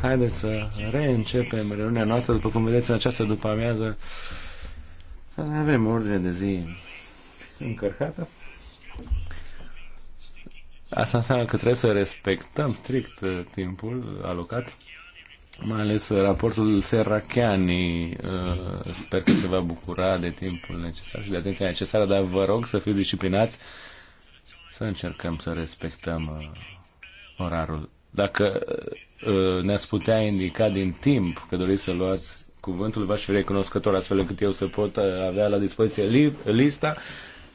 Haideți să reîncepem reuniunea noastră, după cum vedeți, în această după amiază avem ordine de zi încărcată. Asta înseamnă că trebuie să respectăm strict timpul alocat, mai ales raportul Serracheani. Uh, sper că se va bucura de timpul necesar și de atenția necesară, dar vă rog să fiți disciplinați, să încercăm să respectăm uh, orarul dacă uh, ne-ați putea indica din timp că doriți să luați cuvântul, v-aș fi recunoscător astfel încât eu să pot uh, avea la dispoziție lista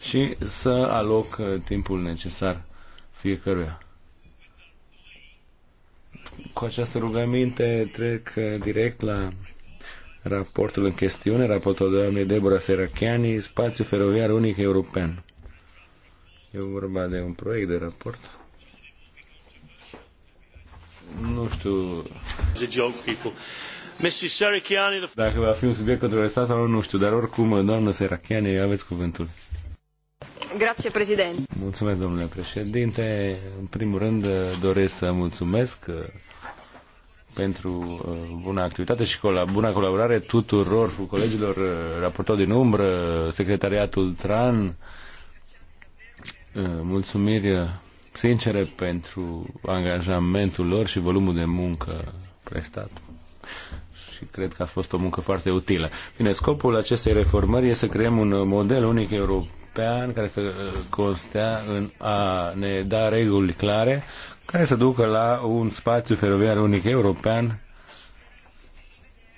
și să aloc uh, timpul necesar fiecăruia. Cu această rugăminte trec direct la raportul în chestiune, raportul doamnei Deborah Serachiani, Spațiu Feroviar Unic European. E vorba de un proiect de raport nu știu... Dacă va fi un subiect controversat sau nu, știu, dar oricum, doamnă Serachiani, aveți cuvântul. Grazie, președinte. Mulțumesc, domnule președinte. În primul rând, doresc să mulțumesc uh, pentru uh, bună activitate și bună colaborare tuturor cu colegilor, uh, raportor din umbră, secretariatul TRAN. Mulțumiri sincere pentru angajamentul lor și volumul de muncă prestat. Și cred că a fost o muncă foarte utilă. Bine, scopul acestei reformări este să creăm un model unic european care să uh, constea în a ne da reguli clare care să ducă la un spațiu feroviar unic european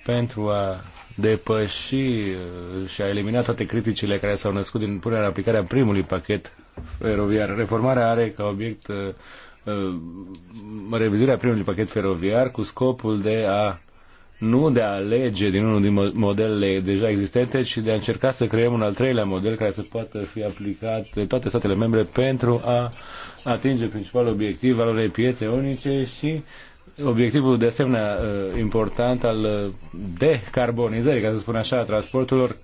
pentru a depăși uh, și a eliminat toate criticile care s-au născut din punerea în aplicare a primului pachet feroviar. Reformarea are ca obiect uh, uh, revizuirea primului pachet feroviar cu scopul de a nu de a alege din unul din modelele deja existente, ci de a încerca să creăm un al treilea model care să poată fi aplicat de toate statele membre pentru a atinge principalul obiectiv al pieței piețe unice și obiectivul de asemenea uh, important al uh, decarbonizării, ca să spun așa, a transporturilor,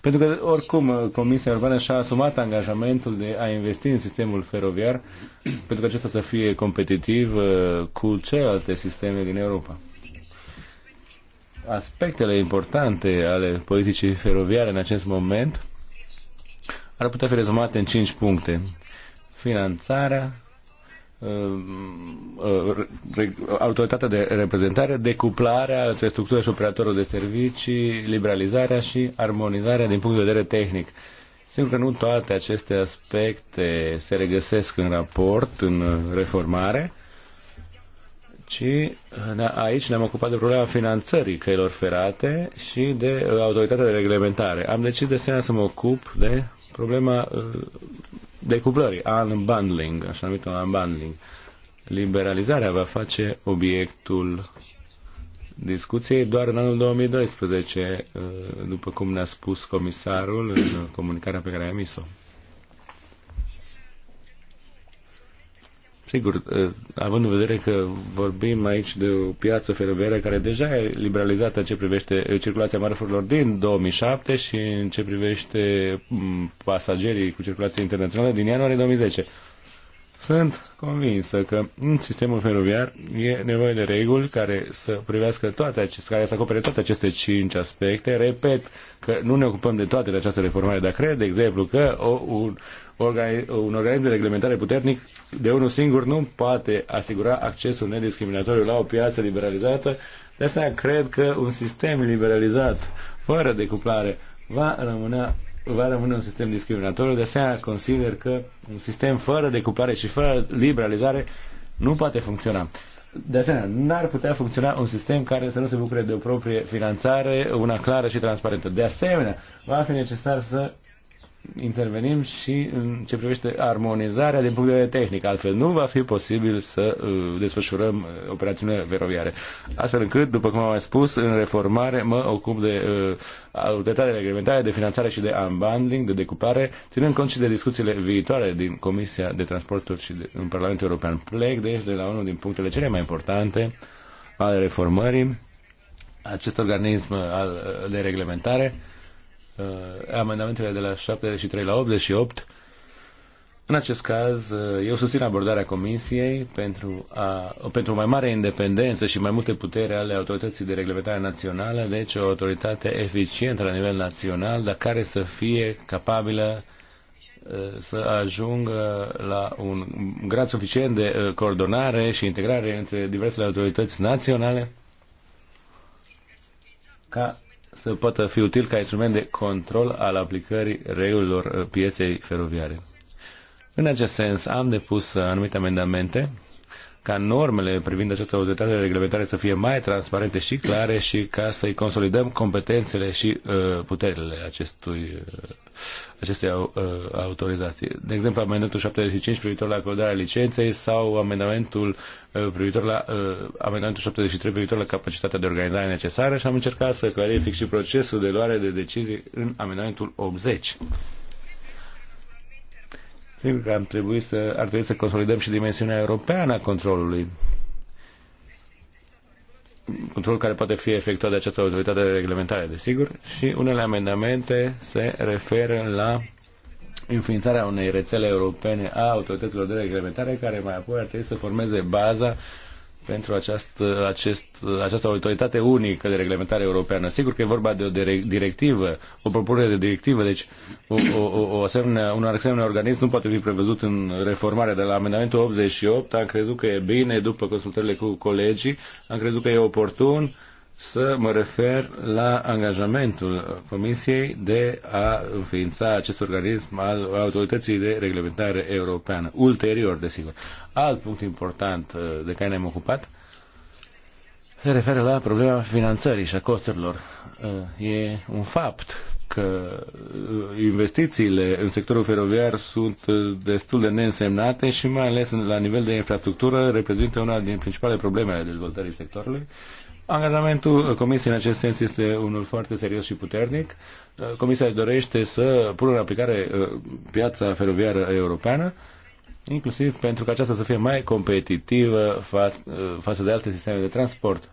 pentru că oricum uh, Comisia Europeană și-a asumat angajamentul de a investi în sistemul feroviar pentru că acesta să fie competitiv cu celelalte sisteme din Europa. Aspectele importante ale politicii feroviare în acest moment ar putea fi rezumate în cinci puncte. Finanțarea, Ehm, ehm, autoritatea de reprezentare, decuplarea între structură și operatorul de servicii, liberalizarea și armonizarea din punct de vedere tehnic. Sigur că nu toate aceste aspecte se regăsesc în raport, în reformare, ci aici ne-am ocupat de problema finanțării căilor ferate și de uh, autoritatea de reglementare. Am decis de să mă ocup de problema uh, decuplării, unbundling, așa un unbundling. Liberalizarea va face obiectul discuției doar în anul 2012, după cum ne-a spus comisarul în comunicarea pe care a emis-o. Sigur, ă, având în vedere că vorbim aici de o piață feroviară care deja e liberalizată în ce privește ă, circulația marfurilor din 2007 și în ce privește pasagerii cu circulație internațională din ianuarie 2010. Sunt convinsă că în sistemul feroviar e nevoie de reguli care să privească toate aceste, care să acopere toate aceste cinci aspecte. Repet că nu ne ocupăm de toate de această reformare, dar cred, de exemplu, că o, un un organism de reglementare puternic de unul singur nu poate asigura accesul nediscriminatoriu la o piață liberalizată. De asta cred că un sistem liberalizat, fără decuplare, va rămâne va rămâne un sistem discriminatoriu. De asemenea, consider că un sistem fără decuplare și fără liberalizare nu poate funcționa. De asemenea, n-ar putea funcționa un sistem care să nu se bucure de o proprie finanțare, una clară și transparentă. De asemenea, va fi necesar să intervenim și în ce privește armonizarea din punct de vedere tehnic. Altfel nu va fi posibil să uh, desfășurăm uh, operațiunea veroviare. Astfel încât, după cum am mai spus, în reformare mă ocup de uh, detalii reglementare, de finanțare și de unbundling, de decupare, ținând cont și de discuțiile viitoare din Comisia de Transporturi și de, în Parlamentul European. Plec deci de la unul din punctele cele mai importante ale reformării acest organism uh, de reglementare Uh, amendamentele de la 73 la 88. În acest caz, uh, eu susțin abordarea Comisiei pentru, a, pentru mai mare independență și mai multe putere ale autorității de reglementare națională, deci o autoritate eficientă la nivel național, dar care să fie capabilă uh, să ajungă la un grad suficient de coordonare și integrare între diversele autorități naționale ca să poată fi util ca instrument de control al aplicării regulilor uh, pieței feroviare. În acest sens, am depus uh, anumite amendamente ca normele privind această autoritate de reglementare să fie mai transparente și clare și ca să-i consolidăm competențele și uh, puterile acestui, uh, acestei uh, autorizații. De exemplu, amendamentul 75 privitor la acordarea licenței sau amendamentul uh, privitor la uh, amendamentul 73 privitor la capacitatea de organizare necesară și am încercat să clarific și procesul de luare de decizii în amendamentul 80. Sigur că am trebuit să, ar trebui să consolidăm și dimensiunea europeană a controlului. Controlul care poate fi efectuat de această autoritate de reglementare, desigur, și unele amendamente se referă la înființarea unei rețele europene a autorităților de reglementare care mai apoi ar trebui să formeze baza pentru această, acest, această autoritate unică de reglementare europeană. Sigur că e vorba de o directivă, o propunere de directivă, deci o, o, o asemenea, un asemenea organism nu poate fi prevăzut în reformare. De la amendamentul 88 am crezut că e bine, după consultările cu colegii, am crezut că e oportun să mă refer la angajamentul Comisiei de a înființa acest organism al Autorității de Reglementare Europeană, ulterior, desigur. Alt punct important uh, de care ne-am ocupat se referă la problema finanțării și a costurilor. Uh, e un fapt că uh, investițiile în sectorul feroviar sunt destul de neînsemnate și mai ales la nivel de infrastructură reprezintă una din principalele probleme ale dezvoltării sectorului Angajamentul Comisiei în acest sens este unul foarte serios și puternic. Uh, Comisia dorește să pună în aplicare uh, piața feroviară europeană, inclusiv pentru ca aceasta să fie mai competitivă fa- uh, față de alte sisteme de transport.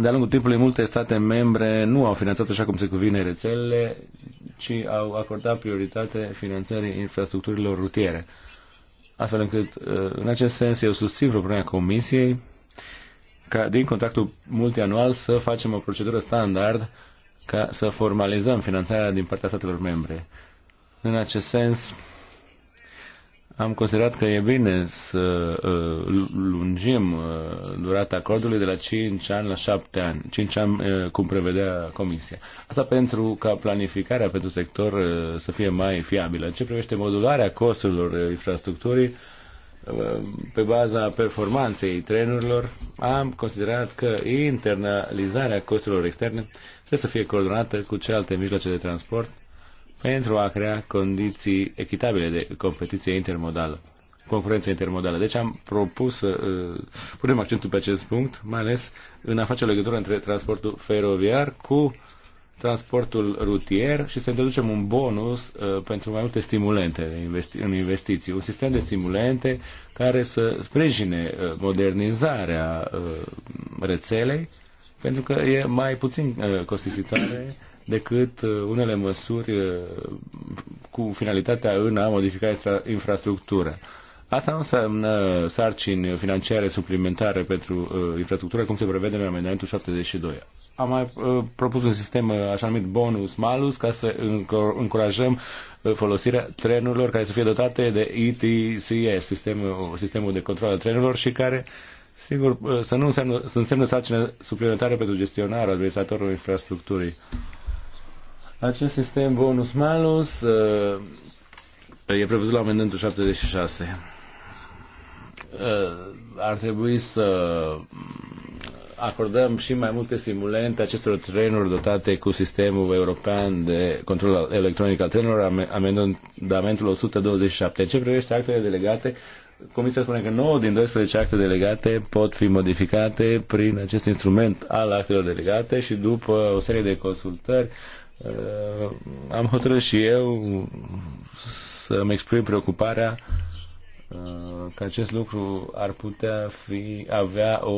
De-a lungul timpului, multe state membre nu au finanțat așa cum se cuvine rețelele, ci au acordat prioritate finanțării infrastructurilor rutiere. Astfel încât, în acest sens, eu susțin propunerea Comisiei ca din contractul multianual să facem o procedură standard ca să formalizăm finanțarea din partea statelor membre. În acest sens, am considerat că e bine să uh, lungim uh, durata acordului de la 5 ani la 7 ani, 5 ani uh, cum prevedea Comisia. Asta pentru ca planificarea pentru sector uh, să fie mai fiabilă. În ce privește modularea costurilor uh, infrastructurii, pe baza performanței trenurilor, am considerat că internalizarea costurilor externe trebuie să fie coordonată cu celelalte mijloace de transport pentru a crea condiții echitabile de competiție intermodală, concurență intermodală. Deci am propus să uh, punem accentul pe acest punct, mai ales în a face legătură între transportul feroviar cu transportul rutier și să introducem un bonus uh, pentru mai multe stimulente investi- în investiții, un sistem de stimulente care să sprijine uh, modernizarea uh, rețelei, pentru că e mai puțin uh, costisitoare decât uh, unele măsuri uh, cu finalitatea în a modifica infrastructura. Asta nu înseamnă sarcini financiare suplimentare pentru uh, infrastructură, cum se prevede în amendamentul 72 am mai uh, propus un sistem uh, așa numit bonus-malus ca să încurajăm uh, folosirea trenurilor care să fie dotate de ETCS, sistemul, sistemul de control al trenurilor și care Sigur, să nu însemnă, să însemnă sarcină suplimentară pentru gestionarea administratorul infrastructurii. Acest sistem bonus-malus e prevăzut la amendamentul 76. ar trebui să acordăm și mai multe stimulente acestor trenuri dotate cu sistemul european de control electronic al trenurilor, amendamentul 127. Ce privește actele delegate, Comisia spune că 9 din 12 acte delegate pot fi modificate prin acest instrument al actelor delegate și după o serie de consultări uh, am hotărât și eu să-mi exprim preocuparea Uh, că acest lucru ar putea fi, avea o,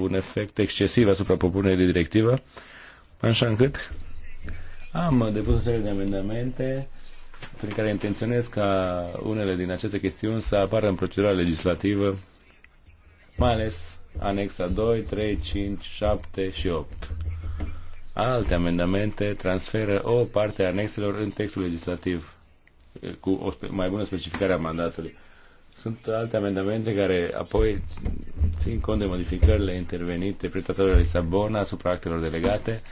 un efect excesiv asupra propunerii de directivă, așa încât am depus o serie de amendamente prin care intenționez ca unele din aceste chestiuni să apară în procedura legislativă, mai ales anexa 2, 3, 5, 7 și 8. Alte amendamente transferă o parte a anexelor în textul legislativ cu o mai bună specificare a mandatului. Sunt alte amendamente care apoi țin cont de modificările intervenite prin tratatul de Lisabona asupra actelor delegate.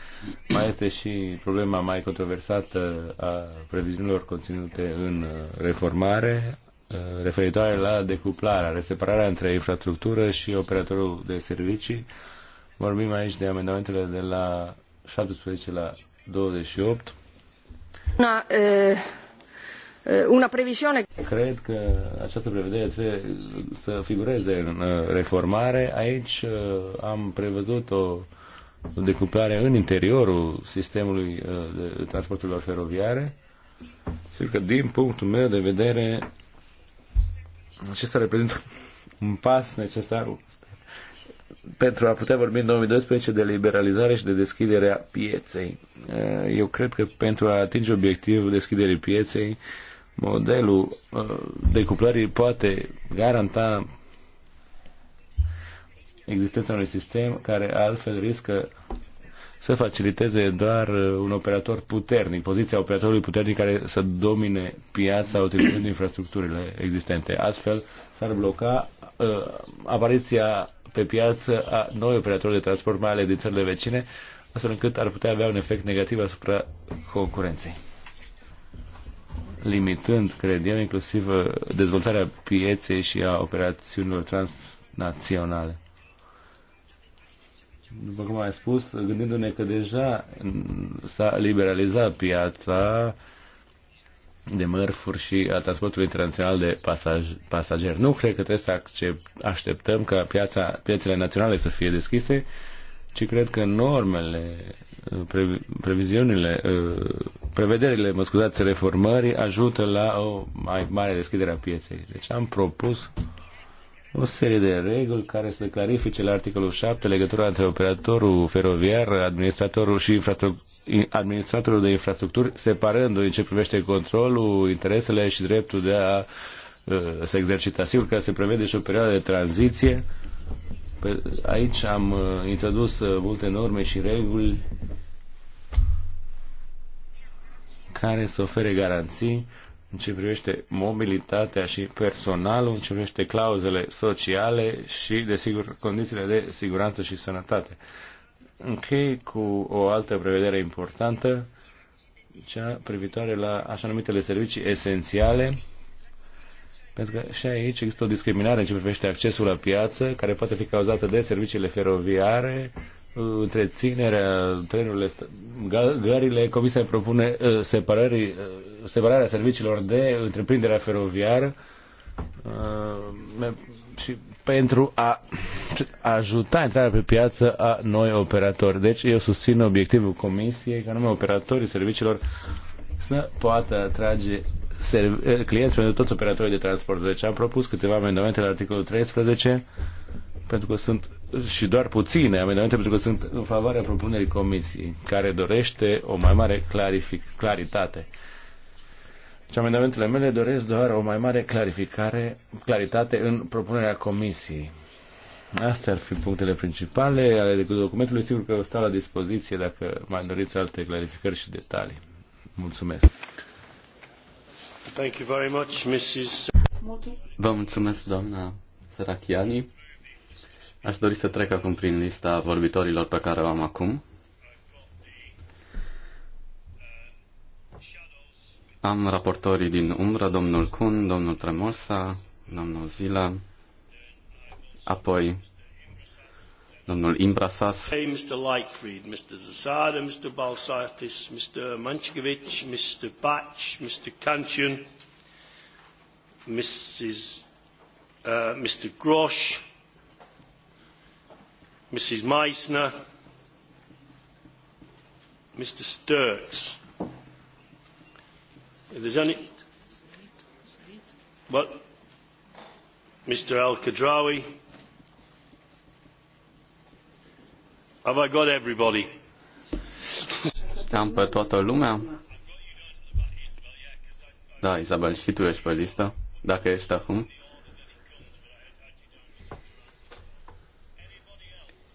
Mai este și problema mai controversată a previziunilor conținute în uh, reformare uh, referitoare la decuplarea, separarea între infrastructură și operatorul de servicii. Vorbim aici de amendamentele de la 17 la 28. Na, e Eh, una previsione. Cred că această prevedere trebuie să figureze în eh, reformare. Aici eh, am prevăzut o decuplare în interiorul sistemului de transporturilor feroviare. Sigur că din punctul meu de vedere acesta reprezintă un pas necesar pentru a putea vorbi în 2012 de liberalizare și de deschiderea pieței. Eu cred că pentru a atinge obiectivul deschiderii pieței, modelul uh, decuplării poate garanta existența unui sistem care altfel riscă să faciliteze doar uh, un operator puternic, poziția operatorului puternic care să domine piața utilizând infrastructurile existente. Astfel s-ar bloca uh, apariția pe piață a noi operatori de transport, mai ales din țările vecine, astfel încât ar putea avea un efect negativ asupra concurenței limitând, cred eu, inclusiv uh, dezvoltarea pieței și a operațiunilor transnaționale. După cum ai spus, gândindu-ne că deja mm, s-a liberalizat piața de mărfuri și a transportului internațional de pasaj, pasageri. Nu cred că trebuie să accept, așteptăm ca piața, piețele naționale să fie deschise, ci cred că normele pre, previziunile, uh, prevederile, mă scuzați, reformării ajută la o mai mare deschidere a pieței. Deci am propus o serie de reguli care să clarifice la articolul 7 legătura între operatorul feroviar, administratorul și administratorul de infrastructuri, separându-i în ce privește controlul, interesele și dreptul de a uh, se exercita. Sigur că se prevede și o perioadă de tranziție uh, pe, aici am uh, introdus uh, multe norme și reguli care să ofere garanții în ce privește mobilitatea și personalul, în ce privește clauzele sociale și, desigur, condițiile de siguranță și sănătate. Închei cu o altă prevedere importantă, cea privitoare la așa numitele servicii esențiale, pentru că și aici există o discriminare în ce privește accesul la piață, care poate fi cauzată de serviciile feroviare, întreținerea trenurile, gările, Comisia propune uh, separării, uh, separarea serviciilor de întreprinderea feroviară uh, și pentru a ajuta intrarea pe piață a noi operatori. Deci eu susțin obiectivul Comisiei ca numai operatorii serviciilor să poată atrage Eh, clienți, pentru toți operatorii de transport. Deci am propus câteva amendamente la articolul 13, pentru că sunt și doar puține amendamente, pentru că sunt în favoarea propunerii comisiei, care dorește o mai mare clarific, claritate. Deci amendamentele mele doresc doar o mai mare clarificare, claritate în propunerea comisiei. Astea ar fi punctele principale ale documentului. Sigur că stau la dispoziție dacă mai doriți alte clarificări și detalii. Mulțumesc! Thank Vă mulțumesc, doamna Aș dori să trec acum prin lista vorbitorilor pe care o am acum. Am raportorii din umbră, domnul Kun, domnul Tremosa, domnul Zila, apoi domnul Imbrasas. Mr. Lightfried, Mr. Zasada, Mr. Balsaitis, Mr. Manchkovic, Mr. Batch, Mr. Kanchian, Mrs. Uh, Mr. Grosh, Mrs. Meissner, Mr. Sturts. If there's any... What? Mr. Al-Kadrawi. Am pe toată lumea? Da, Isabel, și tu ești pe listă, dacă ești acum.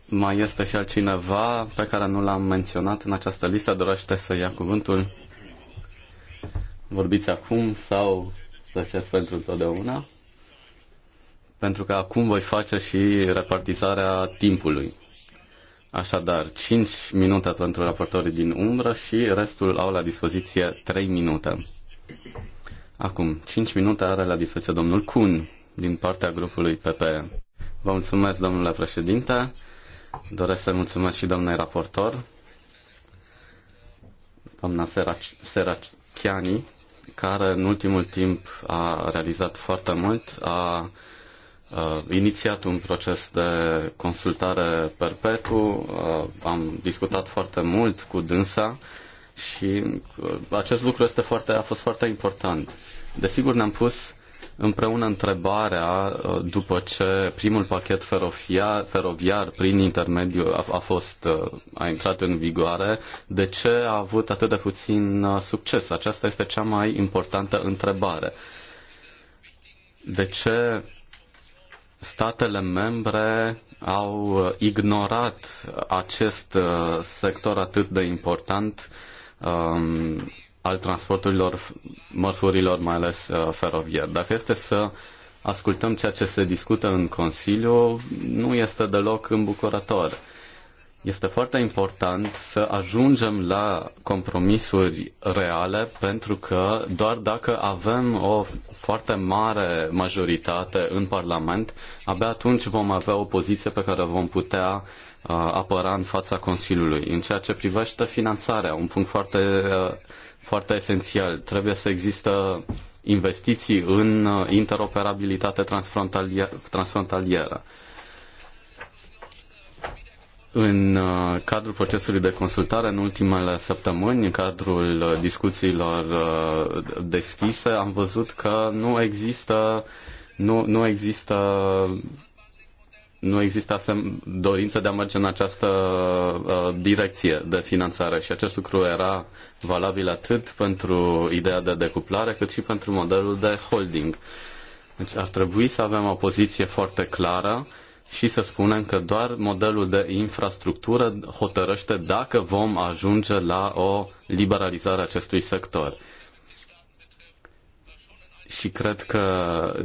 Mai este și altcineva pe care nu l-am menționat în această listă, dorește să ia cuvântul. Vorbiți acum sau plăceți pentru totdeauna? Pentru că acum voi face și repartizarea timpului. Așadar, 5 minute pentru raportorii din umbră și restul au la dispoziție 3 minute. Acum, 5 minute are la dispoziție domnul Kun din partea grupului PPE. Vă mulțumesc, domnule președinte. Doresc să mulțumesc și domnului raportor, doamna Serachiani, care în ultimul timp a realizat foarte mult, a uh, inițiat un proces de consultare perpetu, uh, am discutat foarte mult cu dânsa și uh, acest lucru este foarte, a fost foarte important. Desigur ne-am pus împreună întrebarea uh, după ce primul pachet feroviar, feroviar prin intermediul a, a fost uh, a intrat în vigoare, de ce a avut atât de puțin uh, succes? Aceasta este cea mai importantă întrebare. De ce statele membre au ignorat acest uh, sector atât de important um, al transporturilor mărfurilor, mai ales uh, ferovier. Dacă este să ascultăm ceea ce se discută în Consiliu, nu este deloc îmbucurător. Este foarte important să ajungem la compromisuri reale pentru că doar dacă avem o foarte mare majoritate în Parlament, abia atunci vom avea o poziție pe care vom putea uh, apăra în fața Consiliului. În ceea ce privește finanțarea, un punct foarte, uh, foarte esențial, trebuie să există investiții în uh, interoperabilitate transfrontalieră în uh, cadrul procesului de consultare, în ultimele săptămâni, în cadrul uh, discuțiilor uh, deschise, am văzut că nu există, nu, nu există nu există asem- dorință de a merge în această direcție de finanțare și acest lucru era valabil atât pentru ideea de decuplare cât și pentru modelul de holding. Deci ar trebui să avem o poziție foarte clară și să spunem că doar modelul de infrastructură hotărăște dacă vom ajunge la o liberalizare a acestui sector. Și cred că,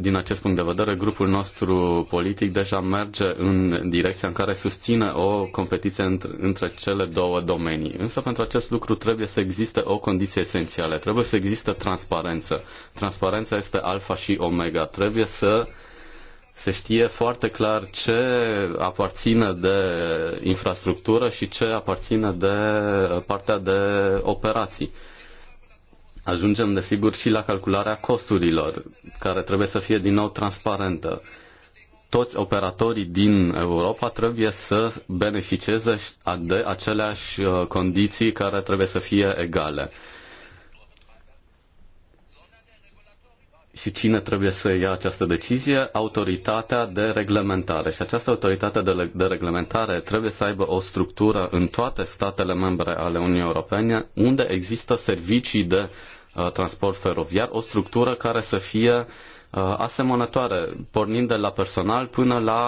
din acest punct de vedere, grupul nostru politic deja merge în direcția în care susține o competiție între cele două domenii. Însă, pentru acest lucru trebuie să existe o condiție esențială. Trebuie să existe transparență. Transparența este alfa și omega. Trebuie să uh, se știe foarte clar ce aparține de infrastructură și ce aparține de partea de operații. Ajungem, desigur, și la calcularea costurilor, care trebuie să fie din nou transparentă. Toți operatorii din Europa trebuie să beneficieze de aceleași uh, condiții care trebuie să fie egale. și cine trebuie să ia această decizie? Autoritatea de reglementare. Și această autoritate de, de reglementare trebuie să aibă o structură în toate statele membre ale Uniunii Europene unde există servicii de uh, transport feroviar, o structură care să fie uh, asemănătoare, pornind de la personal până la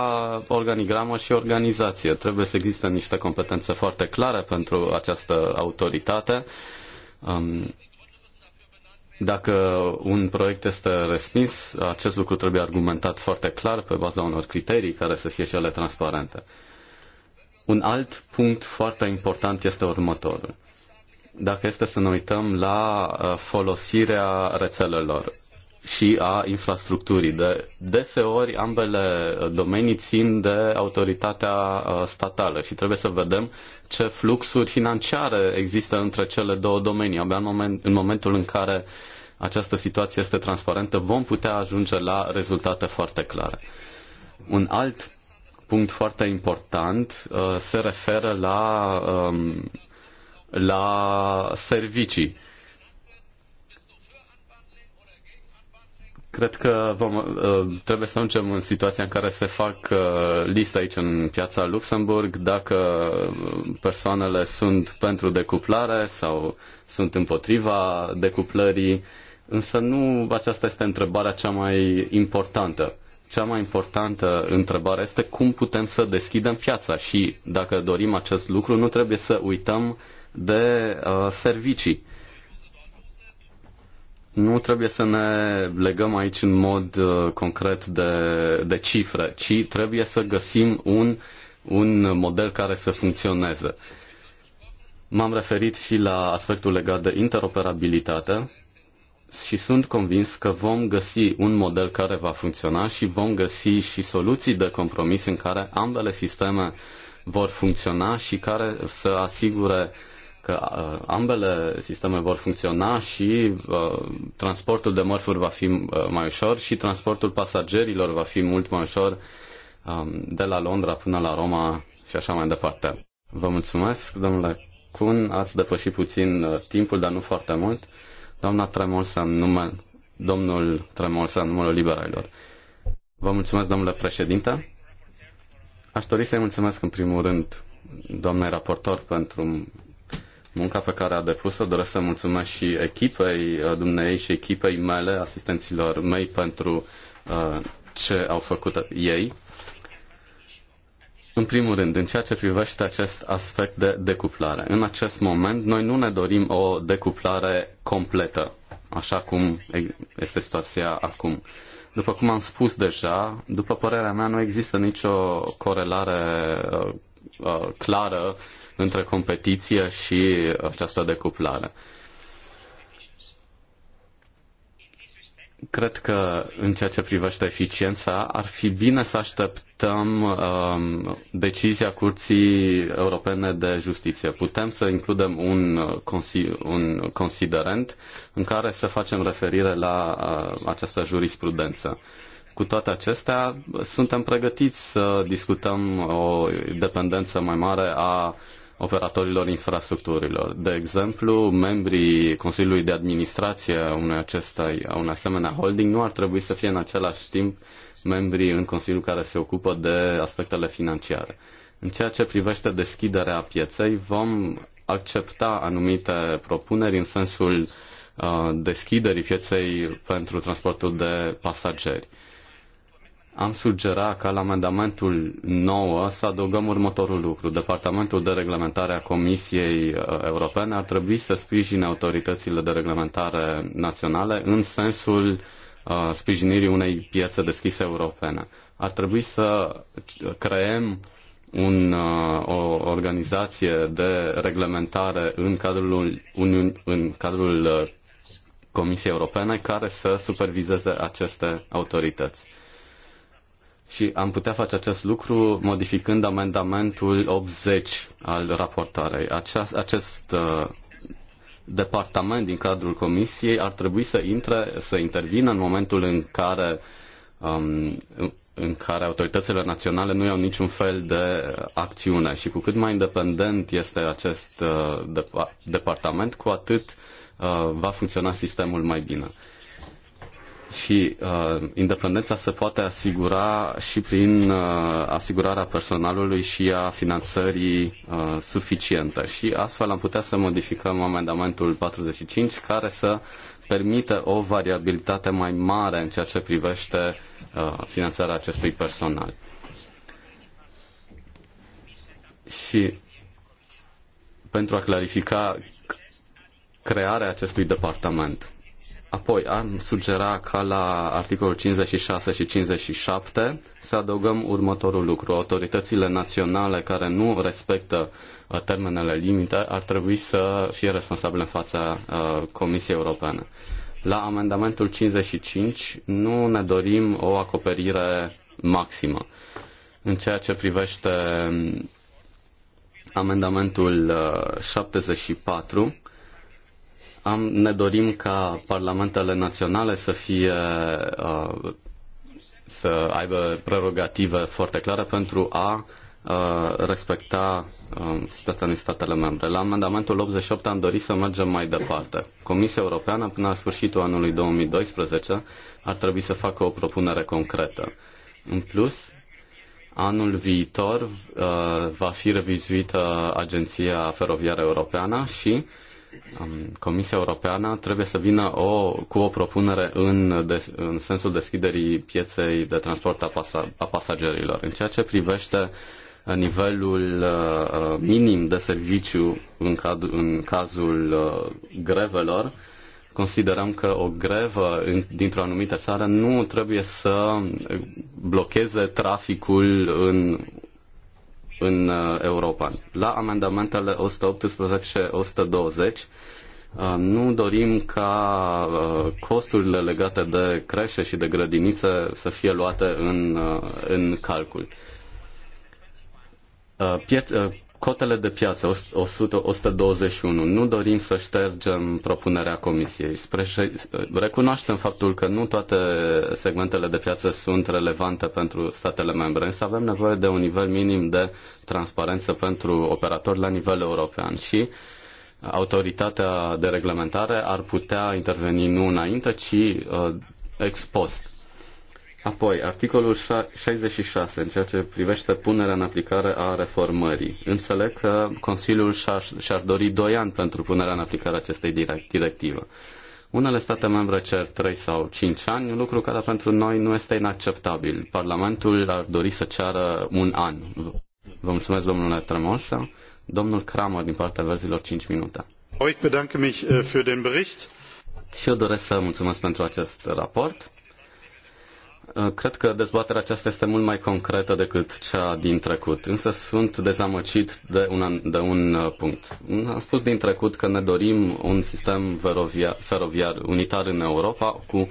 organigramă și organizație. Trebuie să existe niște competențe foarte clare pentru această autoritate. Um, dacă un proiect este respins, acest lucru trebuie argumentat foarte clar pe baza unor criterii care să fie cele transparente. Un alt punct foarte important este următorul. Dacă este să ne uităm la uh, folosirea rețelelor, și a infrastructurii. De, deseori ambele domenii țin de autoritatea statală și trebuie să vedem ce fluxuri financiare există între cele două domenii. Abia în, moment, în momentul în care această situație este transparentă, vom putea ajunge la rezultate foarte clare. Un alt punct foarte important se referă la, la servicii Cred că vom, uh, trebuie să ajungem în situația în care se fac uh, liste aici în piața Luxemburg dacă uh, persoanele sunt pentru decuplare sau sunt împotriva decuplării, însă nu aceasta este întrebarea cea mai importantă. Cea mai importantă întrebare este cum putem să deschidem piața și dacă dorim acest lucru nu trebuie să uităm de uh, servicii nu trebuie să ne legăm aici în mod uh, concret de, de cifre, ci trebuie să găsim un, un model care să funcționeze. M-am referit și la aspectul legat de interoperabilitate și sunt convins că vom găsi un model care va funcționa și vom găsi și soluții de compromis în care ambele sisteme vor funcționa și care să asigure uh, uh, ambele sisteme vor funcționa și uh, transportul de mărfuri va fi uh, mai ușor și transportul pasagerilor va fi mult mai ușor um, de la Londra până la Roma și așa mai departe. Vă mulțumesc, domnule Kun, ați depășit puțin uh, timpul, dar nu foarte mult. Doamna Tremolsa, nume, domnul Tremolsa, numele liberalilor. Vă mulțumesc, domnule președinte. Aș dori să-i mulțumesc în primul rând doamnei raportor pentru munca pe care a depus-o. Doresc să mulțumesc și echipei uh, dumneei și echipei mele, asistenților mei, pentru uh, ce au făcut ei. În primul rând, în ceea ce privește acest aspect de decuplare, în acest moment noi nu ne dorim o decuplare completă, așa cum este situația acum. După cum am spus deja, după părerea mea nu există nicio corelare uh, uh clară între competiție și această decuplare. Cred că în ceea ce privește eficiența, ar fi bine să așteptăm um, decizia Curții Europene de Justiție. Putem să includem un, consi- un considerent în care să facem referire la uh, această jurisprudență. Cu toate acestea, suntem pregătiți să discutăm o dependență mai mare a operatorilor infrastructurilor. De exemplu, membrii Consiliului de Administrație a unei, acestai, a unei asemenea holding nu ar trebui să fie în același timp membrii în Consiliul care se ocupă de aspectele financiare. În ceea ce privește deschiderea pieței, vom accepta anumite propuneri în sensul uh, deschiderii pieței pentru transportul de pasageri am sugera ca la amendamentul 9 să adăugăm următorul lucru. Departamentul de reglementare a Comisiei uh, Europene ar trebui să sprijine autoritățile de reglementare naționale în sensul uh, sprijinirii unei piețe deschise europene. Ar trebui să creăm un, uh, o organizație de reglementare în cadrul, Uniun, în cadrul uh, Comisiei Europene care să supervizeze aceste autorități și am putea face acest lucru modificând amendamentul 80 al raportarei. Aceast, acest uh, departament din cadrul comisiei ar trebui să intre, să intervină în momentul în care um, în care autoritățile naționale nu iau niciun fel de acțiune și cu cât mai independent este acest uh, departament, cu atât uh, va funcționa sistemul mai bine și uh, independența se poate asigura și prin uh, asigurarea personalului și a finanțării uh, suficientă. Și astfel am putea să modificăm amendamentul 45 care să permită o variabilitate mai mare în ceea ce privește uh, finanțarea acestui personal. Și pentru a clarifica crearea acestui departament Apoi am sugera ca la articolul 56 și 57 să adăugăm următorul lucru. Autoritățile naționale care nu respectă uh, termenele limite ar trebui să fie responsabile în fața uh, Comisiei Europene. La amendamentul 55 nu ne dorim o acoperire maximă. În ceea ce privește um, amendamentul 74, uh, am, ne dorim ca parlamentele naționale să fie uh, să aibă prerogative foarte clare pentru a uh, respecta uh, um, situația statele membre. La amendamentul 88 am dorit să mergem mai departe. Comisia Europeană, până la sfârșitul anului 2012, ar trebui să facă o propunere concretă. În plus, anul viitor uh, va fi revizuită Agenția Feroviară Europeană și Comisia Europeană trebuie să vină o, cu o propunere în, des, în sensul deschiderii pieței de transport a, pasa, a pasagerilor. În ceea ce privește uh, nivelul uh, uh, minim de serviciu în, cad, în cazul uh, grevelor, considerăm că o grevă dintr-o anumită țară nu trebuie să uh, blocheze traficul în în uh, Europa. La amendamentele 118-120 uh, nu dorim ca uh, costurile legate de crește și de grădinițe să fie luate în, în calcul. Cotele de piață 100, 121. Nu dorim să ștergem propunerea Comisiei. Spre, recunoaștem faptul că nu toate segmentele de piață sunt relevante pentru statele membre, însă avem nevoie de un nivel minim de transparență pentru operatori la nivel european și autoritatea de reglementare ar putea interveni nu înainte, ci uh, ex post. Apoi, articolul 66, în ceea ce privește punerea în aplicare a reformării. Înțeleg că Consiliul și-ar, și dori 2 ani pentru punerea în aplicare a acestei directive. Unele state membre cer 3 sau 5 ani, lucru care pentru noi nu este inacceptabil. Parlamentul ar dori să ceară un an. Vă mulțumesc, domnule Tremosa. Domnul Kramer, din partea verzilor, 5 minute. Ich bedanke mich äh, für den Bericht. Și eu doresc să mulțumesc pentru acest raport. Uh, cred că dezbaterea aceasta este mult mai concretă decât cea din trecut, însă sunt dezamăcit de un, de un uh, punct. Am spus din trecut că ne dorim un sistem feroviar, unitar în Europa cu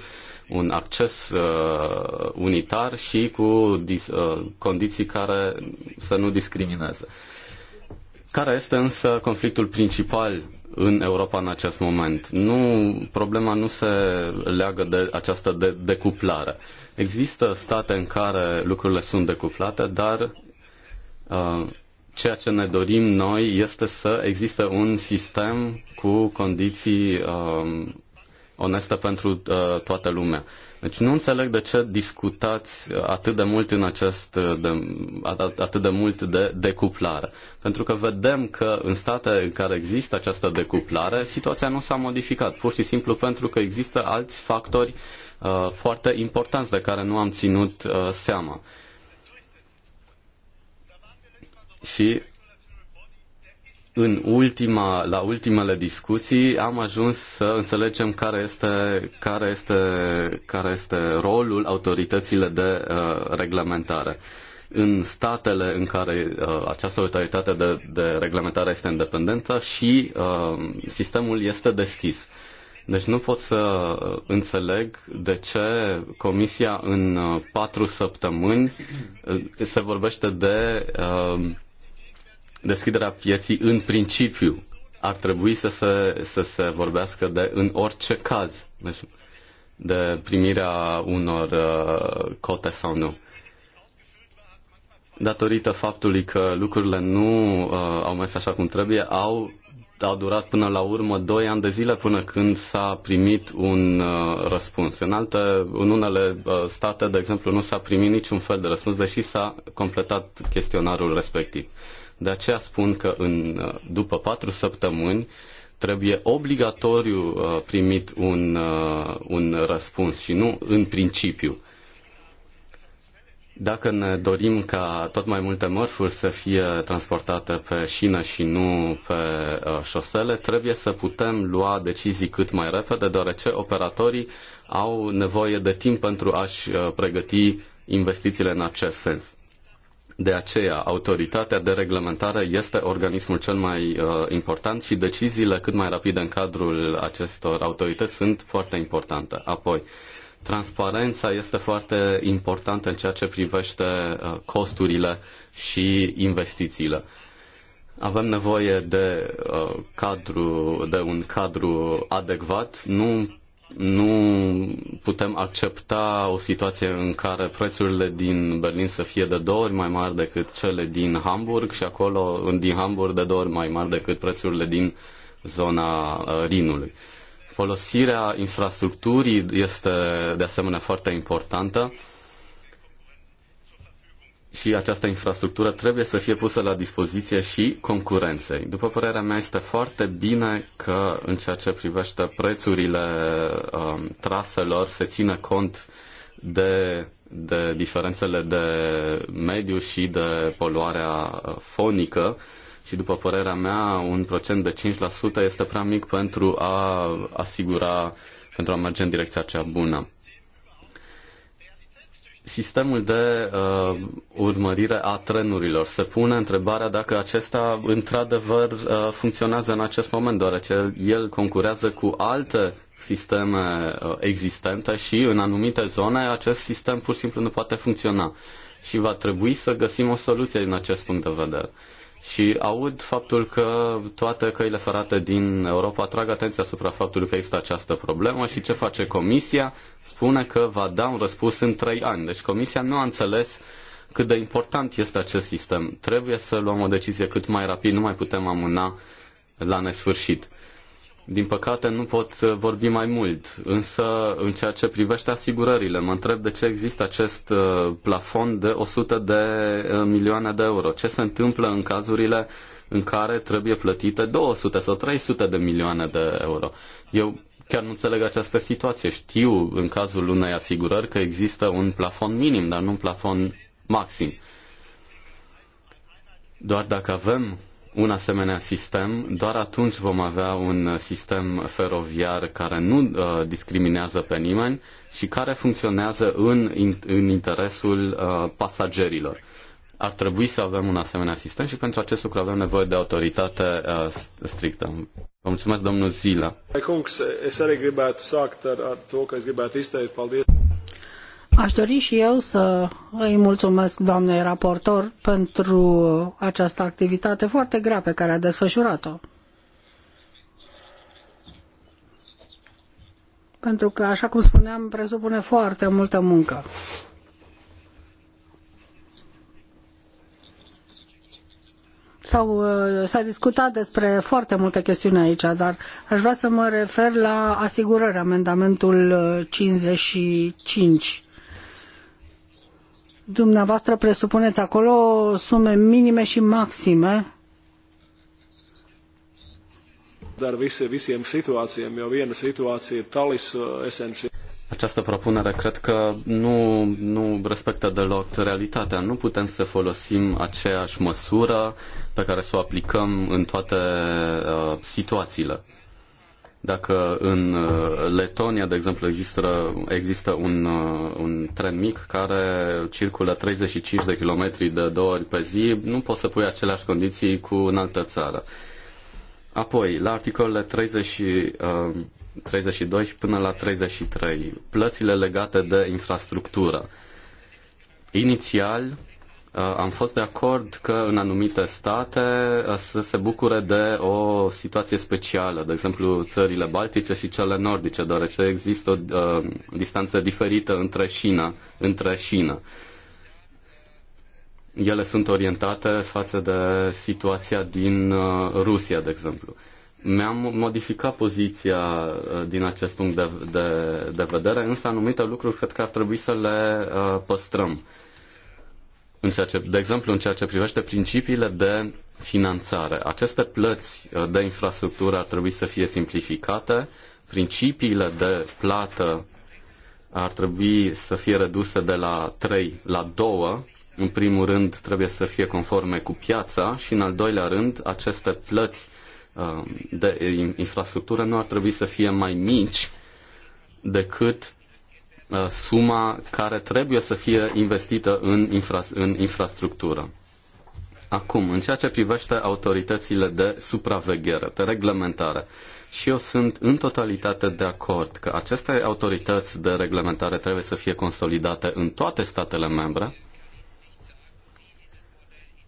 un acces uh, unitar și cu dis, uh, condiții care să nu discrimineze. Uh, care este însă conflictul principal în Europa în acest moment? Nu, problema nu se leagă de această de- decuplare. Există state în care lucrurile sunt decuplate, dar uh, ceea ce ne dorim noi este să existe un sistem cu condiții uh, onestă pentru uh, toată lumea. Deci nu înțeleg de ce discutați uh, atât de mult în acest uh, de, atât de mult de decuplare. Pentru că vedem că în state în care există această decuplare, situația nu s-a modificat, pur și simplu pentru că există alți factori uh, foarte importanți de care nu am ținut uh, seama. Și în ultima, la ultimele discuții am ajuns să înțelegem care este, care este, care este rolul autorităților de uh, reglementare. În statele în care uh, această autoritate de, de reglementare este independentă și uh, sistemul este deschis. Deci nu pot să înțeleg de ce Comisia în uh, patru săptămâni uh, se vorbește de uh, deschiderea pieții în principiu. Ar trebui să se, să se vorbească de în orice caz, deci de primirea unor uh, cote sau nu. Datorită faptului că lucrurile nu uh, au mers așa cum trebuie, au au durat până la urmă 2 ani de zile până când s-a primit un uh, răspuns. În, alte, în unele uh, state, de exemplu, nu s-a primit niciun fel de răspuns, deși s-a completat chestionarul respectiv. De aceea spun că în, uh, după patru săptămâni trebuie obligatoriu uh, primit un, uh, un răspuns și nu în principiu. Dacă ne dorim ca tot mai multe mărfuri să fie transportate pe șină și nu pe șosele, trebuie să putem lua decizii cât mai repede, deoarece operatorii au nevoie de timp pentru a-și pregăti investițiile în acest sens. De aceea, autoritatea de reglementare este organismul cel mai uh, important și deciziile cât mai rapide în cadrul acestor autorități sunt foarte importante. Apoi, transparența este foarte importantă în ceea ce privește uh, costurile și investițiile. Avem nevoie de, uh, cadru, de un cadru adecvat. Nu nu putem accepta o situație în care prețurile din Berlin să fie de două ori mai mari decât cele din Hamburg și acolo din Hamburg de două ori mai mari decât prețurile din zona uh, Rinului. Folosirea infrastructurii este de asemenea foarte importantă și această infrastructură trebuie să fie pusă la dispoziție și concurenței. După părerea mea, este foarte bine că în ceea ce privește prețurile um, traselor se ține cont de, de diferențele de mediu și de poluarea uh, fonică și după părerea mea un procent de 5% este prea mic pentru a asigura, pentru a merge în direcția cea bună sistemul de uh, urmărire a trenurilor. Se pune întrebarea dacă acesta într-adevăr uh, funcționează în acest moment, deoarece el concurează cu alte sisteme uh, existente și în anumite zone acest sistem pur și simplu nu poate funcționa. Și va trebui să găsim o soluție din acest punct de vedere. Uh, și aud faptul că toate căile ferate din Europa atrag atenția asupra faptului că există această problemă și ce face Comisia? Spune că va da un răspuns în trei ani. Deci Comisia nu a înțeles cât de important este acest sistem. Trebuie să luăm o decizie cât mai rapid, nu mai putem amâna la nesfârșit. Din păcate nu pot uh, vorbi mai mult, însă în ceea ce privește asigurările, mă întreb de ce există acest uh, plafon de 100 de uh, milioane de euro. Ce se întâmplă în cazurile în care trebuie plătite 200 sau 300 de milioane de euro? Eu chiar nu înțeleg această situație. Știu în cazul unei asigurări că există un plafon minim, dar nu un plafon maxim. Doar dacă avem un asemenea sistem, doar atunci vom avea un sistem feroviar care nu uh, discriminează pe nimeni și care funcționează în, în interesul uh, pasagerilor. Ar trebui să avem un asemenea sistem și pentru acest lucru avem nevoie de autoritate uh, strictă. Vă mulțumesc, domnul Zila. Kungs, es arī gribētu sākt ar, ar to, ka es gribētu izteikt paldies. Aș dori și eu să îi mulțumesc doamnei raportor pentru această activitate foarte grea pe care a desfășurat-o. Pentru că, așa cum spuneam, presupune foarte multă muncă. sau uh, s-a discutat despre foarte multe chestiuni aici, dar aș vrea să mă refer la asigurări, amendamentul 55. Uh, Dumneavoastră presupuneți acolo sume minime și maxime. Dar vise, visiem situācijām, jo viena situācija talis eh, esenci. Această propunere cred că nu, nu respectă deloc realitatea. Nu putem să folosim aceeași măsură pe care să o aplicăm în toate uh, situațiile. Dacă în uh, Letonia, de exemplu, există, există un, uh, un tren mic care circulă 35 de kilometri de două ori pe zi, nu poți să pui aceleași condiții cu în altă țară. Apoi, la articolele 30, 32 și uh, până la 33, plățile legate de infrastructură. Inițial, Uh, am fost de acord că în anumite state uh, să se bucure de o situație specială, de exemplu țările baltice și cele nordice, deoarece există o uh, distanță diferită între șină, între șină. Ele sunt orientate față de situația din uh, Rusia, de exemplu. Mi-am modificat poziția uh, din acest punct de, de, de vedere, însă anumite lucruri cred că ar trebui să le uh, păstrăm. Uh, în ceea ce, de exemplu, în ceea ce privește principiile de finanțare. Aceste plăți uh, de infrastructură ar trebui să fie simplificate, principiile de plată ar trebui să fie reduse de la 3 la 2. În primul rând, trebuie să fie conforme cu piața și, în al doilea rând, aceste plăți uh, de infrastructură nu ar trebui să fie mai mici decât Uh, suma care trebuie să fie investită în, infra, în infrastructură. Acum, în ceea ce privește autoritățile de supraveghere, de reglementare, și eu sunt în totalitate de acord că aceste autorități de reglementare trebuie să fie consolidate în toate statele membre.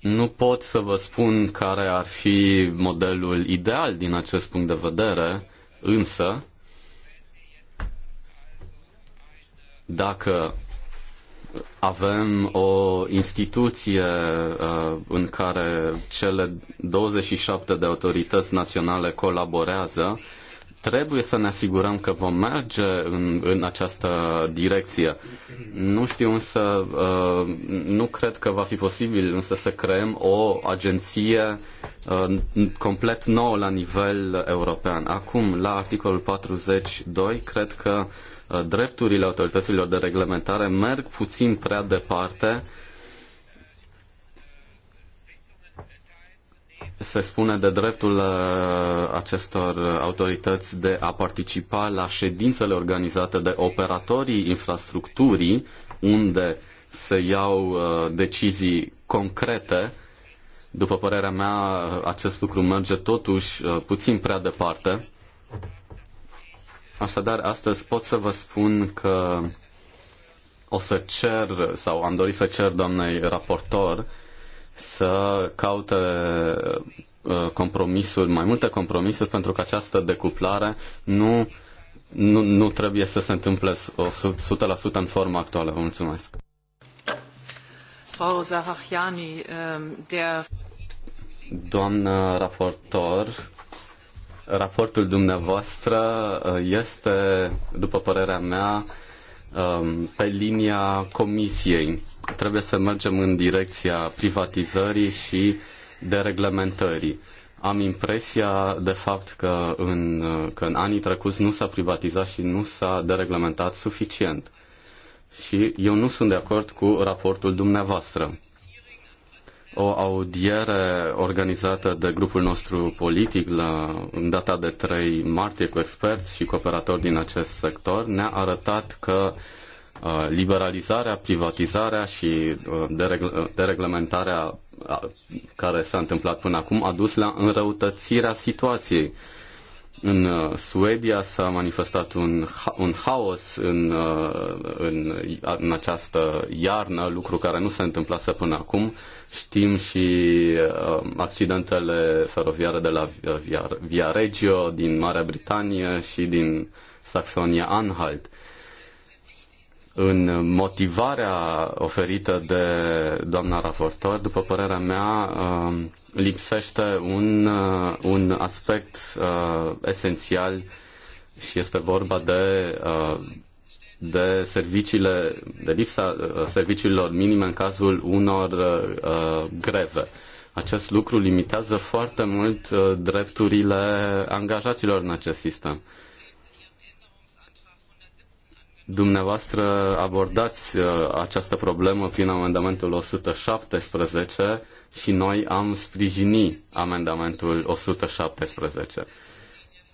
Nu pot să vă spun care ar fi modelul ideal din acest punct de vedere, însă Dacă avem o instituție uh, în care cele 27 de autorități naționale colaborează, trebuie să ne asigurăm că vom merge în, în această direcție. Nu știu însă, uh, nu cred că va fi posibil însă să creăm o agenție uh, complet nouă la nivel european. Acum, la articolul 42, cred că Uh, drepturile autorităților de reglementare merg puțin prea departe. Se spune de dreptul uh, acestor autorități de a participa la ședințele organizate de operatorii infrastructurii, unde se iau uh, decizii concrete. După părerea mea, acest lucru merge totuși puțin prea departe Așadar, astăzi pot să vă spun că o să cer sau am dorit să cer doamnei raportor să caute uh, compromisuri, mai multe compromisuri pentru că această decuplare nu, nu, nu trebuie să se întâmple 100% în forma actuală. Vă mulțumesc. Uh, Doamnă raportor, Raportul dumneavoastră uh, este, după părerea mea, um, pe linia comisiei. Trebuie să mergem în direcția privatizării și dereglementării. Am impresia, de fapt, că în, uh, că în anii trecuți nu s-a privatizat și nu s-a dereglementat suficient. Și eu nu sunt de acord cu raportul dumneavoastră o audiere organizată de grupul nostru politic la în data de 3 martie cu experți și cooperatori din acest sector ne-a arătat că uh, liberalizarea, privatizarea și uh, uh, dereglementarea care s-a întâmplat până acum a dus la înrăutățirea situației în uh, Suedia s-a manifestat un, un haos în, uh, în, în această iarnă, lucru care nu se întâmplase până acum. Știm și uh, accidentele feroviare de la Via, uh, Via Regio, din Marea Britanie și din Saxonia-Anhalt în motivarea oferită de doamna raportor, după părerea mea, um, lipsește un, uh, un aspect uh, esențial și este vorba de, uh, de serviciile, de lipsa serviciilor minime în cazul unor greve. Acest lucru limitează foarte mult drepturile angajaților în acest sistem. Dumneavoastră abordați uh, această problemă prin amendamentul 117 și noi am sprijini amendamentul 117.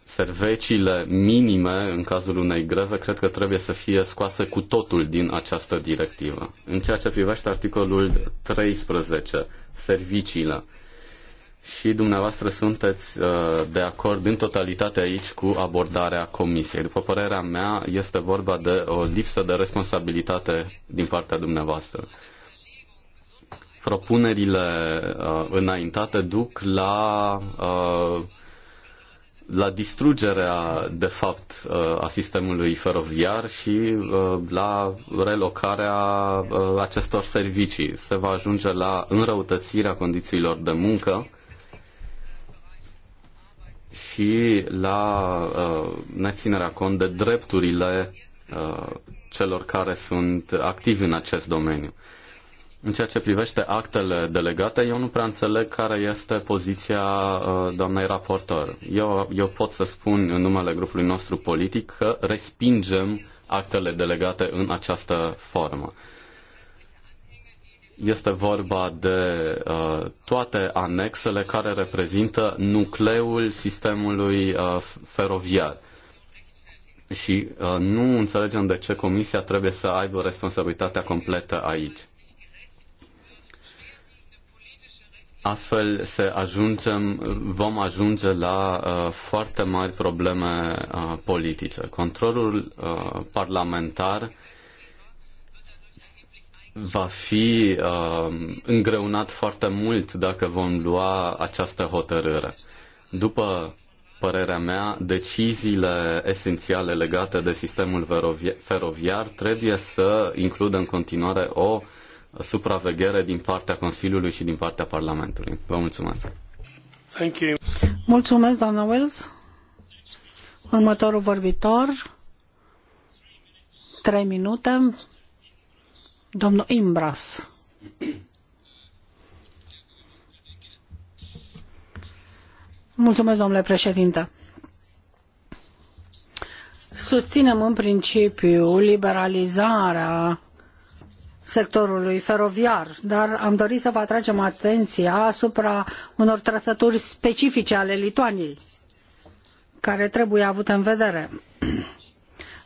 Serveciile minime în cazul unei greve cred că trebuie să fie scoase cu totul din această directivă. În ceea ce privește articolul 13, serviciile și dumneavoastră sunteți uh, de acord în totalitate aici cu abordarea comisiei. După părerea mea, este vorba de o lipsă de responsabilitate din partea dumneavoastră. Propunerile uh, înaintate duc la, uh, la distrugerea, de fapt, a sistemului feroviar și la relocarea acestor servicii. Se va ajunge la înrăutățirea condițiilor de muncă și la uh, neținerea cont de drepturile uh, celor care sunt activi în acest domeniu. În ceea ce privește actele delegate, eu nu prea înțeleg care este poziția uh, doamnei raportor. Eu, eu pot să spun în numele grupului nostru politic că respingem actele delegate în această formă. Uh, este vorba de uh, toate anexele care reprezintă nucleul sistemului uh, feroviar. Și uh, nu înțelegem de ce Comisia trebuie să aibă responsabilitatea completă aici. Astfel se ajungem, vom ajunge la uh, foarte mari probleme uh, politice. Controlul uh, parlamentar uh, va fi uh, îngreunat foarte mult dacă vom lua această hotărâre. După părerea mea, deciziile esențiale legate de sistemul feroviar trebuie să includă în continuare o supraveghere din partea Consiliului și din partea Parlamentului. Vă mulțumesc. Thank you. Mulțumesc, doamna Wells. Următorul vorbitor, trei minute, Domnul Imbras. Mulțumesc, domnule președinte. Susținem în principiu liberalizarea sectorului feroviar, dar am dorit să vă atragem atenția asupra unor trăsături specifice ale Lituaniei, care trebuie avute în vedere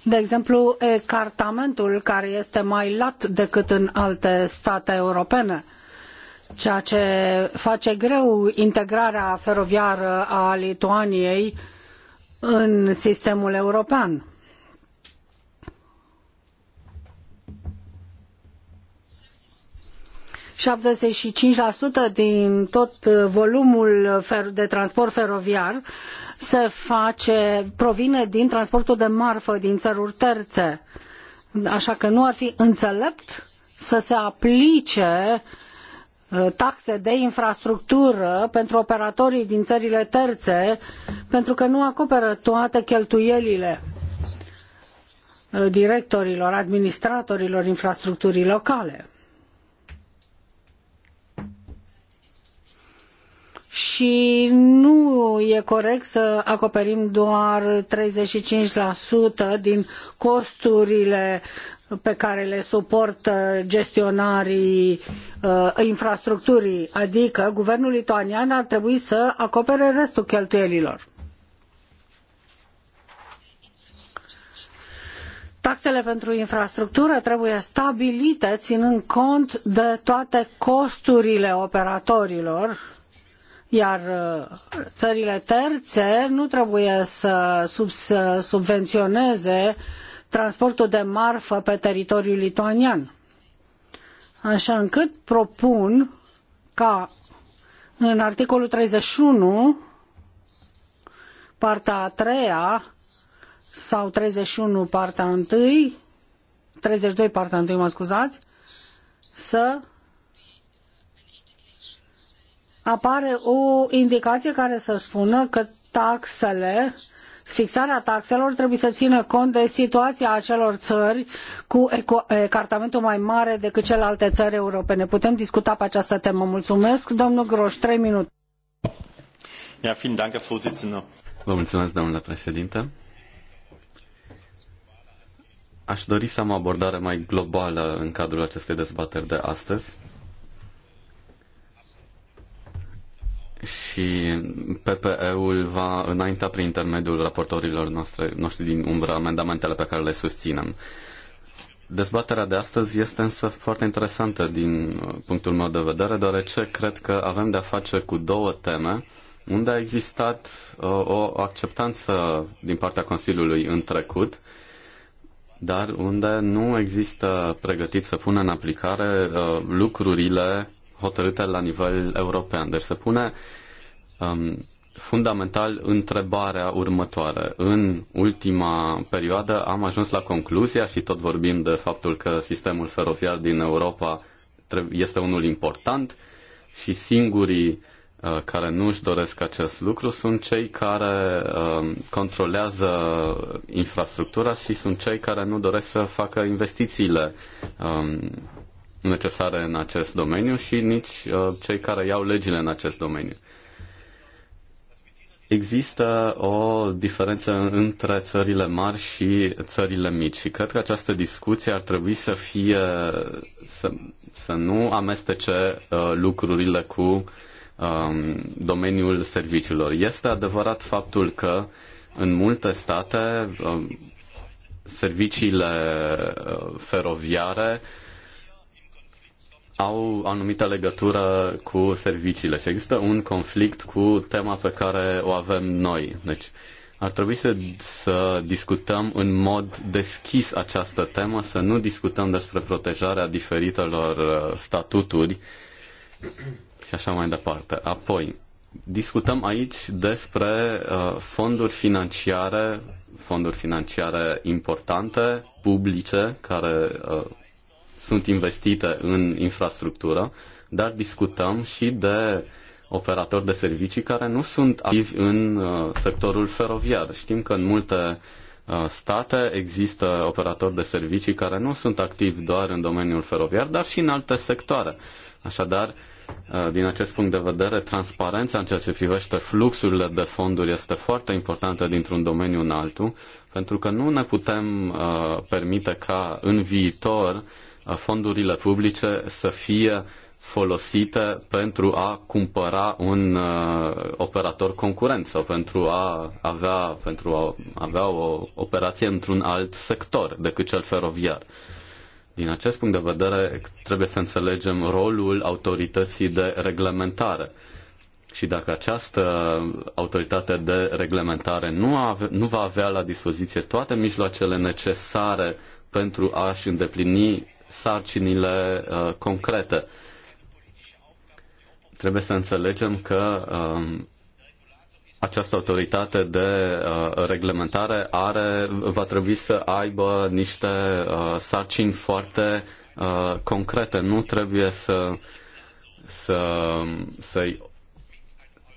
de exemplu, cartamentul care este mai lat decât în alte state europene ceea ce face greu integrarea feroviară a Lituaniei în sistemul european. 75% din tot uh, volumul uh, de transport feroviar se face, provine din transportul de marfă din țări terțe. Așa că nu ar fi înțelept să se aplice uh, taxe de infrastructură pentru operatorii din țările terțe, pentru că nu acoperă toate cheltuielile directorilor, administratorilor infrastructurii locale. și nu e corect să acoperim doar 35% din costurile pe care le suportă gestionarii uh, infrastructurii, adică guvernul lituanian ar trebui să acopere restul cheltuielilor. Taxele pentru infrastructură trebuie stabilite ținând cont de toate costurile operatorilor iar uh, țările terțe nu trebuie să subvenționeze transportul de marfă pe teritoriul lituanian. Așa încât propun ca în articolul 31, partea a treia, sau 31, partea 1, 32, partea 1, mă scuzați, să apare o indicație care să spună că taxele fixarea taxelor trebuie să țină cont de situația acelor țări cu ecartamentul mai mare decât celelalte țări europene. Putem discuta pe această temă. Mulțumesc. Domnul Groș, Trei minute. Ja, vielen Dank, Herr Vorsitzender. Vă mulțumesc, domnule președinte. Aș dori să am o abordare mai globală în cadrul acestei dezbateri de astăzi. și PPE-ul va înainta prin intermediul raportorilor noastre, noștri din umbră amendamentele pe care le susținem. Dezbaterea de astăzi este însă foarte interesantă din uh, punctul meu de vedere, deoarece cred că avem de-a face cu două teme unde a existat uh, o acceptanță din partea Consiliului în trecut, dar unde nu există pregătit să pună în aplicare uh, lucrurile hotărâte la nivel european. Deci se pune um, fundamental întrebarea următoare. În ultima perioadă am ajuns la concluzia și tot vorbim de faptul că sistemul feroviar din Europa este unul important și singurii uh, care nu își doresc acest lucru sunt cei care um, controlează infrastructura și sunt cei care nu doresc să facă investițiile um, necesare în acest domeniu și nici uh, cei care iau legile în acest domeniu. Există o diferență între țările mari și țările mici și cred că această discuție ar trebui să fie să, să nu amestece uh, lucrurile cu um, domeniul serviciilor. Este adevărat faptul că în multe state um, serviciile uh, feroviare uh, au anumită legătură cu serviciile și există un conflict cu tema pe care o avem noi. Deci ar trebui să, să discutăm în mod deschis această temă, să nu discutăm despre protejarea diferitelor uh, statuturi și așa mai departe. Apoi, discutăm aici despre uh, fonduri financiare, fonduri financiare importante, publice, care uh, sunt investite în infrastructură, dar discutăm și de operatori de servicii care nu sunt activi în uh, sectorul feroviar. Știm că în multe uh, state există operatori de servicii care nu sunt activi doar în domeniul feroviar, dar și în alte sectoare. Așadar, uh, din acest punct de vedere, transparența în ceea ce privește fluxurile de fonduri este foarte importantă dintr-un domeniu în altul, pentru că nu ne putem permite ca în viitor fondurile publice să fie folosite pentru a cumpăra un uh, operator concurent sau pentru a avea, pentru a avea o operație într-un alt sector decât cel feroviar. Din acest punct de vedere, trebuie să înțelegem rolul autorității de reglementare. Și dacă această autoritate de reglementare nu, ave, nu va avea la dispoziție toate mijloacele necesare pentru a-și îndeplini sarcinile uh, concrete. Trebuie să înțelegem că uh, această autoritate de uh, reglementare are, va trebui să aibă niște uh, sarcini foarte uh, concrete. Nu trebuie să, să, să-i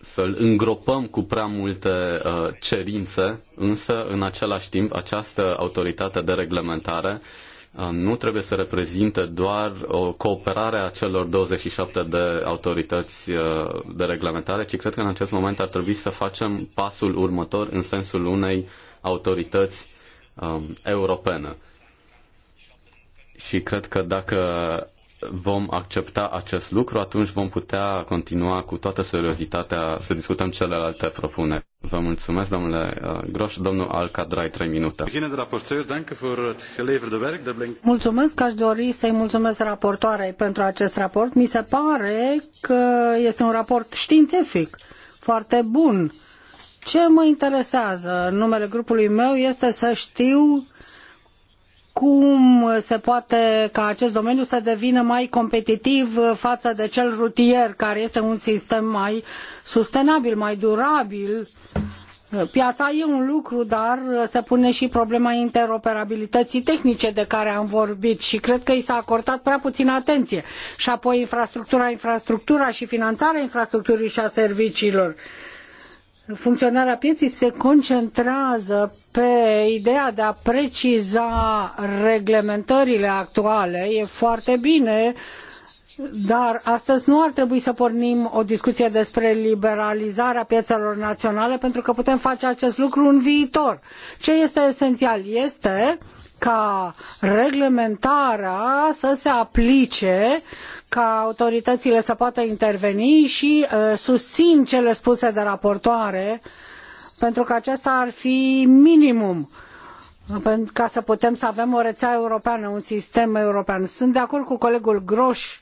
să-l îngropăm cu prea multe uh, cerințe, însă în același timp această autoritate de reglementare uh, Uh, nu trebuie să reprezinte doar o uh, cooperare a celor 27 de autorități uh, de reglementare, ci cred că în acest moment ar trebui să facem pasul următor în sensul unei autorități um, europene. Și cred că dacă vom accepta acest lucru, atunci vom putea continua cu toată seriozitatea să discutăm celelalte propuneri. Vă mulțumesc, domnule uh, Groș. Domnul drai 3 minute. Mulțumesc, aș dori să-i mulțumesc raportoarei pentru acest raport. Mi se pare că este un raport științific, foarte bun. Ce mă interesează în numele grupului meu este să știu cum se poate ca acest domeniu să devină mai competitiv față de cel rutier, care este un sistem mai sustenabil, mai durabil. Piața e un lucru, dar se pune și problema interoperabilității tehnice de care am vorbit și cred că i s-a acordat prea puțină atenție. Și apoi infrastructura, infrastructura și finanțarea infrastructurii și a serviciilor. Uh, funcționarea pieții se concentrează pe ideea de a preciza reglementările actuale. E foarte bine, dar astăzi nu ar trebui să pornim o discuție despre liberalizarea piețelor naționale, pentru că putem face acest lucru în viitor. Ce este esențial este ca reglementarea să se aplice ca autoritățile să poată interveni și uh, susțin cele spuse de raportoare, pentru că acesta ar fi minimum ca să putem să avem o rețea europeană, un sistem european. Sunt de acord cu colegul Groș,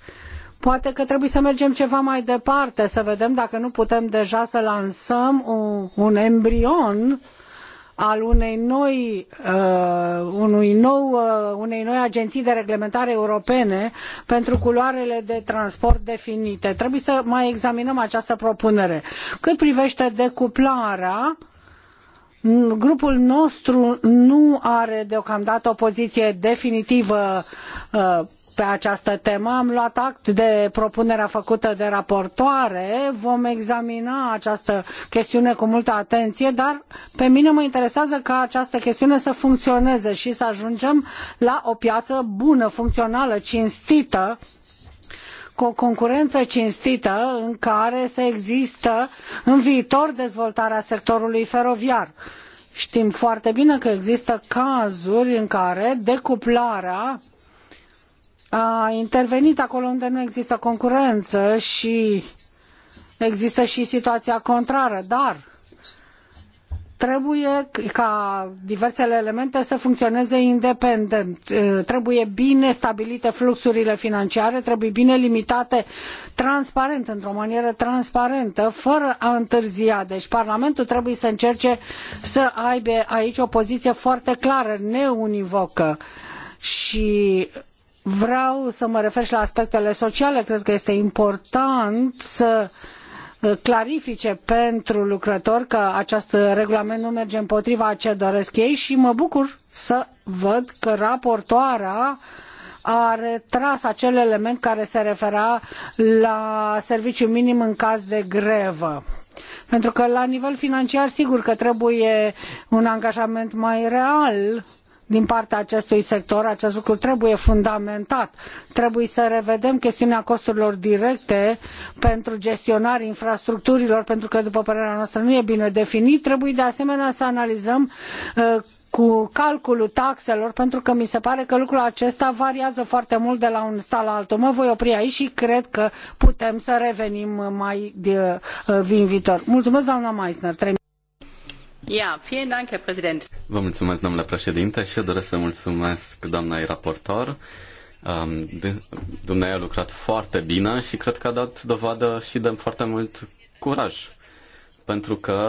poate că trebuie să mergem ceva mai departe, să vedem dacă nu putem deja să lansăm un, un embrion uh, al unei noi, uh, unui nou, uh, unei noi agenții de reglementare europene pentru culoarele de transport definite. Trebuie să mai examinăm această propunere. Cât privește decuplarea, grupul nostru nu are deocamdată o poziție definitivă uh, pe această temă. Am luat act de propunerea făcută de raportoare. Vom examina această chestiune cu multă atenție, dar pe mine mă interesează ca această chestiune să funcționeze și să ajungem la o piață bună, funcțională, cinstită, cu o concurență cinstită în care să existe în viitor dezvoltarea sectorului feroviar. Știm foarte bine că există cazuri în care decuplarea a intervenit acolo unde nu există concurență și există și situația contrară, dar trebuie ca diversele elemente să funcționeze independent. Trebuie bine stabilite fluxurile financiare, trebuie bine limitate transparent, într-o manieră transparentă, fără a întârzia. Deci Parlamentul trebuie să încerce să aibă aici o poziție foarte clară, neunivocă și Vreau să mă refer și la aspectele sociale. Cred că este important să uh, clarifice pentru lucrători că acest regulament nu merge împotriva a ce doresc ei și mă bucur să văd că raportoarea a retras acel element care se refera la serviciu minim în caz de grevă. Pentru că la nivel financiar sigur că trebuie un angajament mai real uh, din partea acestui sector. Acest lucru trebuie fundamentat. Trebuie să revedem chestiunea costurilor directe pentru gestionarea infrastructurilor, pentru că, după părerea noastră, nu e bine definit. Trebuie, de asemenea, să analizăm uh, cu calculul taxelor, pentru că mi se pare că lucrul acesta variază foarte mult de la un stat la altul. Mă voi opri aici și cred că putem să revenim mai de, uh, viitor. Mulțumesc, doamna Meissner. Vă mulțumesc, domnule președinte, și eu doresc să mulțumesc doamnei raportor. Um, Dumnezeu a lucrat foarte bine și cred că a dat dovadă și de foarte mult curaj, pentru că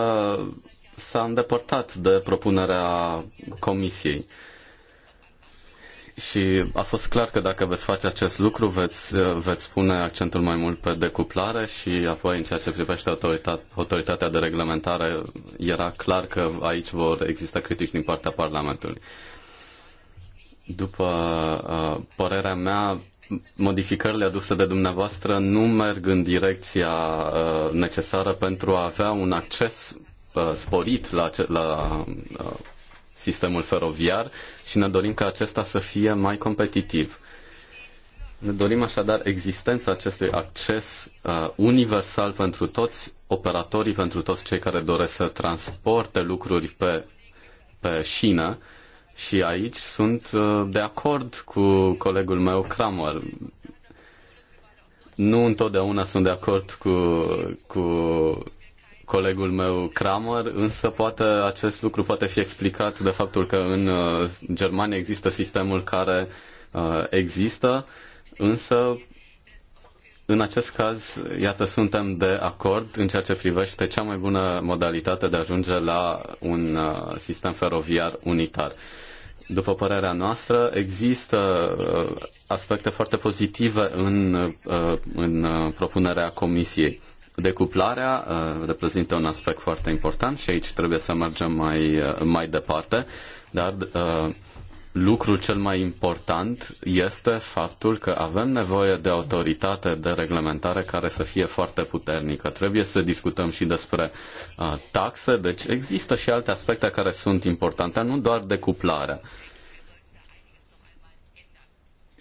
s-a îndepărtat de propunerea comisiei. Și a fost clar că dacă veți face acest lucru, veți, veți pune accentul mai mult pe decuplare și apoi în ceea ce privește autoritate, autoritatea de reglementare, era clar că aici vor exista critici din partea Parlamentului. După uh, părerea mea, modificările aduse de dumneavoastră nu merg în direcția uh, necesară pentru a avea un acces uh, sporit la, la uh, sistemul feroviar și ne dorim ca acesta să fie mai competitiv. Ne dorim așadar existența acestui acces uh, universal pentru toți operatorii, pentru toți cei care doresc să transporte lucruri pe, pe șină și aici sunt uh, de acord cu colegul meu Cramer. Nu întotdeauna sunt de acord cu, cu colegul meu Kramer, însă poate acest lucru poate fi explicat de faptul că în uh, Germania există sistemul care uh, există, însă în acest caz, iată, suntem de acord în ceea ce privește cea mai bună modalitate de a ajunge la un uh, sistem feroviar unitar. După părerea noastră, există aspecte foarte pozitive în, în propunerea Comisiei. Decuplarea uh, reprezintă un aspect foarte important și aici trebuie să mergem mai, uh, mai departe, dar uh, lucrul cel mai important este faptul că avem nevoie de autoritate de reglementare care să fie foarte puternică. Trebuie să discutăm și despre taxe, deci există și alte aspecte care sunt importante, nu doar decuplarea.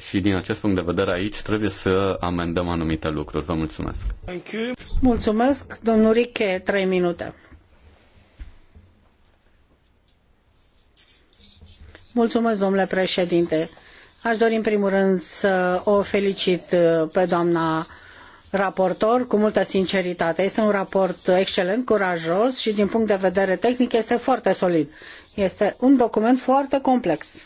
Și din acest punct de vedere aici trebuie să amendăm anumite lucruri. Vă mulțumesc. Mulțumesc, domnul Riche, trei minute. Mulțumesc, domnule președinte. Aș dori în primul rând să o felicit uh, pe doamna raportor cu multă sinceritate. Este un raport excelent, curajos și din punct de vedere tehnic este foarte solid. Este un document foarte complex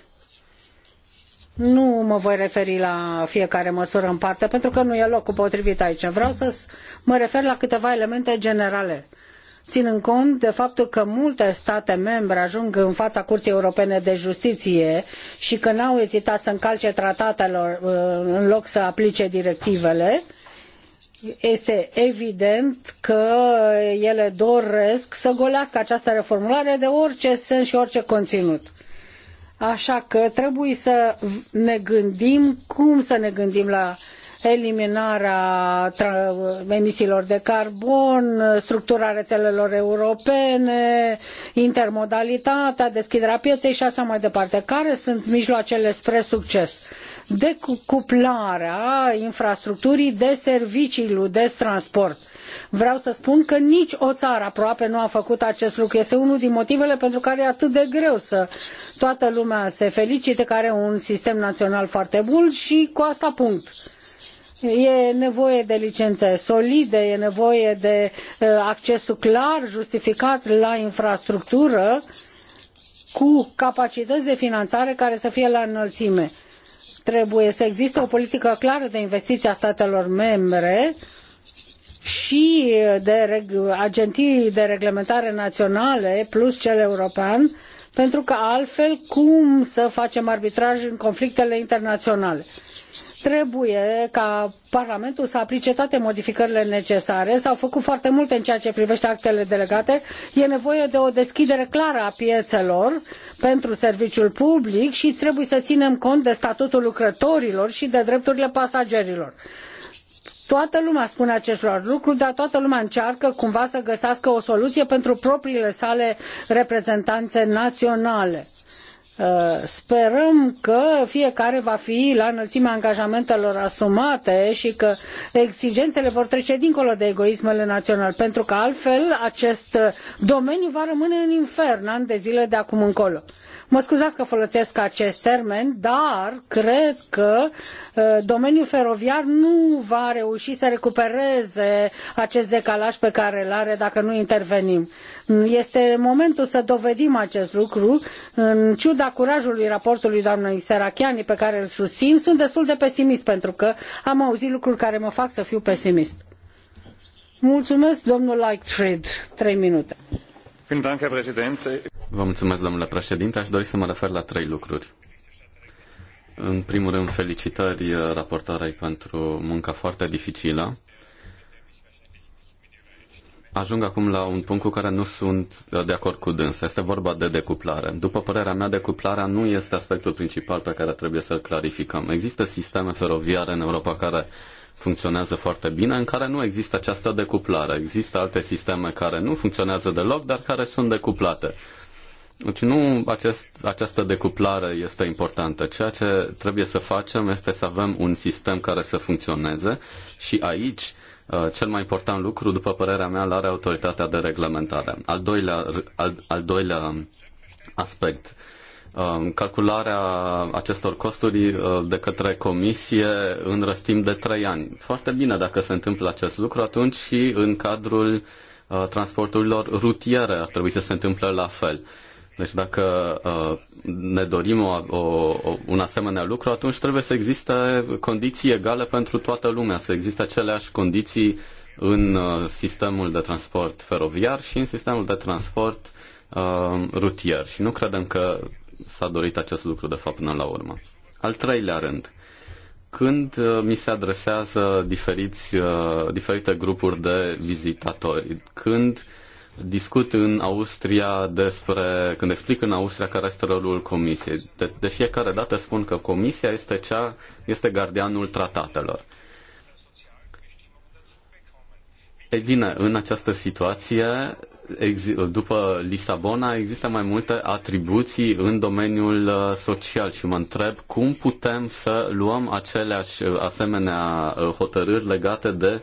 nu mă voi referi la fiecare măsură în parte, pentru că nu e locul potrivit aici. Vreau să mă refer la câteva elemente generale, ținând cont de faptul că multe state membre ajung în fața Curții Europene de Justiție și că n-au ezitat să încalce tratatelor uh, în loc să aplice directivele, este evident că ele doresc să golească această reformulare de orice sens și orice conținut Așa că trebuie să ne gândim cum să ne gândim la eliminarea emisiilor de carbon, structura rețelelor europene, intermodalitatea, deschiderea pieței și așa mai departe. Care sunt mijloacele spre succes? Decuplarea infrastructurii de servicii, de transport Vreau să spun că nici o țară aproape nu a făcut acest lucru. Este unul din motivele pentru care e atât de greu să toată lumea se felicite că are un sistem național foarte bun și cu asta punct e nevoie de licențe solide, e nevoie de uh, accesul clar, justificat la infrastructură cu capacități de finanțare care să fie la înălțime. Trebuie să existe o politică clară de investiție a statelor membre uh, și de agenții de reglementare naționale plus cel european, pentru că altfel cum să facem arbitraj în conflictele internaționale? Trebuie ca Parlamentul să aplice toate modificările necesare. S-au făcut foarte multe în ceea ce privește actele delegate. E nevoie de o deschidere clară a piețelor pentru serviciul public și trebuie să ținem cont de statutul lucrătorilor și de drepturile pasagerilor. Toată lumea spune acest lucru, dar toată lumea încearcă cumva să găsească o soluție pentru propriile sale reprezentanțe naționale. Uh, sperăm că fiecare va fi la înălțimea angajamentelor asumate și că exigențele vor trece dincolo de egoismele naționale, pentru că altfel acest domeniu va rămâne în infern ani de zile de acum încolo. Mă scuzați că folosesc acest termen, dar cred că uh, domeniul feroviar nu va reuși să recupereze acest decalaj pe care îl are dacă nu intervenim. Este momentul să dovedim acest lucru. În ciuda curajului raportului doamnei Serachiani pe care îl susțin, sunt destul de pesimist pentru că am auzit lucruri care mă fac să fiu pesimist. Mulțumesc, domnul Lightfried. Trei minute. Vă mulțumesc, domnule președinte. Aș dori să mă refer la trei lucruri. În primul rând, felicitări uh, raportoarei pentru munca foarte dificilă. Ajung acum la un punct cu care nu sunt uh, de acord cu dânsa. Este vorba de decuplare. După părerea mea, decuplarea nu este aspectul principal pe care trebuie să-l clarificăm. Există sisteme feroviare în Europa care funcționează foarte bine, în care nu există această decuplare. Există alte sisteme care nu funcționează deloc, dar care sunt decuplate. Deci nu acest, această decuplare este importantă. Ceea ce trebuie să facem este să avem un sistem care să funcționeze și aici uh, cel mai important lucru, după părerea mea, l-are autoritatea de reglementare. Al doilea, al, al doilea aspect Um, calcularea acestor costuri uh, de către comisie în răstim de trei ani. Foarte bine dacă se întâmplă acest lucru, atunci și în cadrul uh, transporturilor rutiere ar trebui să se întâmple la fel. Deci dacă uh, ne dorim o, o, un asemenea lucru, atunci trebuie să existe condiții egale pentru toată lumea, să existe aceleași condiții în sistemul de transport feroviar și în sistemul de transport rutier. Și nu credem că s-a dorit acest lucru, de fapt, până la urmă. Al treilea rând, când uh, mi se adresează diferiți, uh, diferite grupuri de vizitatori, când discut în Austria despre, când explic în Austria care este rolul comisiei, de, de fiecare dată spun că comisia este cea, este gardianul tratatelor. Ei bine, în această situație după Lisabona există mai multe atribuții în domeniul uh, social și mă întreb cum putem să luăm aceleași uh, asemenea uh, hotărâri legate de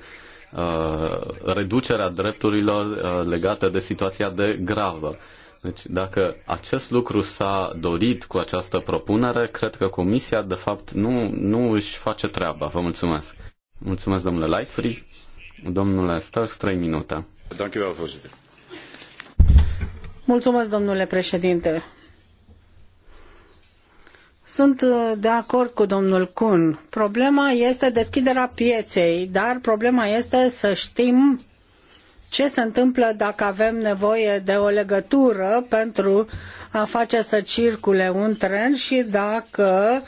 uh, reducerea drepturilor uh, legate de situația de gravă. Deci dacă acest lucru s-a dorit cu această propunere, cred că Comisia de fapt nu, nu își face treaba. Vă mulțumesc. Mulțumesc, domnule Lightfree. Domnule Stars, 3 minute. Dank u wel, voorzitter. Mulțumesc, domnule președinte. Sunt uh, de acord cu domnul Kun. Problema este deschiderea pieței, dar problema este să știm ce se întâmplă dacă avem nevoie de o legătură pentru a face să circule un tren și dacă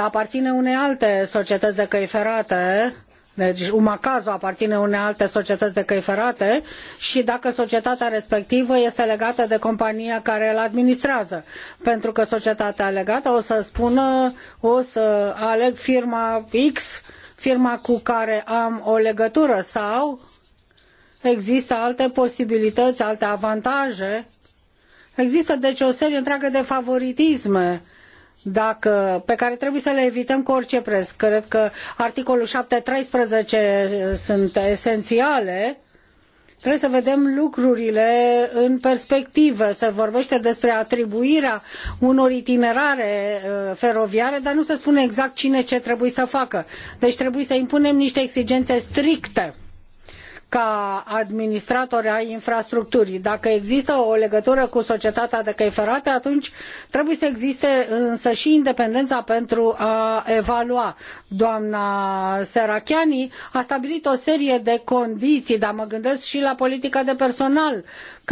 aparține unei alte societăți de căi ferate deci Umacazul aparține unei alte societăți de căi ferate și dacă societatea respectivă este legată de compania care îl administrează. Pentru că societatea legată o să spună, o să aleg firma X, firma cu care am o legătură sau există alte posibilități, alte avantaje Există deci o serie întreagă de favoritisme dacă, pe care trebuie să le evităm cu orice preț. Cred că articolul 7.13 sunt esențiale. Trebuie să vedem lucrurile în perspectivă. Se vorbește despre atribuirea unor itinerare uh, feroviare, dar nu se spune exact cine ce trebuie să facă. Deci trebuie să impunem niște exigențe stricte ca administrator ai infrastructurii. Dacă există o legătură cu societatea de căi ferate, atunci trebuie să existe însă și independența pentru a evalua. Doamna Serachiani a stabilit o serie de condiții, dar mă gândesc și la politica de personal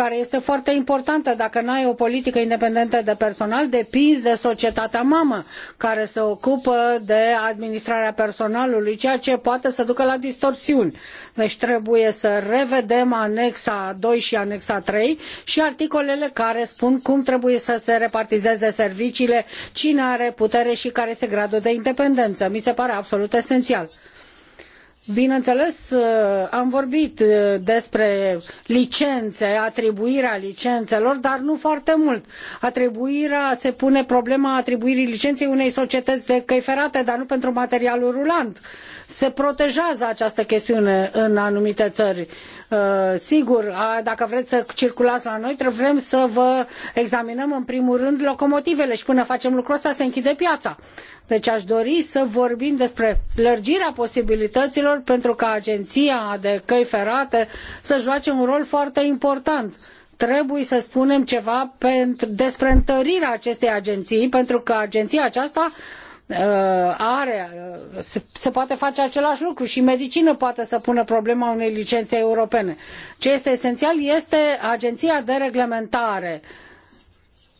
care este foarte importantă. Dacă nu ai o politică independentă de personal, depinzi de societatea mamă, care se ocupă de administrarea personalului, ceea ce poate să ducă la distorsiuni. Deci trebuie să revedem anexa 2 și anexa 3 și articolele care spun cum trebuie să se repartizeze serviciile, cine are putere și care este gradul de independență. Mi se pare absolut esențial. Bineînțeles, uh, am vorbit uh, despre licențe, atribuirea licențelor, dar nu foarte mult. Atribuirea se pune problema atribuirii licenței unei societăți de căi ferate, dar nu pentru materialul rulant. Uh, se protejează această chestiune în anumite țări. Uh, sigur, dacă vreți să circulați la noi, trebuie să vă examinăm în primul rând locomotivele și până facem lucrul ăsta se închide piața. Deci aș dori să vorbim despre lărgirea posibilităților pentru ca agenția de căi ferate să joace un rol foarte important trebuie să spunem ceva pentru, despre întărirea acestei agenții, pentru că agenția aceasta Uh, are, uh, se, se poate face același lucru și medicină poate să pună problema unei licențe europene. Ce este esențial este agenția de reglementare.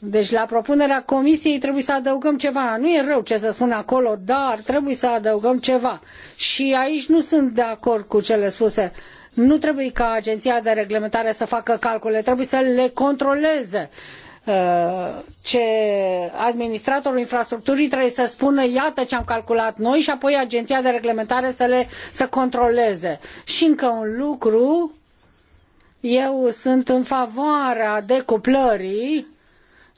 Deci la propunerea comisiei trebuie să adăugăm ceva. Nu e rău ce să spun acolo, dar trebuie să adăugăm ceva. Și aici nu sunt de acord cu cele spuse. Nu trebuie ca agenția de reglementare să facă calcule, trebuie să le controleze ce administratorul infrastructurii trebuie să spună iată ce am calculat noi și apoi agenția de reglementare să le să controleze. Și încă un lucru, eu sunt în favoarea decuplării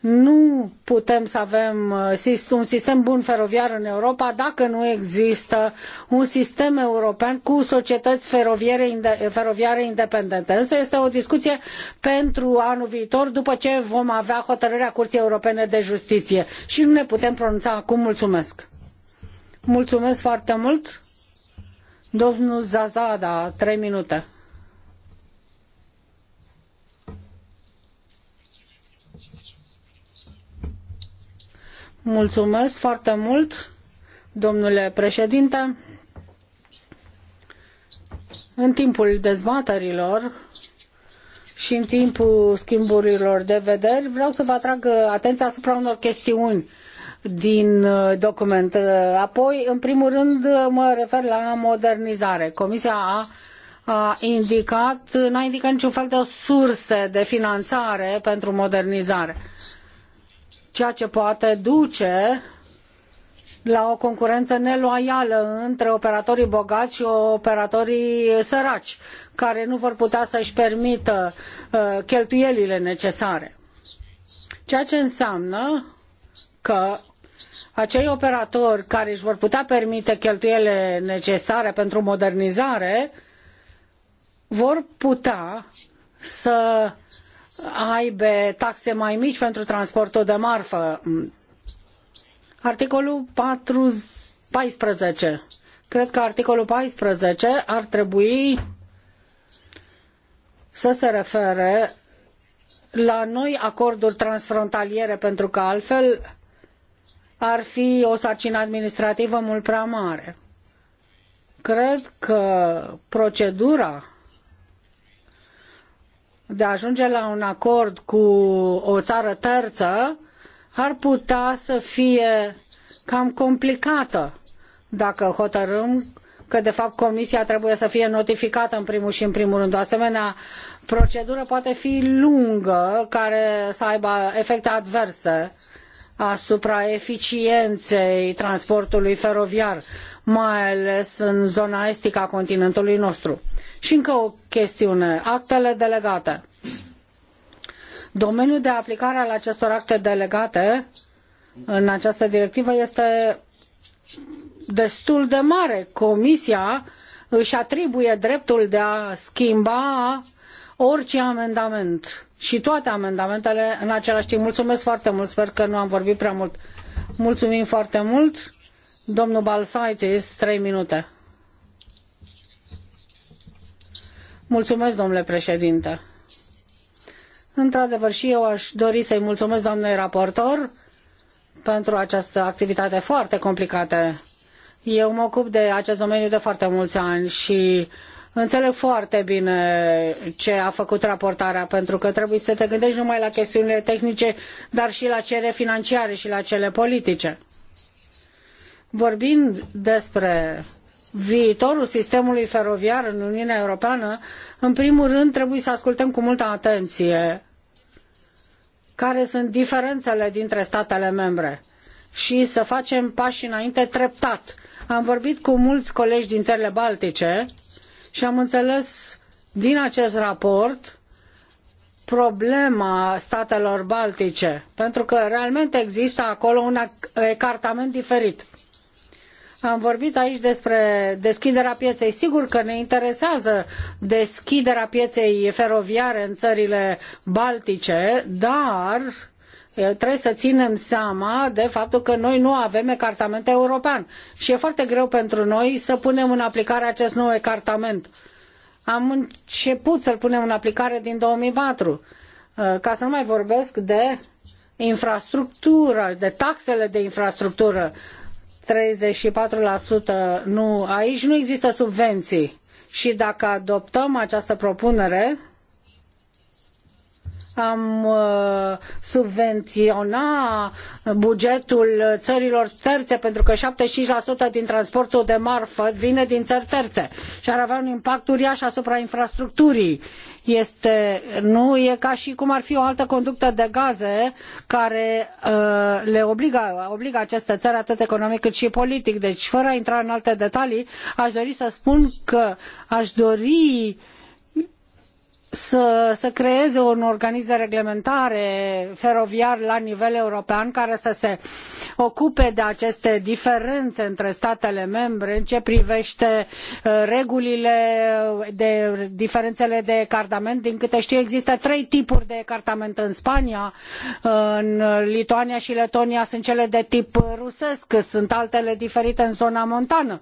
nu putem să avem uh, un sistem bun feroviar în Europa dacă nu există un sistem european cu societăți feroviare, independente. Însă este o discuție pentru anul viitor, după ce vom avea hotărârea Curții Europene de Justiție. Și nu ne putem pronunța acum. Mulțumesc! Mulțumesc foarte mult! Domnul Zazada, trei minute. Mulțumesc foarte mult, domnule președinte. În timpul dezbaterilor și în timpul schimburilor de vederi, vreau să vă atrag atenția asupra unor chestiuni din document. Apoi, în primul rând, mă refer la modernizare. Comisia a, a indicat, n-a indicat niciun fel de surse de finanțare pentru modernizare. Uh, ceea ce poate duce la o concurență neloială între operatorii bogați și operatorii săraci, care nu vor putea să-și permită uh, cheltuielile necesare. Ceea ce înseamnă că acei operatori care își vor putea permite cheltuielile necesare pentru modernizare vor putea să aibă taxe mai mici pentru transportul de marfă. Articolul 4, 14. Cred că articolul 14 ar trebui să se refere la noi acorduri transfrontaliere, pentru că altfel ar fi o sarcină administrativă mult prea mare. Cred că procedura de a ajunge la un acord cu o țară terță ar putea să fie cam complicată dacă hotărâm că de fapt comisia trebuie să fie notificată în primul și în primul rând. O asemenea procedură poate fi lungă, care să aibă efecte adverse asupra eficienței transportului feroviar, mai ales în zona estică a continentului nostru. Și încă o chestiune, actele delegate. Domeniul de aplicare al acestor acte delegate în această directivă este destul de mare. Comisia își atribuie dreptul de a schimba orice amendament și toate amendamentele în același timp. Mulțumesc foarte mult, sper că nu am vorbit prea mult. Mulțumim foarte mult. Domnul trei minute. Mulțumesc, președinte. Într-adevăr, și eu aș dori să-i mulțumesc doamnei raportor pentru această activitate foarte complicată. Eu mă ocup de acest domeniu de foarte mulți ani și înțeleg foarte bine ce a făcut raportarea, pentru că trebuie să te gândești numai la chestiunile tehnice, dar și la cele financiare și la cele politice vorbind despre viitorul sistemului feroviar în Uniunea Europeană, în primul rând trebuie să ascultăm cu multă atenție care sunt diferențele dintre statele membre și să facem pași înainte treptat. Am vorbit cu mulți colegi din țările baltice și am înțeles din acest raport problema statelor baltice, pentru că realmente există acolo un ecartament diferit. Am vorbit aici despre deschiderea pieței. Sigur că ne interesează deschiderea pieței feroviare în țările baltice, dar trebuie să ținem seama de faptul că noi nu avem ecartament european și e foarte greu pentru noi să punem în aplicare acest nou ecartament. Am început să-l punem în aplicare din 2004, ca să nu mai vorbesc de infrastructură, de taxele de infrastructură. 34% nu, aici nu există subvenții. Și dacă adoptăm această propunere, am uh, subvenționa bugetul țărilor terțe, pentru că 75% din transportul de marfă vine din țări terțe și ar avea un impact uriaș asupra infrastructurii. Este, nu e ca și cum ar fi o altă conductă de gaze care uh, le obligă, obligă aceste țări atât economic cât și politic. Deci, fără a intra în alte detalii, aș dori să spun că aș dori să, să creeze un organism de reglementare feroviar la nivel european care să se ocupe de aceste diferențe între statele membre în ceea ce privește uh, regulile uh, de diferențele de cartament. Din câte știu, există trei tipuri de cartament în Spania, uh, în Lituania și Letonia sunt cele de tip rusesc, sunt altele diferite în zona montană.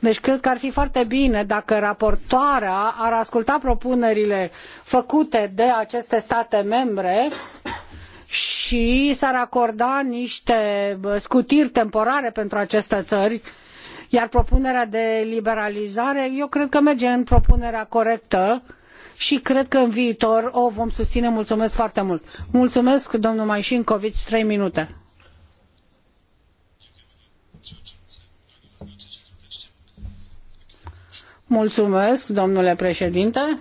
Deci cred că ar fi foarte bine dacă raportoarea ar asculta propunerile făcute de aceste state membre și s-ar acorda niște scutiri temporare pentru aceste țări, iar propunerea de liberalizare, eu cred că merge în propunerea corectă și cred că în viitor o vom susține. Mulțumesc foarte mult. Mulțumesc, domnul Maișincovici, trei minute. Mulțumesc, domnule președinte.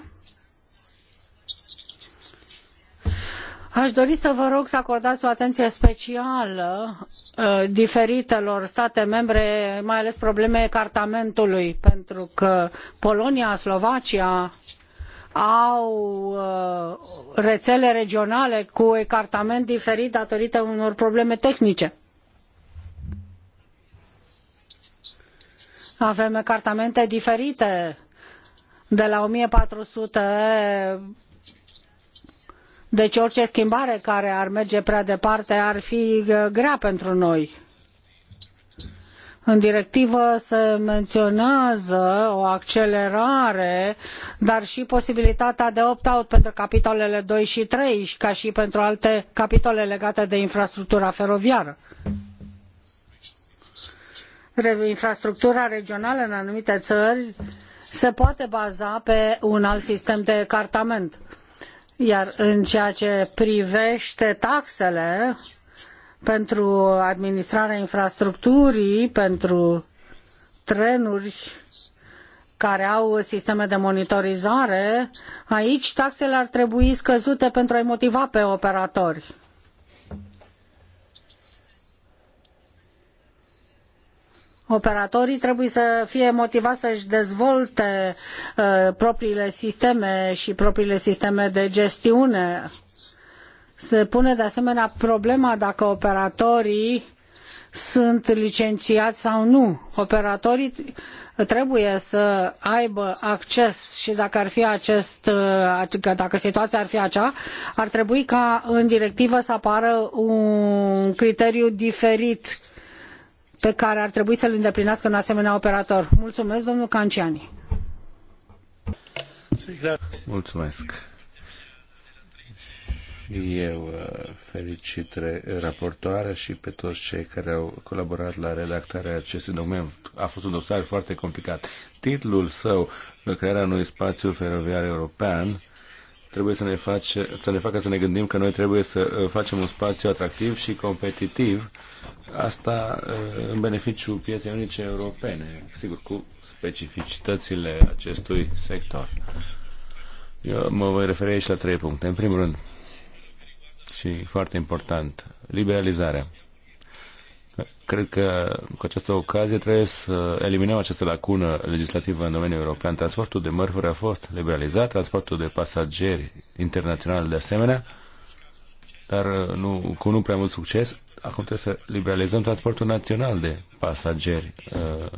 Aș dori să vă rog să acordați o atenție specială ă, diferitelor state membre, mai ales problemei cartamentului, pentru că Polonia, Slovacia au ă, rețele regionale cu ecartament diferit datorită unor probleme tehnice Avem ecartamente diferite de la 1400 deci orice schimbare care ar merge prea departe ar fi grea pentru noi. În directivă se menționează o accelerare, dar și posibilitatea de opt-out pentru capitolele 2 și 3, ca și pentru alte capitole legate de infrastructura feroviară infrastructura regională în anumite ări se poate baza pe un alt sistem de cartament. Iar în ceea ce privește taxele pentru administrarea infrastructurii, pentru trenuri care au sisteme de monitorizare, aici taxele ar trebui scăzute pentru a-i motiva pe operatori Operatorii trebuie să fie motivați să-și dezvolte uh, propriile sisteme și propriile sisteme de gestiune. Se pune de asemenea problema dacă operatorii sunt licențiați sau nu. Operatorii trebuie să aibă acces și dacă ar fi acest, uh, dacă situația ar fi acea, ar trebui ca în directivă să apară un criteriu diferit uh, pe care ar trebui să l îndeplinească un asemenea operator. Mulțumesc, domnul Canciani. Mulțumesc. Și eu uh, felicit raportoarea și pe toți cei care au colaborat la redactarea acestui document. A fost un dosar foarte complicat. Titlul său, crearea unui spațiu feroviar european, trebuie să ne, face, să ne facă să ne gândim că noi trebuie să uh, facem un spațiu atractiv și competitiv uh, Asta în beneficiul pieței unice europene, sigur, cu specificitățile acestui sector. Eu mă voi referi aici la trei puncte. În primul rând, și foarte important, liberalizarea. Cred că cu această ocazie trebuie să eliminăm această lacună legislativă în domeniul european. Transportul de mărfuri a fost liberalizat, transportul de pasageri internațional de asemenea, dar uh, nu, cu nu prea mult succes. Acum trebuie să liberalizăm transportul național de pasageri. Uh,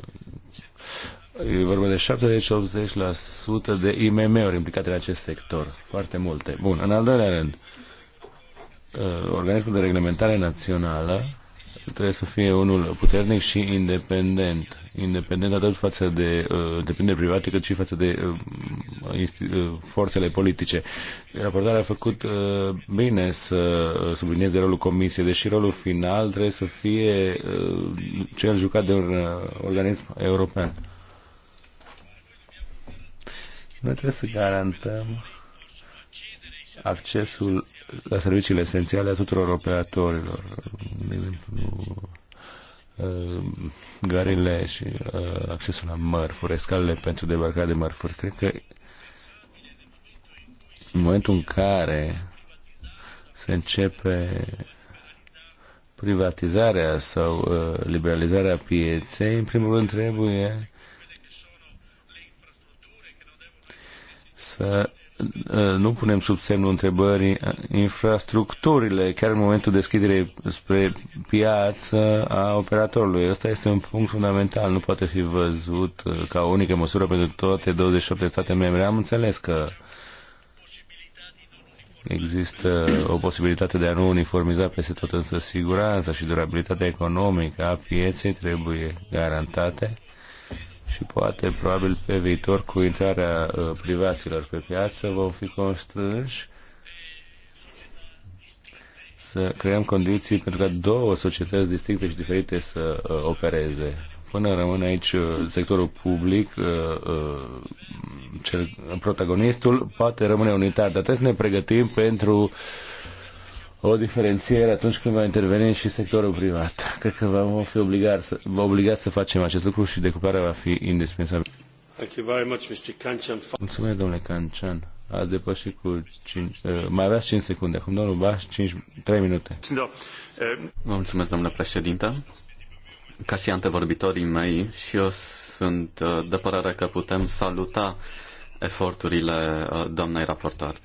e vorba de 70-80% de IMM-uri implicate în acest sector. Foarte multe. Bun, în al doilea rând, uh, organismul de reglementare națională trebuie să fie unul puternic și independent independent atât față de uh, întreprinderi private cât și față de uh, uh, forțele politice. Raportarea a făcut uh, bine să uh, sublinieze rolul comisiei, deși rolul final trebuie să fie uh, cel jucat de un uh, organism european. Noi trebuie să garantăm accesul la serviciile esențiale a tuturor operatorilor, exemplu Uh, gările și uh, accesul la mărfuri, escalele pentru debarcare de mărfuri. Cred că în momentul în care se începe privatizarea sau uh, liberalizarea pieței, în primul rând trebuie să Eh, nu punem sub semnul întrebării eh, infrastructurile, chiar în momentul deschiderii spre piață a operatorului. Ăsta este un punct fundamental, nu poate fi văzut eh, ca o unică măsură pentru toate 28 de state membre. Am înțeles că există o posibilitate de a nu uniformiza peste tot, însă siguranța și durabilitatea economică a pieței trebuie garantate și poate, probabil, pe viitor, cu intrarea uh, privaților pe piață, vom fi constrânși să creăm condiții pentru ca două societăți distincte și diferite să uh, opereze. Până rămâne aici uh, sectorul public, cel, protagonistul poate rămâne unitar, dar trebuie să ne pregătim pentru uh, o diferențiere atunci când va interveni și sectorul privat. Cred că vom fi obligat să, va obligat să facem acest lucru și decuplarea va fi indispensabilă. Mulțumesc, domnule Cancian. A depășit cu 5, eh, mai aveați 5 secunde. Acum, domnul Baș, 5, 3 minute. Da. Vă mulțumesc, domnule președinte. Ca și antevorbitorii mei, și eu sunt eh, de părere că putem saluta eforturile eh, doamnei raportor.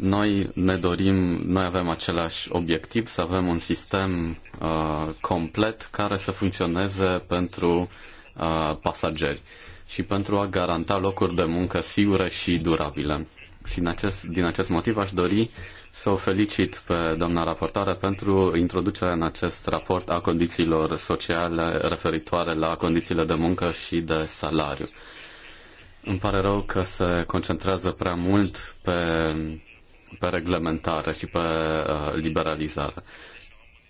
Noi ne dorim, noi avem același obiectiv, să avem un sistem uh, complet care să funcționeze pentru uh, pasageri și pentru a garanta locuri de muncă sigure și durabile. Și din acest, din acest motiv aș dori să o felicit pe doamna raportoare pentru introducerea în acest raport a condițiilor sociale referitoare la condițiile de muncă și de salariu. Îmi pare rău că se concentrează prea mult pe pe reglementare și pe uh, liberalizare.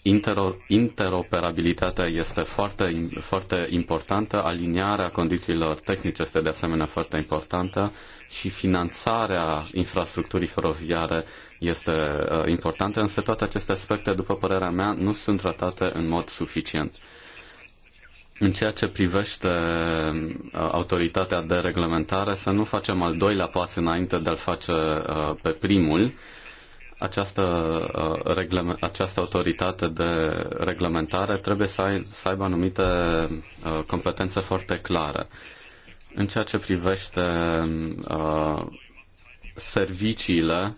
Intero- interoperabilitatea este foarte, foarte importantă, aliniarea condițiilor tehnice este de asemenea foarte importantă și finanțarea infrastructurii feroviare este uh, importantă, însă toate aceste aspecte, după părerea mea, nu sunt tratate în mod suficient. În ceea ce privește uh, autoritatea de reglementare, să nu facem al doilea pas înainte de a-l face uh, pe primul. Această, uh, această autoritate de reglementare trebuie să, să aibă anumite competențe foarte clare. În ceea ce privește serviciile,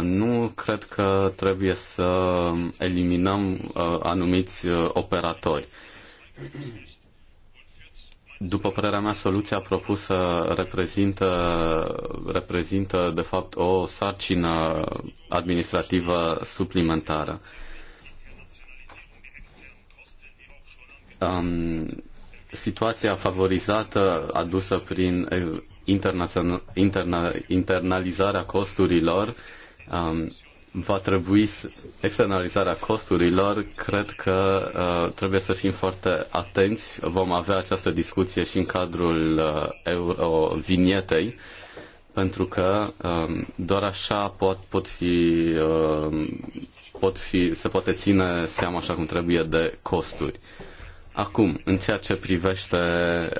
nu cred că trebuie să eliminăm anumiți operatori. După părerea mea, soluția propusă reprezintă, reprezintă de fapt o sarcină administrativă suplimentară. Um, situația favorizată adusă prin eh, interna, internalizarea costurilor um, va trebui să, externalizarea costurilor, cred că uh, trebuie să fim foarte atenți. Vom avea această discuție și în cadrul uh, eurovinietei, pentru că um, doar așa pot, pot fi, uh, pot fi, se poate ține seama așa cum trebuie de costuri. Acum, în ceea ce privește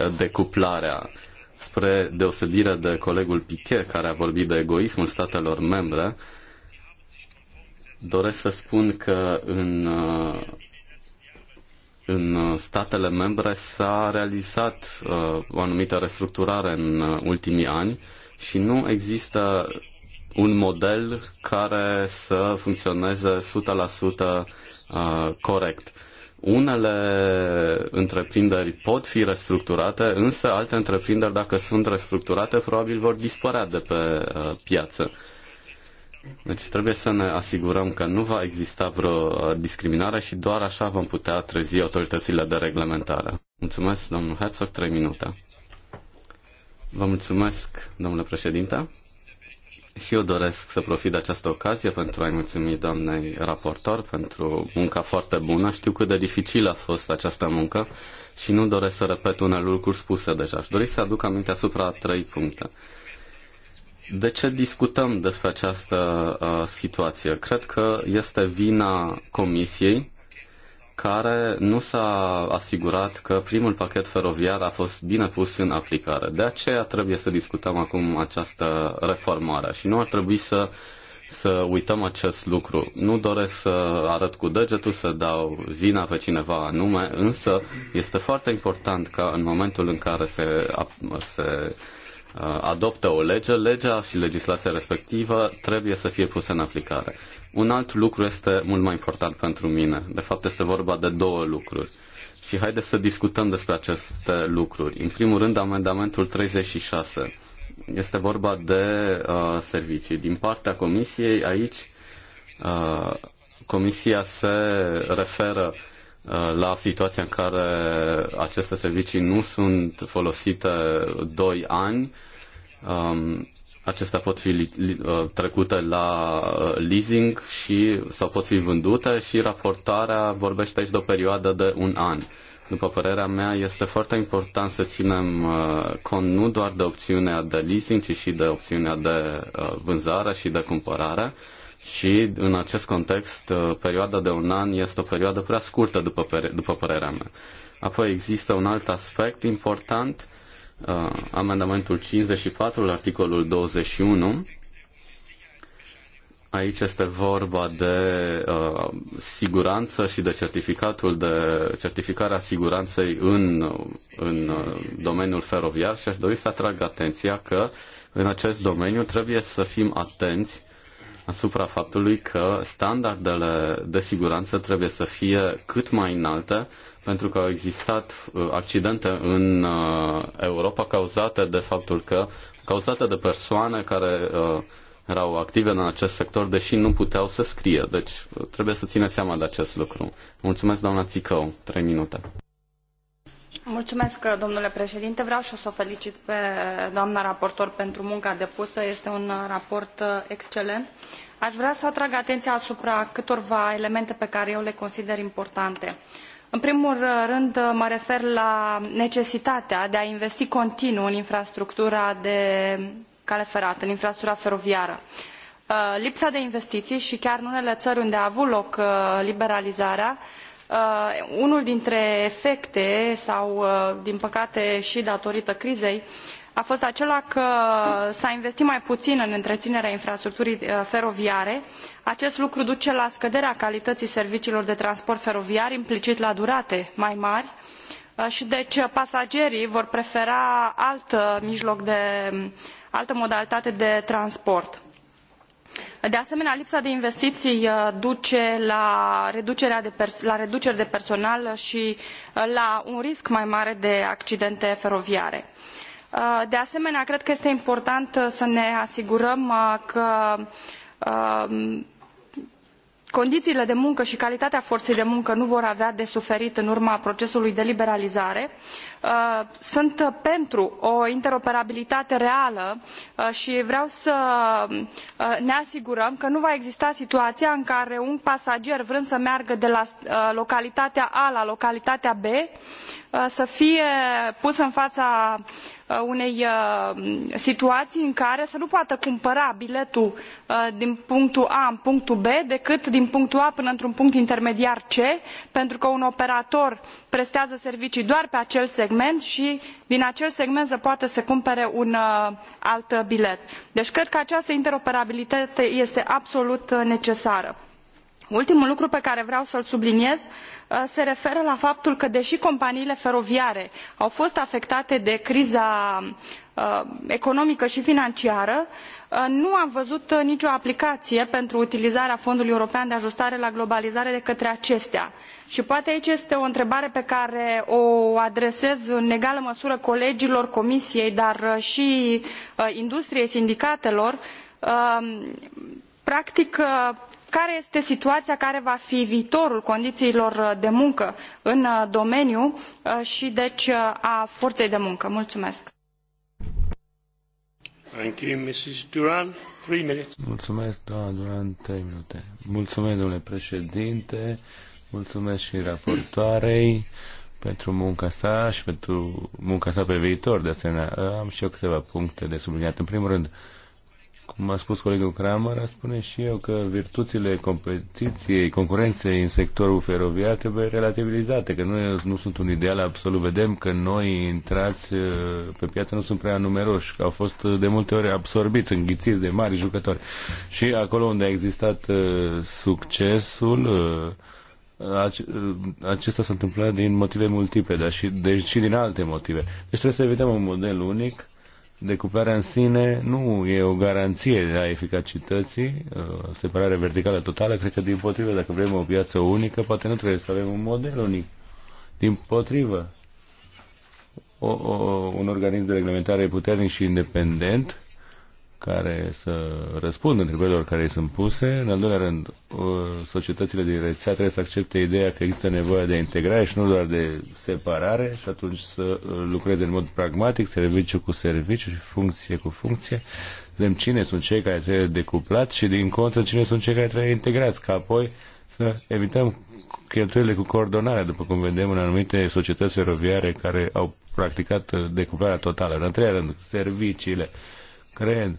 uh, decuplarea, spre deosebire de colegul Piquet, care a vorbit de egoismul statelor membre, uh, Doresc să spun că în, uh, în statele membre s-a realizat uh, o anumită restructurare în uh, ultimii ani și nu există un model care să funcționeze 100% corect. Unele întreprinderi pot fi restructurate, însă alte întreprinderi, dacă sunt restructurate, probabil vor dispărea de pe piață. Deci trebuie să ne asigurăm că nu va exista vreo uh, discriminare și doar așa vom putea trezi autoritățile de reglementare. Mulțumesc, domnul Herzog, 3 minute. Vă mulțumesc, domnule președinte. Și eu doresc să profit de această ocazie pentru a-i mulțumi doamnei raportor pentru munca foarte bună. Știu cât de dificilă a fost această muncă și nu doresc să repet unele lucruri spuse deja. Aș dori să aduc aminte asupra trei puncte. De ce discutăm despre această uh, situație? Cred că este vina Comisiei care nu s-a asigurat că primul pachet feroviar a fost bine pus în aplicare. De aceea trebuie să discutăm acum această reformare și nu ar trebui să, să uităm acest lucru. Nu doresc să arăt cu degetul, să dau vina pe cineva anume, însă este foarte important ca în momentul în care se, se Uh, adoptă o lege, legea și legislația respectivă trebuie să fie pusă în aplicare. Un alt lucru este mult mai important pentru mine. De fapt, este vorba de două lucruri. Și haideți să discutăm despre aceste lucruri. În primul rând, amendamentul 36. Este vorba de uh, servicii. Din partea Comisiei, aici, uh, Comisia se referă la situația în care aceste servicii nu sunt folosite 2 ani, um, acestea pot fi uh, trecute la uh, leasing și, sau pot fi vândute și raportarea vorbește aici de o perioadă de un an. După părerea mea, este foarte important să ținem uh, cont nu doar de opțiunea de leasing, ci și de opțiunea de vânzare și de cumpărare. Uh, și în acest context uh, perioada de un an este o perioadă prea scurtă după, după părerea mea. Apoi există un alt aspect important, uh, amendamentul 54 articolul 21. Aici este vorba de uh, siguranță și de certificatul de certificarea siguranței în, în uh, domeniul feroviar și aș dori să atrag atenția că în acest domeniu trebuie să fim atenți asupra faptului că standardele de siguranță trebuie să fie cât mai înalte, pentru că au existat uh, accidente în uh, Europa cauzate de faptul că cauzate de persoane care uh, erau active în acest sector, deși nu puteau să scrie. Deci trebuie să ținem seama de acest lucru. Mulțumesc, doamna Țicău. Trei minute. Mulțumesc, domnule președinte. Vreau și o să o felicit pe doamna raportor pentru munca depusă. Este un raport uh, excelent. Aș vrea să atrag atenția asupra câtorva elemente pe care eu le consider importante. În primul rând, uh, mă refer la necesitatea de a investi continuu în infrastructura de cale ferată, în infrastructura feroviară. Uh, lipsa de investiții și chiar în unele țări unde a avut loc liberalizarea Uh, unul dintre efecte sau uh, din păcate i datorită crizei a fost acela că s a investit mai puin în întreinerea infrastructurii uh, feroviare acest lucru duce la scăderea calităii serviciilor de transport feroviar implicit la durate mai mari i deci pasagerii vor prefera alt mijloc um, altă modalitate de transport de asemenea, lipsa de investiții uh, duce la, reducerea de la reduceri de personal și uh, la un risc mai mare de accidente feroviare. Uh, de asemenea, cred că este important să ne asigurăm că condiiile de muncă i calitatea forei de muncă nu vor avea de suferit în urma procesului de liberalizare Uh, sunt uh, pentru o interoperabilitate reală uh, i vreau să ne asigurăm că nu va exista situaia în care un pasager vrând să meargă de la localitatea a la localitatea b să fie pus în faa unei situaii în care să nu poată cumpăra biletul din punctul a în punctul b decât din punctul a până într un punct intermediar c pentru că un operator prestează servicii doar pe acel segment i din acel segment să poată să cumpere un uh, alt bilet. deci cred că această interoperabilitate este absolut uh, necesară ultimul lucru pe care vreau să l subliniez uh, se referă la faptul că dei companiile feroviare au fost afectate de criza uh, economică i financiară uh, nu am văzut nicio aplicaie pentru utilizarea fondului european de ajustare la globalizare de către acestea i poate aici este o întrebare pe care o adresez în egală măsură colegilor comisiei dar i industriei sindicatelor practic care este situaia care va fi viitorul condiiilor de muncă în uh, domeniu uh, i deci uh, a forei de muncă. Mulțumesc. Mulțumesc, doamna Duran, trei minute. Mulțumesc, domnule președinte, mulțumesc și raportoarei pentru munca sa și pentru munca sa pe viitor, de asemenea. Am și eu câteva puncte de subliniat. În primul rând, uh, cum a spus colegul Kramer, spune și eu că virtuțile competiției, concurenței în sectorul feroviar trebuie relativizate, că nu, nu sunt un ideal absolut. Vedem că noi intrați uh, pe piață nu sunt prea numeroși, că au fost uh, de multe ori absorbiți, înghițiți de mari jucători. Și acolo unde a existat uh, succesul, acesta s-a întâmplat din motive multiple, dar și, deci și din alte motive. Deci trebuie să evităm un model unic decuplarea în sine nu e o garanție a eficacității, uh, separare verticală totală, cred că din potrivă, dacă vrem o piață unică, poate nu trebuie să avem un model unic. Din potrivă, o, o, un organism de reglementare puternic și independent care să răspundă întrebărilor care îi sunt puse. În al doilea rând, societățile din rețea trebuie să accepte ideea că există nevoie de integrare și nu doar de separare și atunci să uh, lucreze în mod pragmatic, serviciu cu serviciu și funcție cu funcție. Vedem cine sunt cei care trebuie decuplați și din contră cine sunt cei care trebuie integrați, ca apoi să evităm cheltuielile cu coordonare, după cum vedem în anumite societăți feroviare care au practicat decuplarea totală. În al treilea rând, serviciile. Cred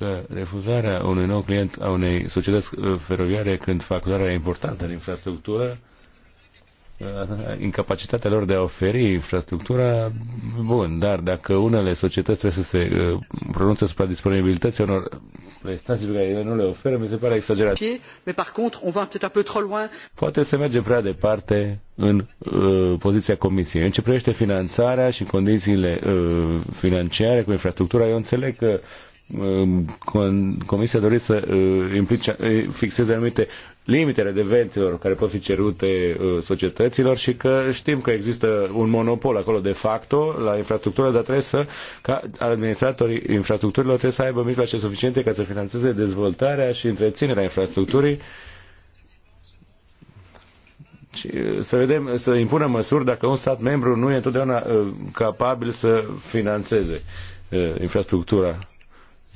că refuzarea unui nou client a unei societăți uh, feroviare când facturarea e importantă în infrastructură, uh, incapacitatea lor de a oferi infrastructura, bun, dar dacă unele societăți trebuie să se uh, pronunțe asupra disponibilității unor prestații pe care ele nu le oferă, mi se pare exagerat. Poate se merge prea departe în uh, poziția comisiei. În ce privește finanțarea și condițiile uh, financiare cu infrastructura, eu înțeleg că uh, Comisia a dorit să uh, implice, uh, fixeze anumite limite redevențelor care pot fi cerute uh, societăților și că știm că există un monopol acolo de facto la infrastructură, dar trebuie să, ca administratorii infrastructurilor trebuie să aibă mijloace suficiente ca să financeze dezvoltarea și întreținerea infrastructurii și să vedem, să impună măsuri dacă un stat membru nu e întotdeauna capabil să financeze infrastructura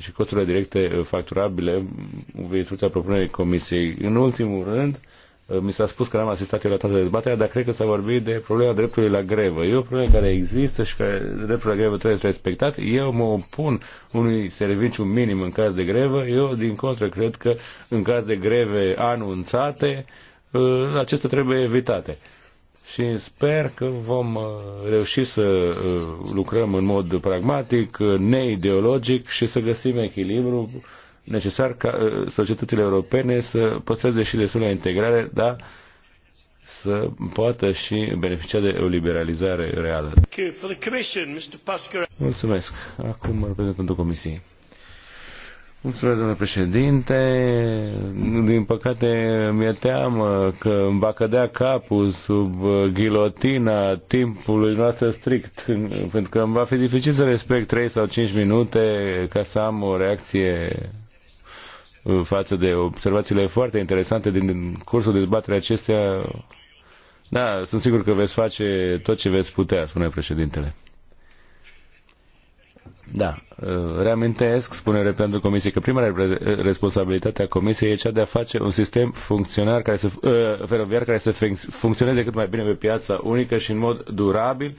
și costurile directe eh, facturabile în mm, virtutea propunerii Comisiei. În ultimul rând, eh, mi s-a spus că n-am asistat eu la toată dezbaterea, dar cred că s-a vorbit de problema dreptului la grevă. E o problemă care există și care dreptul la grevă trebuie respectat. Eu mă opun unui serviciu minim în caz de grevă. Eu, din contră, cred că în caz de greve anunțate, eh, acestea trebuie evitate și sper că vom uh, reuși să uh, lucrăm în mod pragmatic, uh, neideologic și să găsim echilibru necesar ca societățile europene să păstreze și destul la integrare, dar să poată și beneficia de o liberalizare reală. Mulțumesc. Acum reprezentantul Comisiei. Mulțumesc, domnule președinte. Din păcate, mi-e teamă că îmi va cădea capul sub ghilotina timpului noastră strict, pentru că îmi va fi dificil să respect 3 sau 5 minute ca să am o reacție față de observațiile foarte interesante din cursul dezbaterii acestea. Da, sunt sigur că veți face tot ce veți putea, spune președintele. Da, uh, reamintesc, spune reprezentantul Comisiei, că prima responsabilitate a Comisiei e cea de a face un sistem funcționar care să, uh, feroviar care să funcționeze cât mai bine pe piața unică și în mod durabil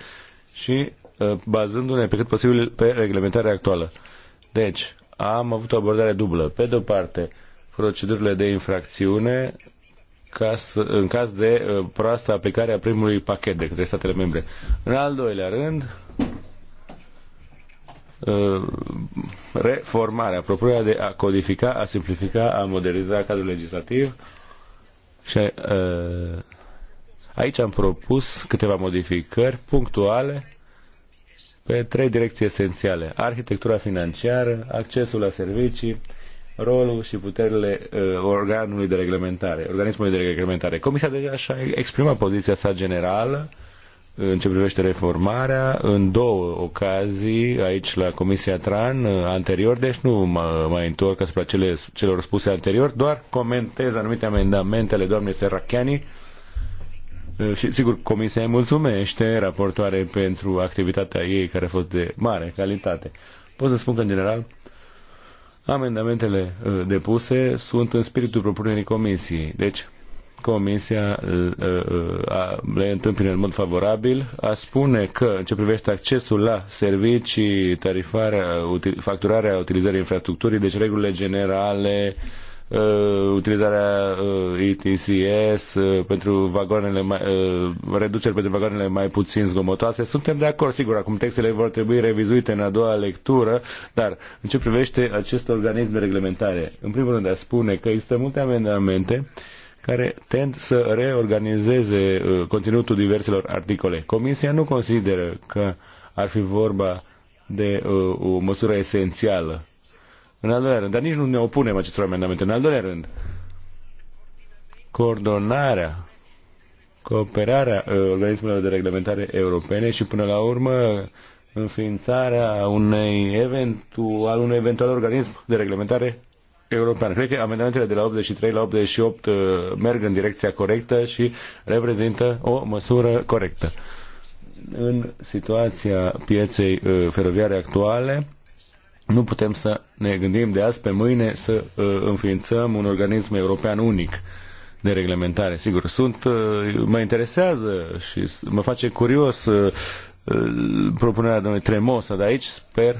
și uh, bazându-ne pe cât posibil pe reglementarea actuală. Deci, am avut o abordare dublă. Pe de o parte, procedurile de infracțiune ca să, în caz de proastă aplicare a primului pachet de către statele membre. În al doilea rând, Uh, reformarea, propunerea de a codifica, a simplifica, a moderniza cadrul legislativ și uh, aici am propus câteva modificări punctuale pe trei direcții esențiale. Arhitectura financiară, accesul la servicii, rolul și puterile uh, organului de reglementare, organismului de reglementare. Comisia deja și-a exprimat poziția sa generală uh, în ce privește reformarea în două ocazii aici la Comisia Tran anterior, deci nu mă mai întorc asupra cele, celor spuse anterior, doar comentez anumite amendamentele doamnei Serracheani și sigur Comisia îi mulțumește raportoare pentru activitatea ei care a fost de mare calitate. Pot să spun că în general amendamentele uh, depuse sunt în spiritul propunerii Comisiei. Deci Comisia uh, uh, le întâmpină în mod favorabil. A spune că, în ce privește accesul la servicii, tarifarea, facturarea utilizării infrastructurii, deci regulile generale, uh, utilizarea ETCS pentru vagoanele mai, reduceri pentru vagoanele mai puțin zgomotoase. Suntem de acord, sigur, acum textele vor trebui revizuite în a doua lectură, dar în ce privește acest organism de reglementare, în primul rând a spune că există multe amendamente uh, care tend să reorganizeze uh, conținutul diverselor articole. Comisia nu consideră că ar fi vorba de uh, o măsură esențială. În al doilea rând, dar nici nu ne opunem acestor amendamente. În al doilea rând, coordonarea, cooperarea uh, organismelor de reglementare europene și până la urmă înființarea unei eventual, unui eventual organism de reglementare european. Cred că amendamentele de la 83 la 88 uh, merg în direcția corectă și reprezintă o măsură corectă. În situația pieței uh, feroviare actuale, nu putem să ne gândim de azi pe mâine să uh, înființăm un organism european unic de reglementare. Sigur, sunt, mă interesează și mă face curios propunerea domnului Tremosa, dar aici sper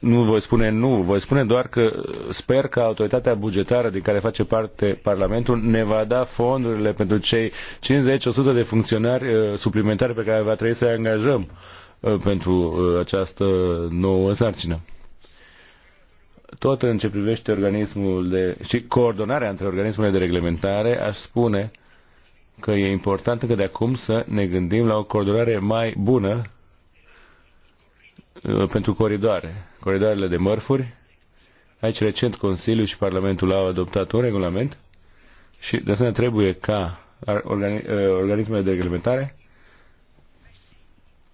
nu voi spune nu, voi spune doar că sper că autoritatea bugetară din care face parte Parlamentul ne va da fondurile pentru cei 50-100 de funcționari uh, suplimentari pe care va trebui să-i angajăm uh, pentru uh, această nouă sarcină. Tot în ce privește organismul de, și coordonarea între organismele de reglementare, aș spune că e important că de acum să ne gândim la o coordonare mai bună Uh, pentru coridoare, coridoarele de mărfuri. Aici recent Consiliul și Parlamentul au adoptat un regulament și de asemenea trebuie ca uh, organismele de reglementare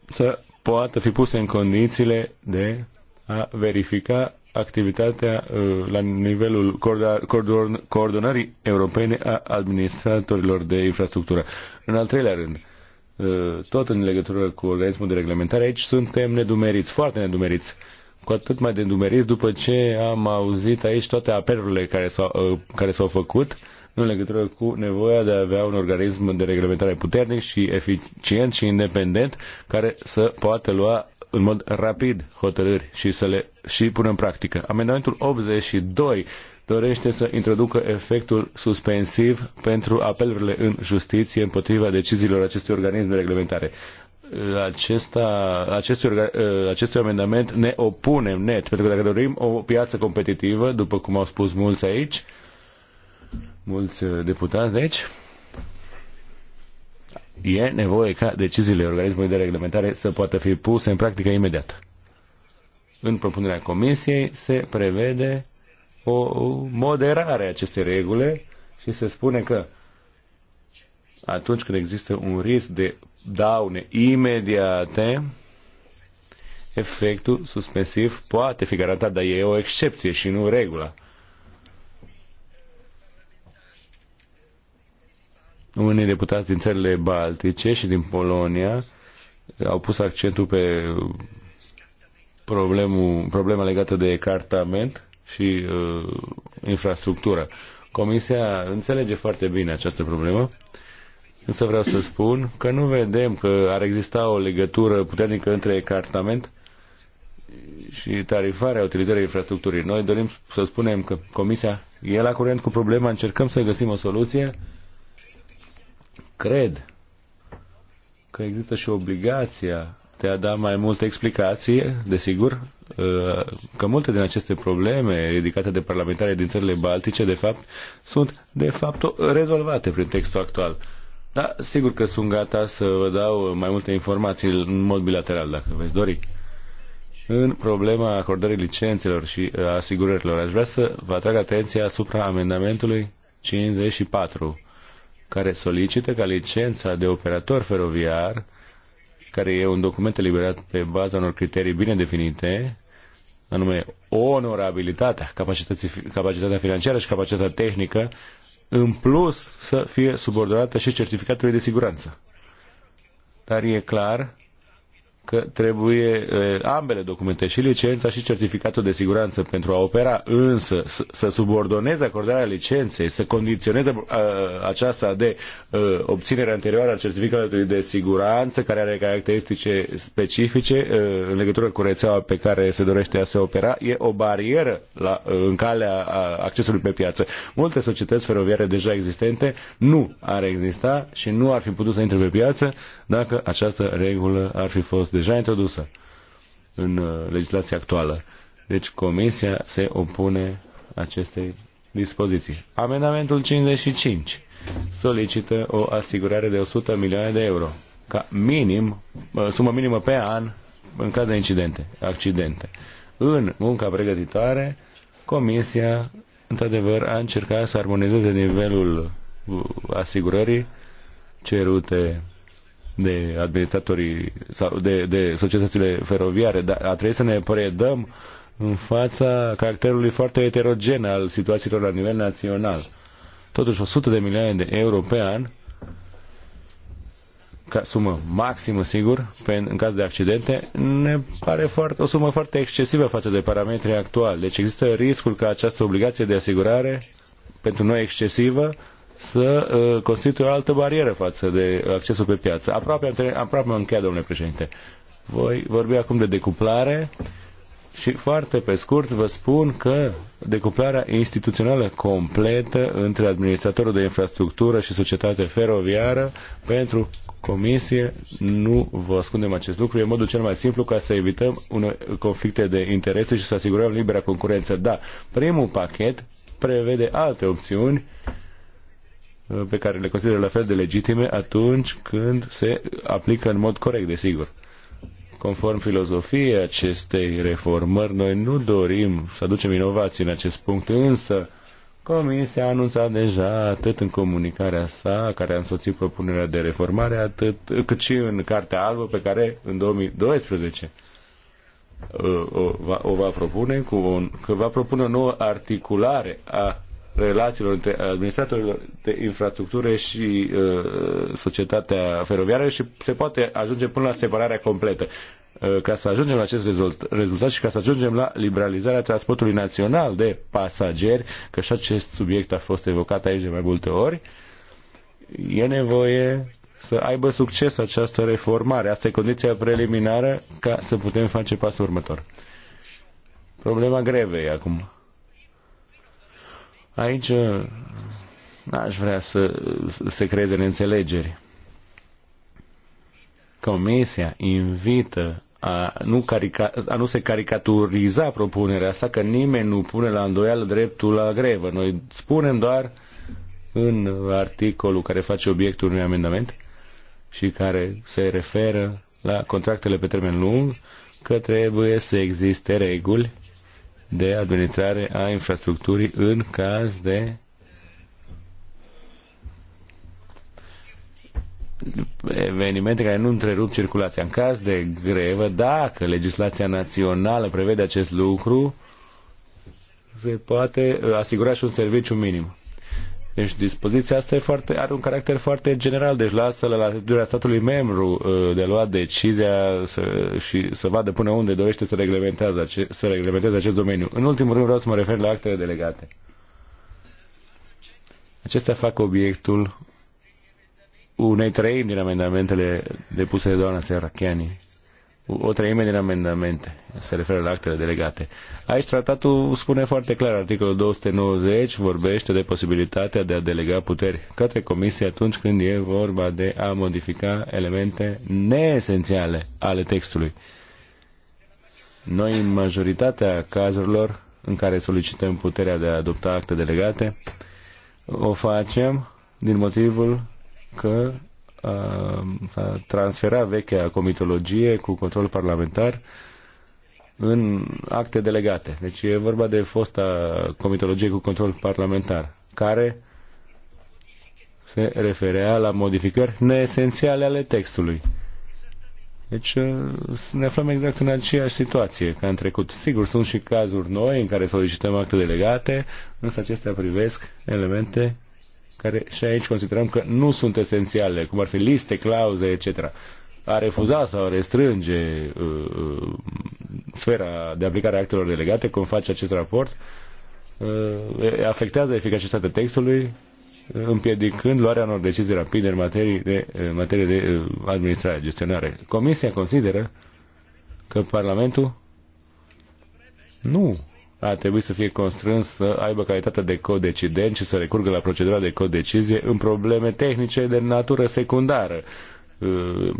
să poată fi puse în condițiile de a verifica activitatea uh, la nivelul coordonării europene a administratorilor de infrastructură. În al treilea rând, Uh, tot în legătură cu organismul de reglementare, aici suntem nedumeriți, foarte nedumeriți. Cu atât mai nedumeriți după ce am auzit aici toate apelurile uh, care s-au, făcut în legătură cu nevoia de a avea un organism de reglementare puternic și eficient și independent care să poată lua în mod rapid hotărâri și să le și pună în practică. Amendamentul 82 dorește să introducă efectul suspensiv pentru apelurile în justiție împotriva deciziilor acestui organism de reglementare. Acesta, acestui, acestui amendament ne opunem net, pentru că dacă dorim o piață competitivă, după cum au spus mulți aici, mulți uh, deputați de aici, e nevoie ca deciziile organismului de reglementare să poată fi puse în practică imediat. În propunerea comisiei se prevede o moderare a acestei regule și se spune că atunci când există un risc de daune imediate, efectul suspensiv poate fi garantat, dar e o excepție și nu regula. Unii deputați din țările baltice și din Polonia au pus accentul pe problemul, problema legată de cartament și uh, infrastructură. Comisia înțelege foarte bine această problemă, însă vreau să spun că nu vedem că ar exista o legătură puternică între cartament și tarifarea utilizării infrastructurii. Noi dorim să spunem că Comisia e la curent cu problema, încercăm să găsim o soluție. Cred că există și obligația de a da mai multe explicații, desigur, că multe din aceste probleme ridicate de parlamentare din țările baltice, de fapt, sunt, de fapt, rezolvate prin textul actual. Da, sigur că sunt gata să vă dau mai multe informații în mod bilateral, dacă veți dori. În problema acordării licențelor și asigurărilor, aș vrea să vă atrag atenția asupra amendamentului 54, care solicită ca licența de operator feroviar care e un document eliberat pe baza unor criterii bine definite, anume onorabilitatea, capacitatea financiară și capacitatea tehnică, în plus să fie subordonată și certificatului de siguranță. Dar e clar că trebuie ambele documente, și licența și certificatul de siguranță pentru a opera, însă să subordoneze acordarea licenței, să condiționeze uh, aceasta de uh, obținerea anterioară a certificatului de siguranță, care are caracteristice specifice uh, în legătură cu rețeaua pe care se dorește a se opera, e o barieră la, în calea accesului pe piață. Multe societăți feroviare deja existente nu ar exista și nu ar fi putut să intre pe piață dacă această regulă ar fi fost deja introdusă în uh, legislația actuală. Deci Comisia se opune acestei dispoziții. Amendamentul 55 solicită o asigurare de 100 milioane de euro ca minim, uh, sumă minimă pe an în caz de incidente, accidente. În munca pregătitoare, Comisia, într-adevăr, a încercat să armonizeze nivelul uh, asigurării cerute de administratorii sau de, de societățile feroviare, dar a trebuit să ne predăm în fața caracterului foarte heterogen al situațiilor la nivel național. Totuși 100 de milioane de euro pe an ca sumă maximă, sigur, pe, în caz de accidente, ne pare foarte, o sumă foarte excesivă față de parametrii actuali. Deci există riscul ca această obligație de asigurare, pentru noi excesivă, să uh, constituie o altă barieră față de accesul pe piață. Aproape, aproape am încheiat, domnule președinte. Voi vorbi acum de decuplare și foarte pe scurt vă spun că decuplarea instituțională completă între administratorul de infrastructură și societatea feroviară pentru comisie nu vă ascundem acest lucru. E modul cel mai simplu ca să evităm une conflicte de interese și să asigurăm libera concurență. Da, primul pachet prevede alte opțiuni pe care le consideră la fel de legitime atunci când se aplică în mod corect, desigur. Conform filozofiei acestei reformări, noi nu dorim să aducem inovații în acest punct, însă Comisia a anunțat deja atât în comunicarea sa, care a însoțit propunerea de reformare, atât, cât și în Cartea Albă, pe care în 2012 uh, o, va, o va propune, cu un, că va propune o nouă articulare a relațiilor între administratorilor de infrastructură și uh, societatea feroviară și se poate ajunge până la separarea completă. Uh, ca să ajungem la acest rezultat și ca să ajungem la liberalizarea transportului național de pasageri, că și acest subiect a fost evocat aici de mai multe ori, e nevoie să aibă succes această reformare. Asta e condiția preliminară ca să putem face pasul următor. Problema grevei acum Aici uh, n-aș vrea să se creeze neînțelegeri. Comisia invită a nu, carica, a nu se caricaturiza propunerea asta, că nimeni nu pune la îndoială dreptul la grevă. Noi spunem doar în articolul care face obiectul unui amendament și care se referă la contractele pe termen lung că trebuie să existe reguli de administrare a infrastructurii în caz de evenimente care nu întrerup circulația. În caz de grevă, dacă legislația națională prevede acest lucru, se poate asigura și un serviciu minim. Deci dispoziția asta e foarte, are un caracter foarte general, deci lasă la latitudinea statului membru uh, de a lua decizia să, și să vadă până unde dorește să reglementeze, ace, să reglementeze acest domeniu. În ultimul rând vreau să mă refer la actele delegate. Acestea fac obiectul unei treimi din amendamentele depuse de doamna Serrachiani o treime din amendamente se referă la actele delegate. Aici tratatul spune foarte clar, articolul 290 vorbește de posibilitatea de a delega puteri către comisie atunci când e vorba de a modifica elemente neesențiale ale textului. Noi, în majoritatea cazurilor în care solicităm puterea de a adopta acte delegate, o facem din motivul că a transfera vechea comitologie cu control parlamentar în acte delegate. Deci e vorba de fosta comitologie cu control parlamentar, care se referea la modificări neesențiale ale textului. Deci uh, ne aflăm exact în aceeași situație ca în trecut. Sigur, sunt și cazuri noi în care solicităm acte delegate, însă acestea privesc elemente care și aici considerăm că nu sunt esențiale, cum ar fi liste, clauze, etc. A refuza sau restrânge uh, uh, sfera de aplicare a actelor delegate, cum face acest raport, uh, afectează eficacitatea textului, uh, împiedicând luarea unor decizii rapide în materie de, uh, materie de uh, administrare, gestionare. Comisia consideră că Parlamentul nu a trebuit să fie constrâns să aibă calitatea de codecident și să recurgă la procedura de codecizie în probleme tehnice de natură secundară uh,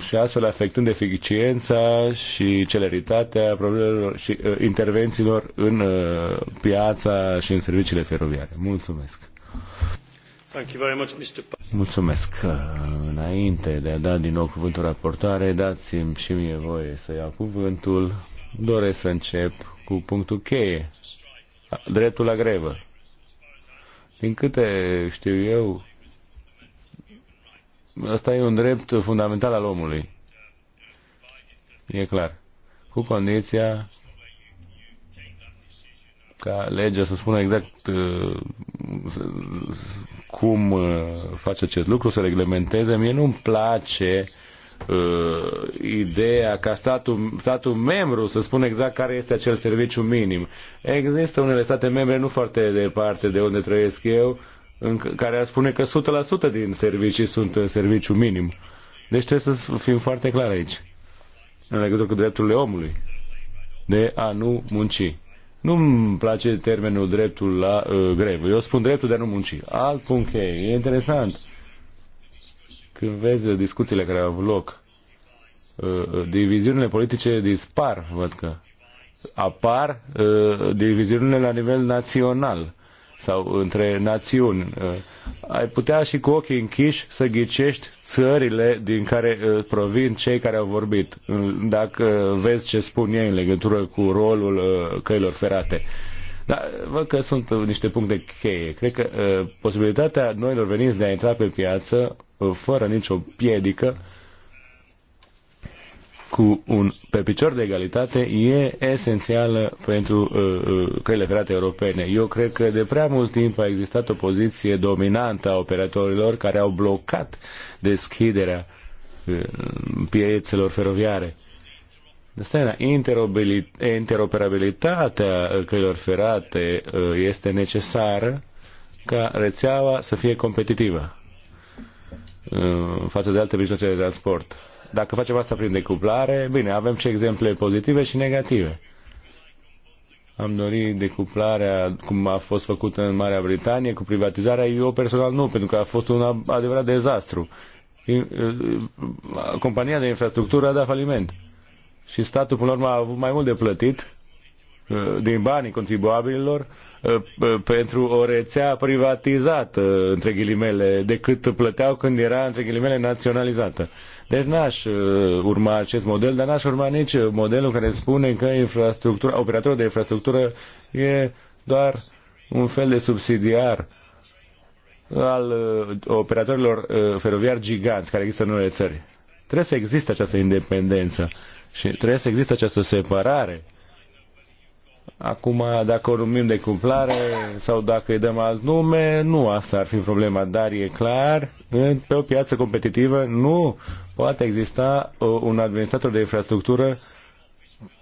și astfel afectând eficiența și celeritatea problemelor și uh, intervențiilor în uh, piața și în serviciile feroviare. Mulțumesc! Thank you very much, Mr. Mulțumesc. Înainte de a da din nou cuvântul raportoare, dați-mi și mie voie să iau cuvântul. Doresc să încep cu punctul cheie, dreptul la grevă. Din câte știu eu, asta e un drept fundamental al omului. E clar. Cu condiția ca legea să spună exact uh, cum uh, face acest lucru, să reglementeze. Mie nu-mi place uh, ideea ca statul, statul membru să spună exact care este acel serviciu minim. Există unele state membre nu foarte departe de unde trăiesc eu, în care ar spune că 100% din servicii sunt în serviciu minim. Deci trebuie să fim foarte clari aici, în legătură cu drepturile omului, de a nu munci. Nu-mi place termenul dreptul la uh, grevă. Eu spun dreptul de a nu munci. Alt punct E interesant. Uh, când vezi discuțiile care au avut loc, uh, diviziunile politice dispar, văd că apar uh, diviziunile la nivel național sau între națiuni. Uh, ai putea și cu ochii închiși să ghicești țările din care provin cei care au vorbit, dacă vezi ce spun ei în legătură cu rolul căilor ferate. Dar văd că sunt niște puncte cheie. Cred că posibilitatea noilor veniți de a intra pe piață Uh, fără nicio piedică, cu un, pe picior de egalitate e esențială pentru uh, uh, căile ferate europene. Eu cred că de prea mult timp a existat o poziție dominantă a operatorilor care au blocat deschiderea uh, piețelor feroviare. De asemenea, interoperabilitatea uh, căilor ferate uh, este necesară ca rețeaua să fie competitivă. Uh, față de alte mijloace de transport. Dacă facem asta prin decuplare, bine, avem și exemple pozitive și negative. Am dorit decuplarea, cum a fost făcută în Marea Britanie, cu privatizarea, eu personal nu, pentru că a fost un adevărat dezastru. Uh, compania de infrastructură a dat faliment. Și statul, până la urmă, a avut mai mult de plătit uh, din banii contribuabililor pentru o rețea privatizată, între ghilimele, decât plăteau când era, între ghilimele, naționalizată. Deci n-aș uh, urma acest model, dar n-aș urma nici modelul care spune că infrastructura, operatorul de infrastructură e doar un fel de subsidiar al uh, operatorilor uh, feroviari giganți care există în unele țări. Trebuie să existe această independență și trebuie să existe această separare Acum, dacă o numim de cuplare sau dacă îi dăm alt nume, nu asta ar fi problema, dar e clar, pe o piață competitivă nu poate exista uh, un administrator de infrastructură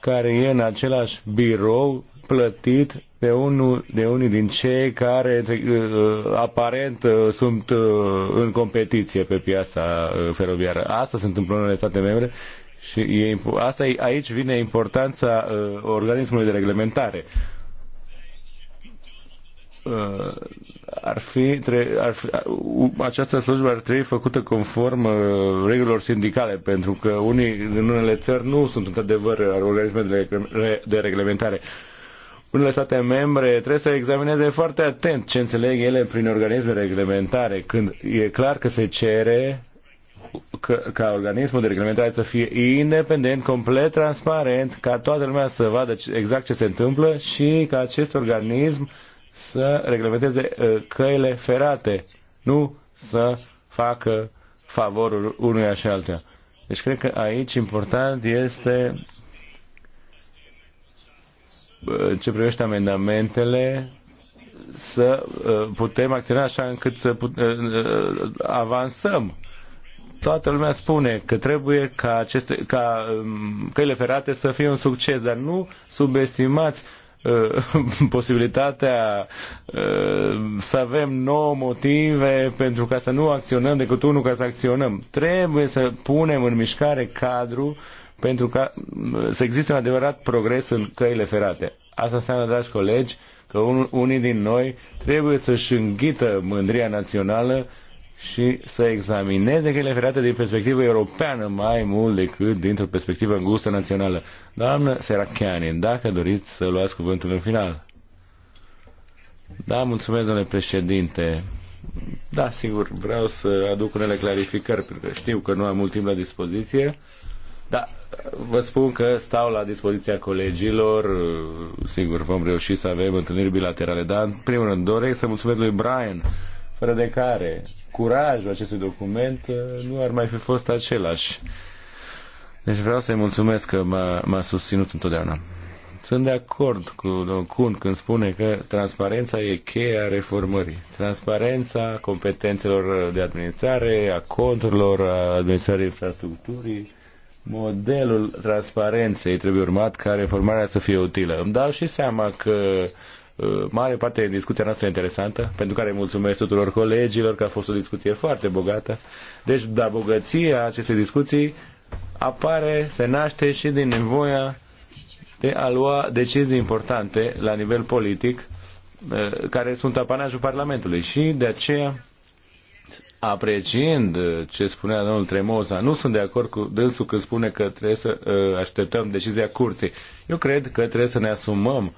care e în același birou plătit de, unul, de unii din cei care uh, uh, aparent sunt în competiție pe piața feroviară. Asta se întâmplă în unele state membre și e, asta e, aici vine importanța uh, organismului de reglementare. Uh, ar fi, tre, ar fi uh, această slujbă ar trebui făcută conform uh, regulilor sindicale, pentru că unii în unele țări nu sunt într-adevăr organisme de, de reglementare. Unele state membre trebuie să examineze foarte atent ce înțeleg ele prin organisme reglementare, când e clar că se cere uh, ca organismul de reglementare să fie independent, complet transparent, ca toată lumea să vadă exact ce se întâmplă și ca acest organism să reglementeze uh, căile ferate, nu să facă favorul unuia și altuia. Deci cred că aici important este uh, ce privește amendamentele, să uh, putem acționa așa încât să avansăm toată lumea spune că trebuie ca, aceste, ca um, căile ferate să fie un succes, dar nu subestimați uh, posibilitatea uh, să avem nouă motive pentru ca să nu acționăm decât unul ca să acționăm. Trebuie să punem în mișcare cadru pentru ca uh, să existe un adevărat progres în căile ferate. Asta înseamnă, dragi colegi, că unii din noi trebuie să-și înghită mândria națională și să examineze căile ferate din perspectivă europeană mai mult decât dintr-o perspectivă îngustă națională. Doamnă Seracheani, dacă doriți să luați cuvântul în final. Da, mulțumesc, domnule președinte. Da, sigur, vreau să aduc unele clarificări, pentru că știu că nu am mult timp la dispoziție, dar vă spun că stau la dispoziția colegilor, sigur, vom reuși să avem întâlniri bilaterale, dar în primul rând doresc să mulțumesc lui Brian fără de care curajul acestui document uh, nu ar mai fi fost același. Deci vreau să-i mulțumesc că m-a, susținut întotdeauna. Sunt de acord cu domnul Kuhn când spune că transparența e cheia reformării. Transparența competențelor de administrare, a conturilor, a administrării infrastructurii, modelul transparenței trebuie urmat ca reformarea să fie utilă. Îmi dau și seama că Uh, mare parte din discuția noastră interesantă, pentru care mulțumesc tuturor colegilor că a fost o discuție foarte bogată. Deci, dar bogăția acestei discuții apare, se naște și din nevoia de a lua decizii importante la nivel politic, uh, care sunt apanajul Parlamentului. Și de aceea, apreciind uh, ce spunea domnul Tremoza, nu sunt de acord cu dânsul că spune că trebuie să așteptăm decizia curții. Eu cred că trebuie să ne asumăm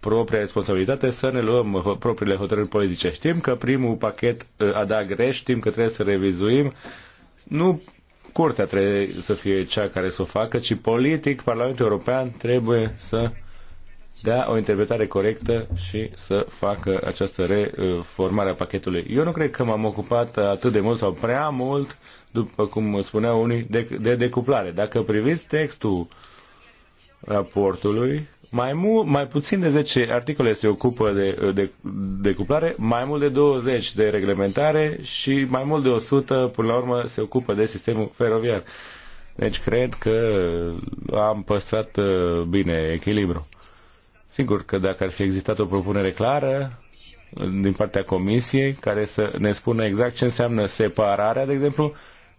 propria responsabilitate să ne luăm propriile hotărâri politice. Știm că primul pachet uh, a dat greș, știm că trebuie să revizuim. Nu curtea trebuie să fie cea care să o facă, ci politic Parlamentul European trebuie să dea o interpretare corectă și să facă această reformare a pachetului. Eu nu cred că m-am ocupat atât de mult sau prea mult, după cum spuneau unii, de, de decuplare. Dacă priviți textul raportului, mai, mu- mai puțin de 10 articole se ocupă de, de, de cuplare, mai mult de 20 de reglementare și mai mult de 100 până la urmă se ocupă de sistemul feroviar. Deci cred că am păstrat uh, bine echilibru. Sigur că dacă ar fi existat o propunere clară uh, din partea comisiei care să ne spună exact ce înseamnă separarea, de exemplu,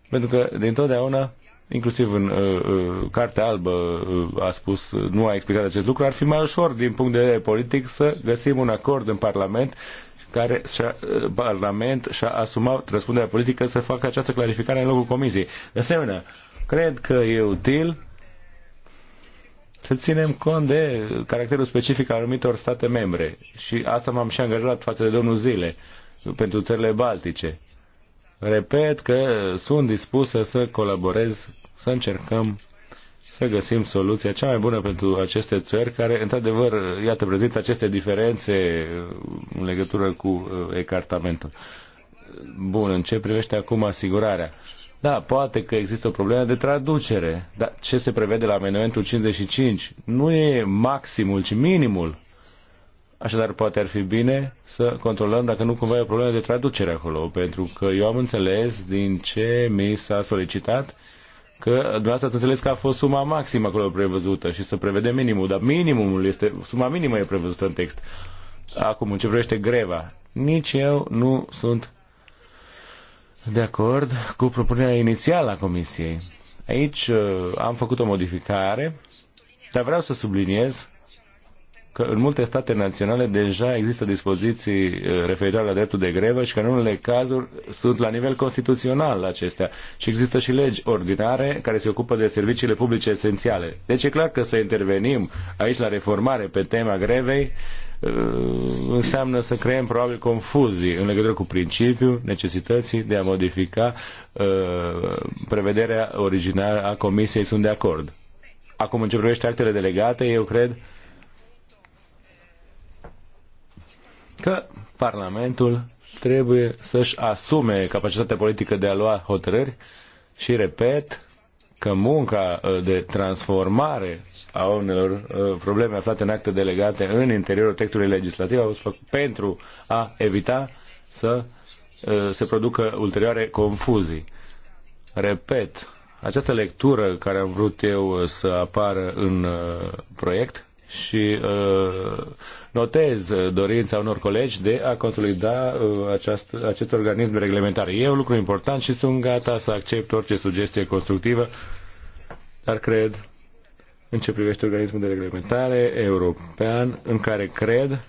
pentru că dintotdeauna inclusiv în uh, uh, Cartea Albă uh, a spus, uh, nu a explicat acest lucru, ar fi mai ușor din punct de vedere politic să găsim un acord în Parlament care și-a, uh, Parlament și-a asumat răspunderea politică să facă această clarificare în locul Comisiei. De asemenea, cred că e util să ținem cont de caracterul specific al anumitor state membre. Și asta m-am și angajat față de domnul Zile pentru țările baltice Repet că sunt dispusă să colaborez, să încercăm să găsim soluția cea mai bună pentru aceste țări care, într-adevăr, iată, prezintă aceste diferențe în legătură cu uh, ecartamentul. Bun, în ce privește acum asigurarea? Da, poate că există o problemă de traducere, dar ce se prevede la amendamentul 55 nu e maximul, ci minimul. Așadar, poate ar fi bine să controlăm dacă nu cumva e o problemă de traducere acolo, pentru că eu am înțeles din ce mi s-a solicitat că dumneavoastră ați înțeles că a fost suma maximă acolo prevăzută și să prevede minimul, dar minimumul este, suma minimă e prevăzută în text. Acum, în ce privește greva, nici eu nu sunt de acord cu propunerea inițială a Comisiei. Aici uh, am făcut o modificare, dar vreau să subliniez că în multe state naționale deja există dispoziții uh, referitoare la dreptul de grevă și că în unele cazuri sunt la nivel constituțional acestea. Și există și legi ordinare care se ocupă de serviciile publice esențiale. Deci e clar că să intervenim aici la reformare pe tema grevei uh, înseamnă să creăm probabil confuzii în legătură cu principiul necesității de a modifica uh, prevederea originală a Comisiei. Sunt de acord. Acum, în ce privește actele delegate, eu cred că Parlamentul trebuie să-și asume capacitatea politică de a lua hotărâri și, repet, că munca uh, de transformare a unor uh, probleme aflate în acte delegate în interiorul textului legislativ a fost făcut pentru a evita să uh, se producă ulterioare confuzii. Repet, această lectură care am vrut eu să apară în proiect și uh, notez dorința unor colegi de a consolida uh, aceast, acest organism reglementar. E un lucru important și sunt gata să accept orice sugestie constructivă, dar cred în ce privește organismul de reglementare european, în care cred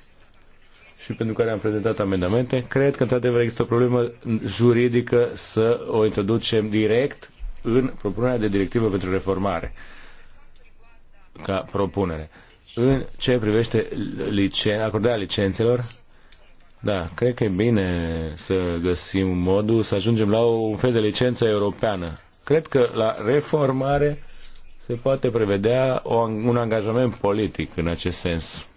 și pentru care am prezentat amendamente, cred că într-adevăr există o problemă juridică să o introducem direct în propunerea de directivă pentru reformare ca propunere. În ce privește licen- acordarea licențelor, da, cred că e bine să găsim modul să ajungem la un fel de licență europeană. Cred că la reformare se poate prevedea un angajament politic în acest sens.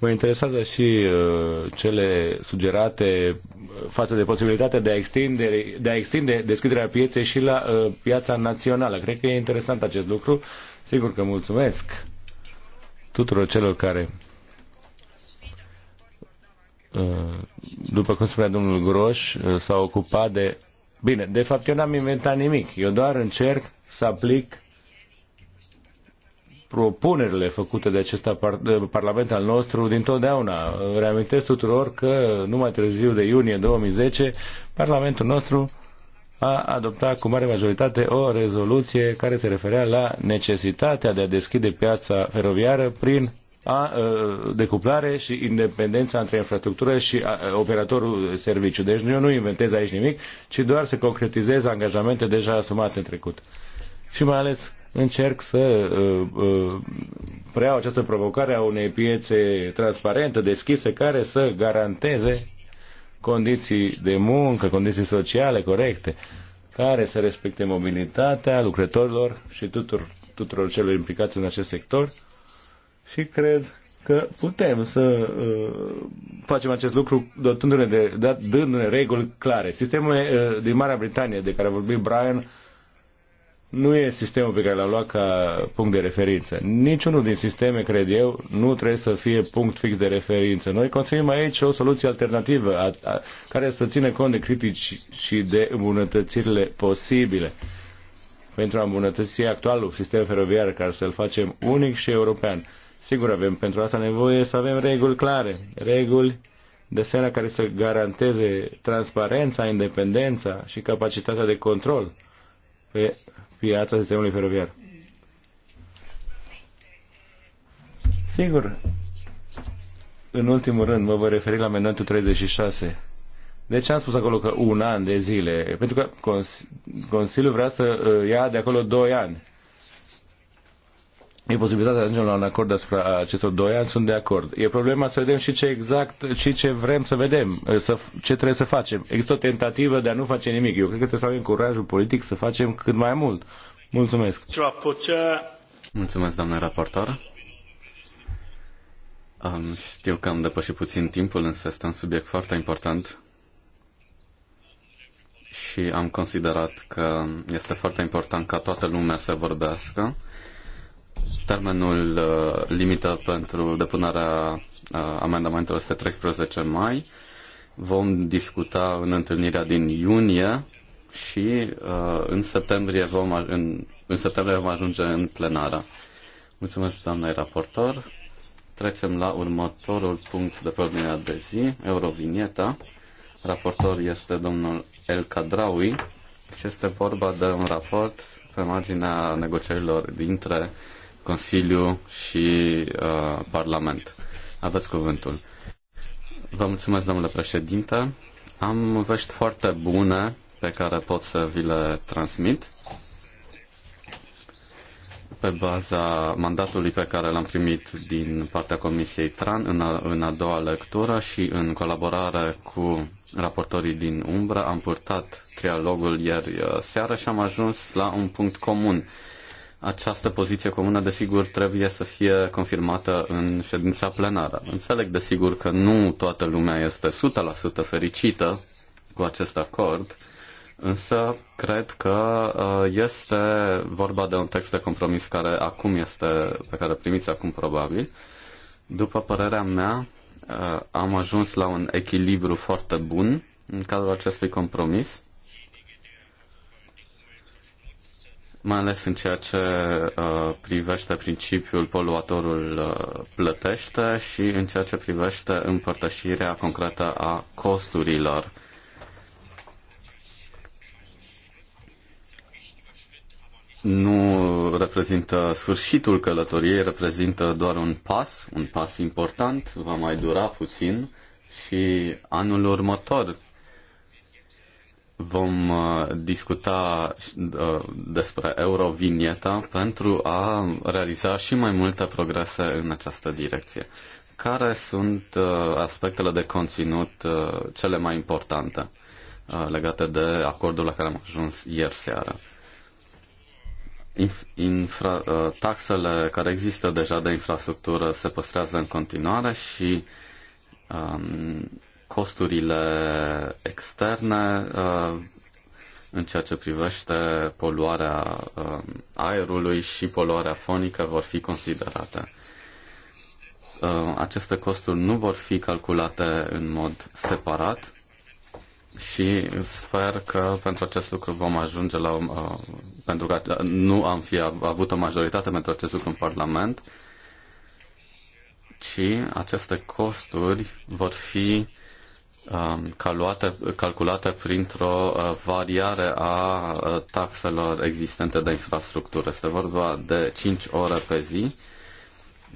Mă interesează și uh, cele sugerate uh, față de posibilitatea de a extinde, de a extinde deschiderea pieței și la uh, piața națională. Cred că e interesant acest lucru. Sigur că mulțumesc tuturor celor care uh, după cum spunea domnul Groș, uh, s-a ocupat de... Bine, de fapt eu n-am inventat nimic. Eu doar încerc să aplic propunerile făcute de acest par- Parlament al nostru dintotdeauna. Reamintesc tuturor că numai târziu de iunie 2010 Parlamentul nostru a adoptat cu mare majoritate o rezoluție care se referea la necesitatea de a deschide piața feroviară prin a, ă, decuplare și independența între infrastructură și operatorul serviciu. Deci eu nu inventez aici nimic, ci doar să concretizez angajamente deja asumate în trecut. Și mai ales încerc să uh, uh, preiau această provocare a unei piețe transparente, deschise, care să garanteze condiții de muncă, condiții sociale corecte, care să respecte mobilitatea lucrătorilor și tuturor, tuturor celor implicați în acest sector și cred că putem să uh, facem acest lucru dotându-ne de, dându-ne reguli clare. Sistemul uh, din Marea Britanie de care a vorbit Brian nu e sistemul pe care l-am luat ca punct de referință. Niciunul din sisteme, cred eu, nu trebuie să fie punct fix de referință. Noi construim aici o soluție alternativă a, a, care să țină cont de critici și de îmbunătățirile posibile pentru a îmbunătăți actualul sistem feroviar care să-l facem unic și european. Sigur, avem pentru asta nevoie să avem reguli clare, reguli de seara care să garanteze transparența, independența și capacitatea de control pe piața sistemului feroviar. Sigur, în ultimul rând mă voi referi la amendamentul 36. De ce am spus acolo că un an de zile? Pentru că Consiliul vrea să uh, ia de acolo doi ani. E posibilitatea de a ajungem la un acord asupra acestor doi ani, sunt de acord. E problema să vedem și ce exact, și ce vrem să vedem, să, ce trebuie să facem. Există o tentativă de a nu face nimic. Eu cred că trebuie să avem curajul politic să facem cât mai mult. Mulțumesc. Mulțumesc, doamne raportor. Um, știu că am depășit puțin timpul, însă este un subiect foarte important și am considerat că este foarte important ca toată lumea să vorbească Termenul uh, limită pentru depunerea uh, amendamentelor este 13 mai. Vom discuta în întâlnirea din iunie și uh, în septembrie vom, în, în septembrie vom ajunge în plenară. Mulțumesc, doamnei raportor. Trecem la următorul punct de pe ordinea de zi, Eurovinieta. Raportor este domnul El Cadraui și este vorba de un raport pe marginea negocierilor dintre Consiliu și uh, Parlament. Aveți cuvântul. Vă mulțumesc, domnule președinte. Am vești foarte bune pe care pot să vi le transmit pe baza mandatului pe care l-am primit din partea Comisiei TRAN în a, în a doua lectură și în colaborare cu raportorii din umbră am purtat trialogul ieri uh, seară și am ajuns la un punct comun această poziție comună, desigur, trebuie să fie confirmată în ședința plenară. Înțeleg, desigur, că nu toată lumea este 100% fericită cu acest acord, însă cred că uh, este vorba de un text de compromis care acum este, pe care primiți acum probabil. După părerea mea, uh, am ajuns la un echilibru foarte bun în cadrul acestui compromis mai ales în ceea ce uh, privește principiul poluatorul uh, plătește și în ceea ce privește împărtășirea concretă a costurilor. Nu reprezintă sfârșitul călătoriei, reprezintă doar un pas, un pas important, va mai dura puțin și anul următor vom uh, discuta uh, despre Eurovinieta pentru a realiza și mai multe progrese în această direcție. Care sunt uh, aspectele de conținut cele mai importante legate de acordul la care am ajuns ieri seară? Infra, taxele care există deja de infrastructură se păstrează în continuare și um, costurile externe uh, în ceea ce privește poluarea uh, aerului și poluarea fonică vor fi considerate. Uh, aceste costuri nu vor fi calculate în mod separat și sper că pentru acest lucru vom ajunge la. pentru că nu am fi avut o majoritate pentru acest lucru în Parlament, ci aceste costuri vor fi Um, calculată calculată printr-o uh, variare a uh, taxelor existente de infrastructură. Este vorba de 5 ore pe zi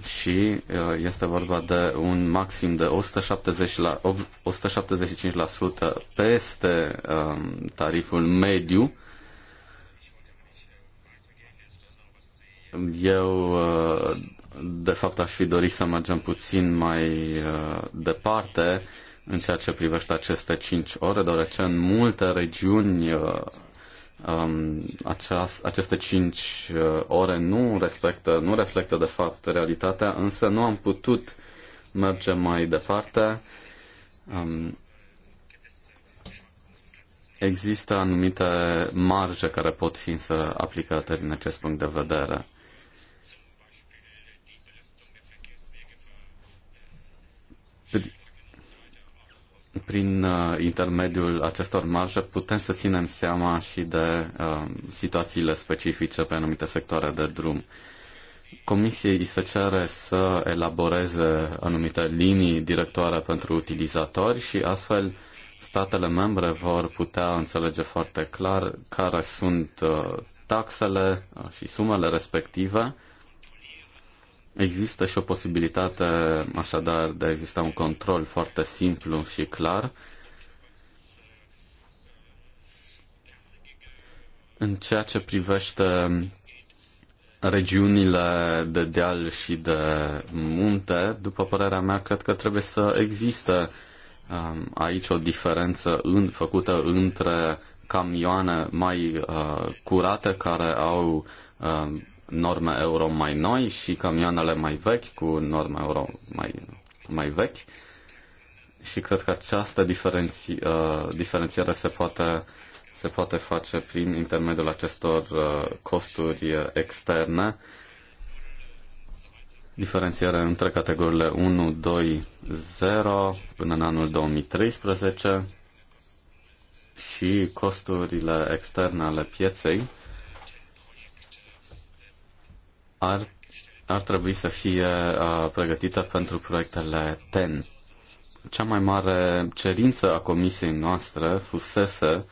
și uh, este vorba de un maxim de 170 la, 175% peste um, tariful mediu. Eu de fapt aș fi dorit să mergem puțin mai departe în ceea ce privește aceste 5 ore, deoarece în multe regiuni uh, um, aceas, aceste 5 uh, ore nu respectă, nu reflectă de fapt realitatea, însă nu am putut merge mai departe. Um, există anumite marje care pot fi aplicate din acest punct de vedere. prin uh, intermediul acestor marje putem să ținem seama și de uh, situațiile specifice pe anumite sectoare de drum. Comisiei îi se cere să elaboreze anumite linii directoare pentru utilizatori și astfel statele membre vor putea înțelege foarte clar care sunt uh, taxele și sumele respective Există și o posibilitate, așadar, de a exista un control foarte simplu și clar în ceea ce privește regiunile de deal și de munte, după părerea mea, cred că trebuie să existe um, aici o diferență în, făcută între camioane mai uh, curate care au uh, norme euro mai noi și camioanele mai vechi cu norme euro mai, mai vechi. Și cred că această diferenți, uh, diferențiere se poate, se poate face prin intermediul acestor uh, costuri externe, diferențiere între categoriile 1, 2, 0 până în anul 2013 și costurile externe ale pieței ar, ar trebui să fie uh, pregătită pentru proiectele TEN. Cea mai mare cerință a comisiei noastre fusese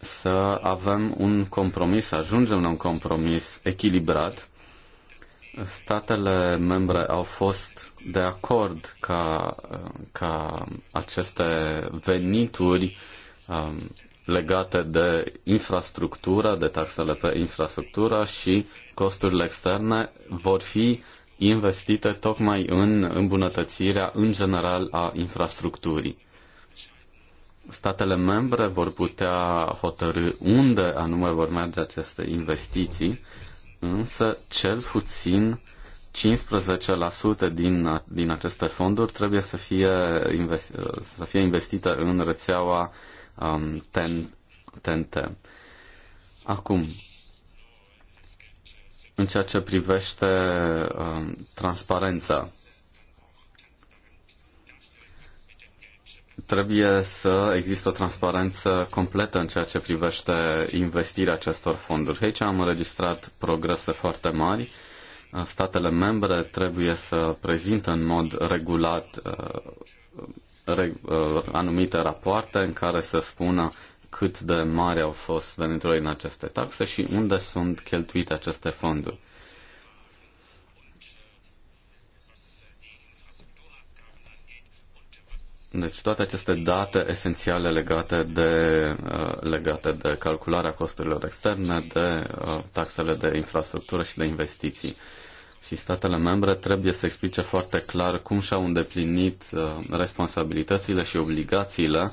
să avem un compromis, să ajungem la un compromis echilibrat. Statele membre au fost de acord ca, ca aceste venituri um, legate de infrastructură, de taxele pe infrastructură și costurile externe vor fi investite tocmai în îmbunătățirea în general a infrastructurii. Statele membre vor putea hotărâ unde anume vor merge aceste investiții, însă cel puțin 15% din, din aceste fonduri trebuie să fie, investi, să fie investite în rețeaua uh, um, ten, TNT. Acum, în ceea ce privește um, transparența, trebuie să există o transparență completă în ceea ce privește investirea acestor fonduri. Aici am înregistrat progrese foarte mari. Statele membre trebuie să prezintă în mod regulat uh, Uh, anumite rapoarte în care să spună cât de mari au fost veniturile în aceste taxe și unde sunt cheltuite aceste fonduri. Deci toate aceste date esențiale legate de, uh, legate de calcularea costurilor externe, de uh, taxele de infrastructură și de investiții și statele membre trebuie să explice foarte clar cum și-au îndeplinit uh, responsabilitățile și obligațiile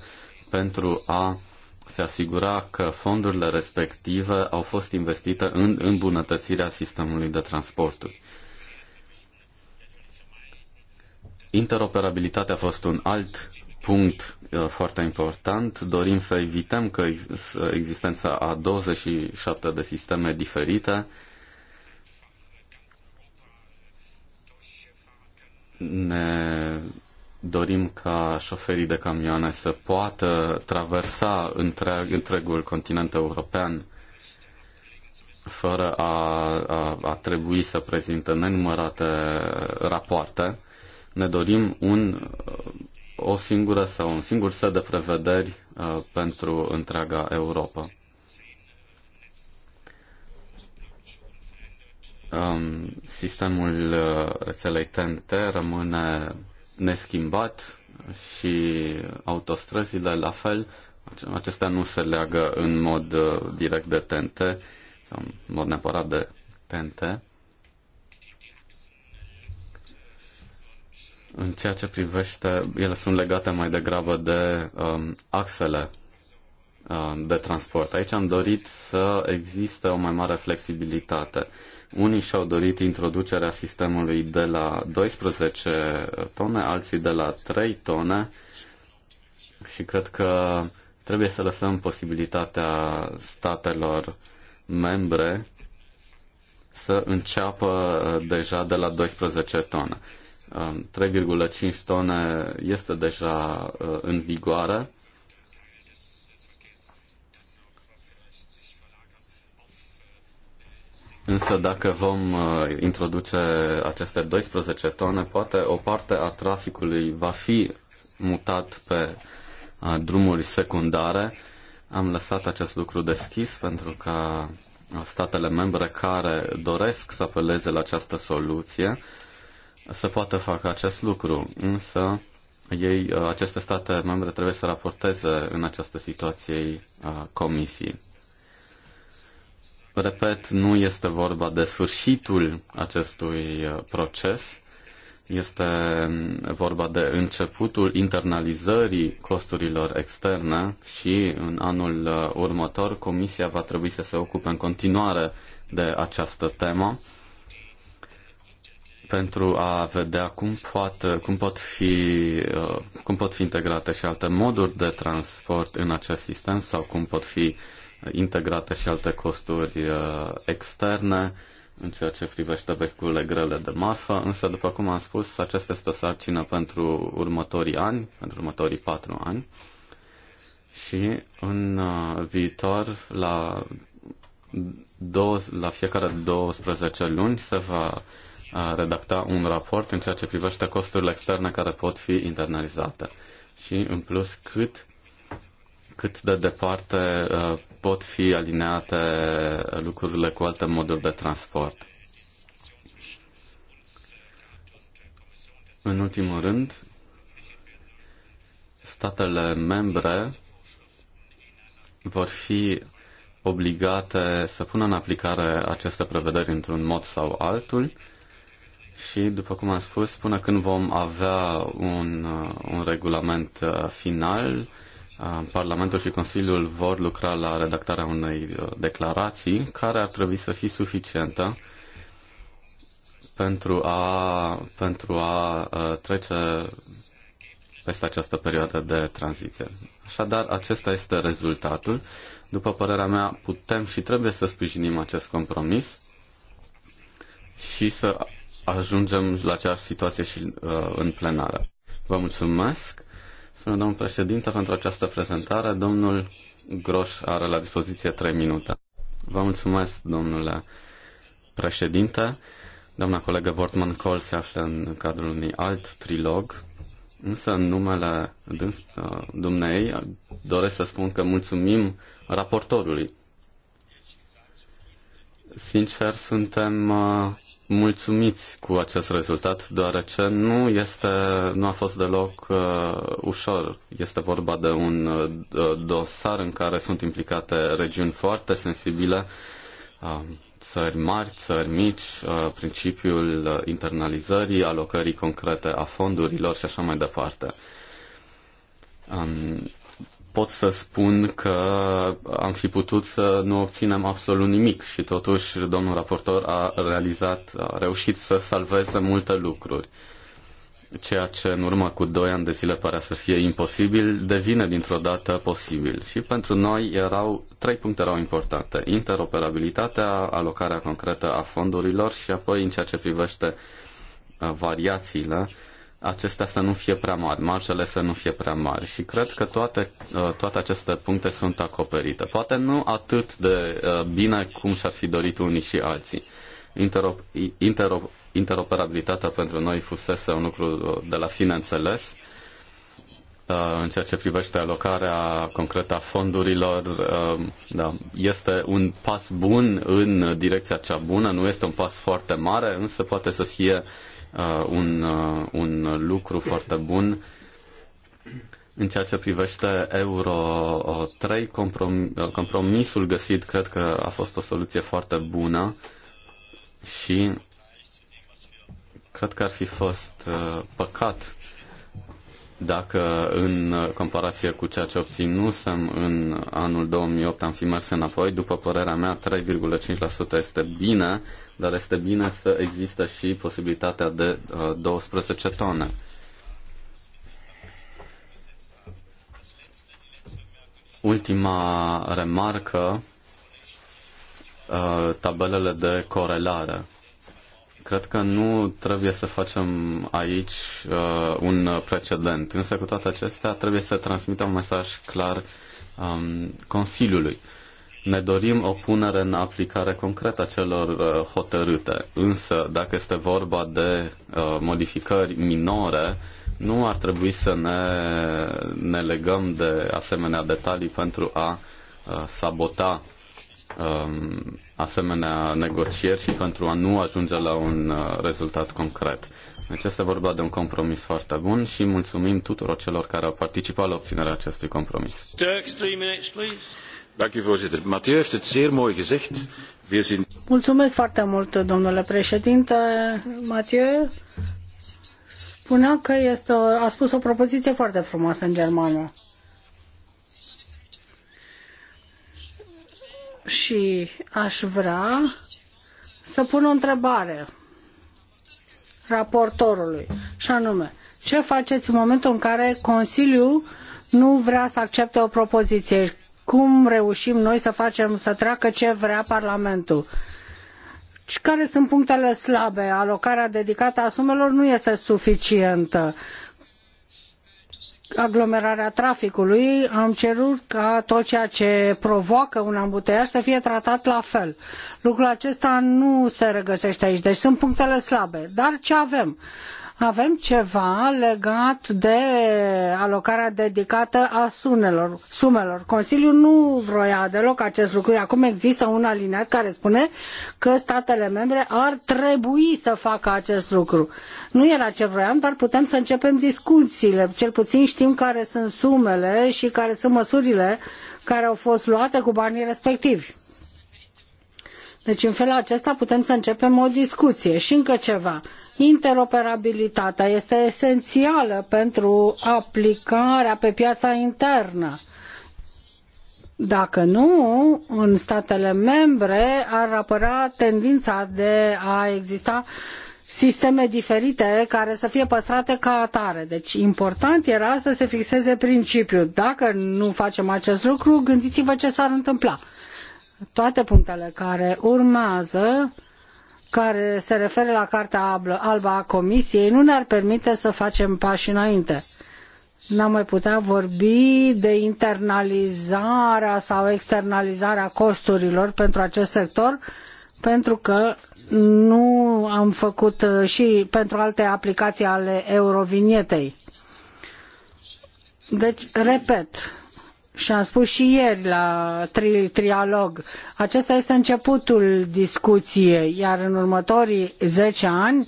pentru a se asigura că fondurile respective au fost investite în îmbunătățirea sistemului de transporturi. Interoperabilitatea a fost un alt punct uh, foarte important. Dorim să evităm că existența a 27 de sisteme diferite ne dorim ca șoferii de camioane să poată traversa întreg, întregul continent european fără a, a, a trebui să prezinte nenumărate rapoarte. Ne dorim un, o singură sau un singur set de prevederi uh, pentru întreaga Europa. um, sistemul uh, rețelei TNT rămâne neschimbat și autostrăzile la fel. Acestea nu se leagă în mod uh, direct de TNT sau în mod neapărat de TNT. În ceea ce privește, ele sunt legate mai degrabă de um, axele um, de transport. Aici am dorit să existe o mai mare flexibilitate. Uh, unii și-au dorit introducerea sistemului de la 12 tone, alții de la 3 tone și cred că trebuie să lăsăm posibilitatea statelor membre să înceapă uh, deja de la 12 tone. 3,5 um, tone este deja uh, în vigoare Însă dacă vom uh, introduce aceste 12 tone, poate o parte a traficului va fi mutat pe uh, drumuri secundare. Am lăsat acest lucru deschis pentru ca uh, statele membre care doresc să apeleze la această soluție să poată face acest lucru. Însă ei, aceste state membre trebuie să raporteze în această situație comisiei. Repet, nu este vorba de sfârșitul acestui uh, proces, este um, vorba de începutul internalizării costurilor externe și în anul uh, următor Comisia va trebui să se ocupe în continuare de această temă pentru a vedea cum, poate, cum, pot fi, uh, cum pot fi integrate și alte moduri de transport în acest sistem sau cum pot fi integrate și alte costuri uh, externe în ceea ce privește vehiculele grele de masă. însă, după cum am spus, acesta este o sarcină pentru următorii ani, pentru următorii patru ani și în uh, viitor, la, două, la fiecare 12 luni, se va uh, redacta un raport în ceea ce privește costurile externe care pot fi internalizate și, în plus, cât cât de departe pot fi alineate lucrurile cu alte moduri de transport. În ultimul rând, statele membre vor fi obligate să pună în aplicare aceste prevederi într-un mod sau altul și, după cum am spus, până când vom avea un, un regulament uh, final, Parlamentul și Consiliul vor lucra la redactarea unei uh, declarații care ar trebui să fie suficientă pentru a, pentru a uh, trece peste această perioadă de tranziție. Așadar, acesta este rezultatul. După părerea mea, putem și trebuie să sprijinim acest compromis și să ajungem la aceeași situație și uh, în plenară. Vă mulțumesc. Spune domnul președinte pentru această prezentare. Domnul Groș are la dispoziție 3 minute. Vă mulțumesc, domnule președinte. Doamna colegă Wortman Kohl se află în cadrul unui alt trilog, însă în numele uh, dumnei doresc să spun că mulțumim raportorului. Sincer, suntem uh, mulțumiți cu acest rezultat, deoarece nu, este, nu a fost deloc uh, ușor. Este vorba de un uh, dosar în care sunt implicate regiuni foarte sensibile, uh, țări mari, țări mici, uh, principiul internalizării, alocării concrete a fondurilor și așa mai departe. Um, pot să spun că am fi putut să nu obținem absolut nimic și totuși domnul raportor a realizat, a reușit să salveze multe lucruri. Ceea ce în urmă cu doi ani de zile părea să fie imposibil, devine dintr-o dată posibil. Și pentru noi erau, trei puncte erau importante. Interoperabilitatea, alocarea concretă a fondurilor și apoi în ceea ce privește uh, variațiile, acestea să nu fie prea mari, marjele să nu fie prea mari și cred că toate, uh, toate aceste puncte sunt acoperite. Poate nu atât de uh, bine cum și-ar fi dorit unii și alții. Interop, interop, interoperabilitatea pentru noi fusese un lucru uh, de la sine înțeles în ceea ce privește alocarea concretă a fondurilor, da, este un pas bun în direcția cea bună, nu este un pas foarte mare, însă poate să fie Uh, un, uh, un lucru foarte bun. În ceea ce privește Euro 3, comprom uh, compromisul găsit cred că a fost o soluție foarte bună și cred că ar fi fost păcat dacă în comparație cu ceea ce obținusem în anul 2008 am fi mers înapoi, după părerea mea 3,5% este bine, dar este bine să există și posibilitatea de 12 uh, tone. Ultima remarcă, uh, tabelele de corelare cred că nu trebuie să facem aici uh, un precedent, însă cu toate acestea trebuie să transmitem un mesaj clar um, Consiliului. Ne dorim o punere în aplicare concretă a celor uh, hotărâte, însă dacă este vorba de uh, modificări minore, nu ar trebui să ne, ne legăm de asemenea detalii pentru a uh, sabota um, asemenea negocieri și pentru a nu ajunge la un uh, rezultat concret. Deci este vorba de un compromis foarte bun și mulțumim tuturor celor care au participat la obținerea acestui compromis. Dirk, three minutes, please. Dank voorzitter. Mathieu heeft het zeer mooi gezegd. We zien... Mulțumesc foarte mult, domnule președinte. Mathieu spunea că este, a spus o propoziție foarte frumoasă în germană. și aș vrea să pun o întrebare raportorului, și anume, ce faceți în momentul în care Consiliul nu vrea să accepte o propoziție? Cum reușim noi să facem să treacă ce vrea Parlamentul? care sunt punctele slabe? Alocarea dedicată a sumelor nu este suficientă aglomerarea traficului, am cerut ca tot ceea ce provoacă un ambuteiaj să fie tratat la fel. Lucrul acesta nu se regăsește aici, deci sunt punctele slabe. Dar ce avem? avem ceva legat de alocarea dedicată a sunelor, sumelor. Consiliul nu vroia deloc acest lucru. Acum există un alineat care spune că statele membre ar trebui să facă acest lucru. Nu era ce vroiam, dar putem să începem discuțiile. Cel puțin știm care sunt sumele și care sunt măsurile care au fost luate cu banii respectivi. Deci în felul acesta putem să începem o discuție. Și încă ceva. Interoperabilitatea este esențială pentru aplicarea pe piața internă. Dacă nu, în statele membre ar apărea tendința de a exista sisteme diferite care să fie păstrate ca atare. Deci important era să se fixeze principiul. Dacă nu facem acest lucru, gândiți-vă ce s-ar întâmpla toate punctele care urmează, care se referă la Cartea Albă a Comisiei, nu ne-ar permite să facem pași înainte. N-am mai putea vorbi de internalizarea sau externalizarea costurilor pentru acest sector, pentru că nu am făcut uh, și pentru alte aplicații ale eurovinietei. Deci, repet, și am spus și ieri la tri- trialog, acesta este începutul discuției, iar în următorii zece ani,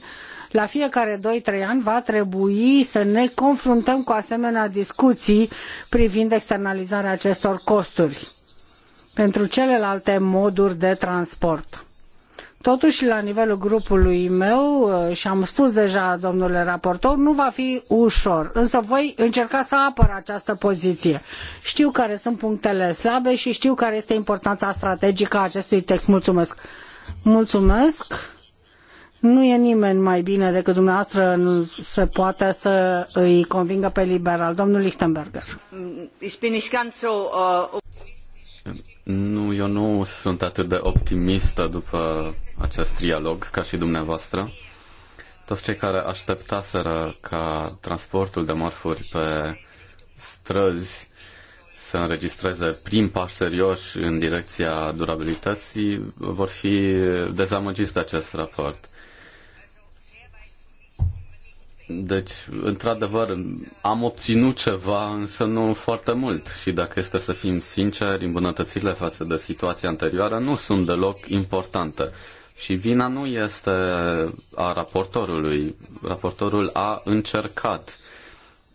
la fiecare doi trei ani va trebui să ne confruntăm cu asemenea discuții privind externalizarea acestor costuri pentru celelalte moduri de transport. Totuși, la nivelul grupului meu, uh, și am spus deja, domnule raportor, nu va fi ușor, însă voi încerca să apăr această poziție. Știu care sunt punctele slabe și știu care este importanța strategică a acestui text. Mulțumesc! Mulțumesc! Nu e nimeni mai bine decât dumneavoastră nu se poate să îi convingă pe liberal. Domnul Lichtenberger. Nu, eu nu sunt atât de optimistă după acest trialog ca și dumneavoastră. Toți cei care așteptaseră ca transportul de morfuri pe străzi să înregistreze prim pași serioși în direcția durabilității vor fi dezamăgiți de acest raport. Deci, într-adevăr, am obținut ceva, însă nu foarte mult. Și dacă este să fim sinceri, îmbunătățirile față de situația anterioară nu sunt deloc importante. Și vina nu este a raportorului. Raportorul a încercat.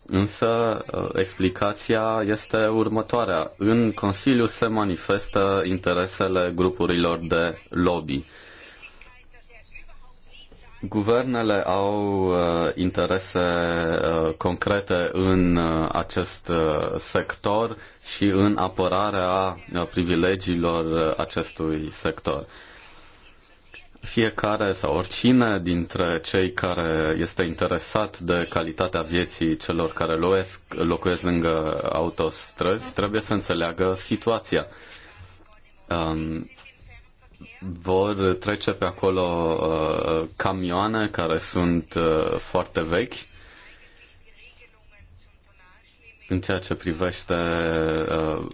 Însă uh, explicația este următoarea. În Consiliu se manifestă interesele grupurilor de lobby. Guvernele au uh, interese uh, concrete în uh, acest sector și în apărarea privilegiilor acestui sector. Fiecare sau oricine dintre cei care este interesat de calitatea vieții celor care locuiesc, locuiesc lângă autostrăzi trebuie să înțeleagă situația. Um, vor trece pe acolo uh, camioane care sunt uh, foarte vechi. În ceea ce privește uh,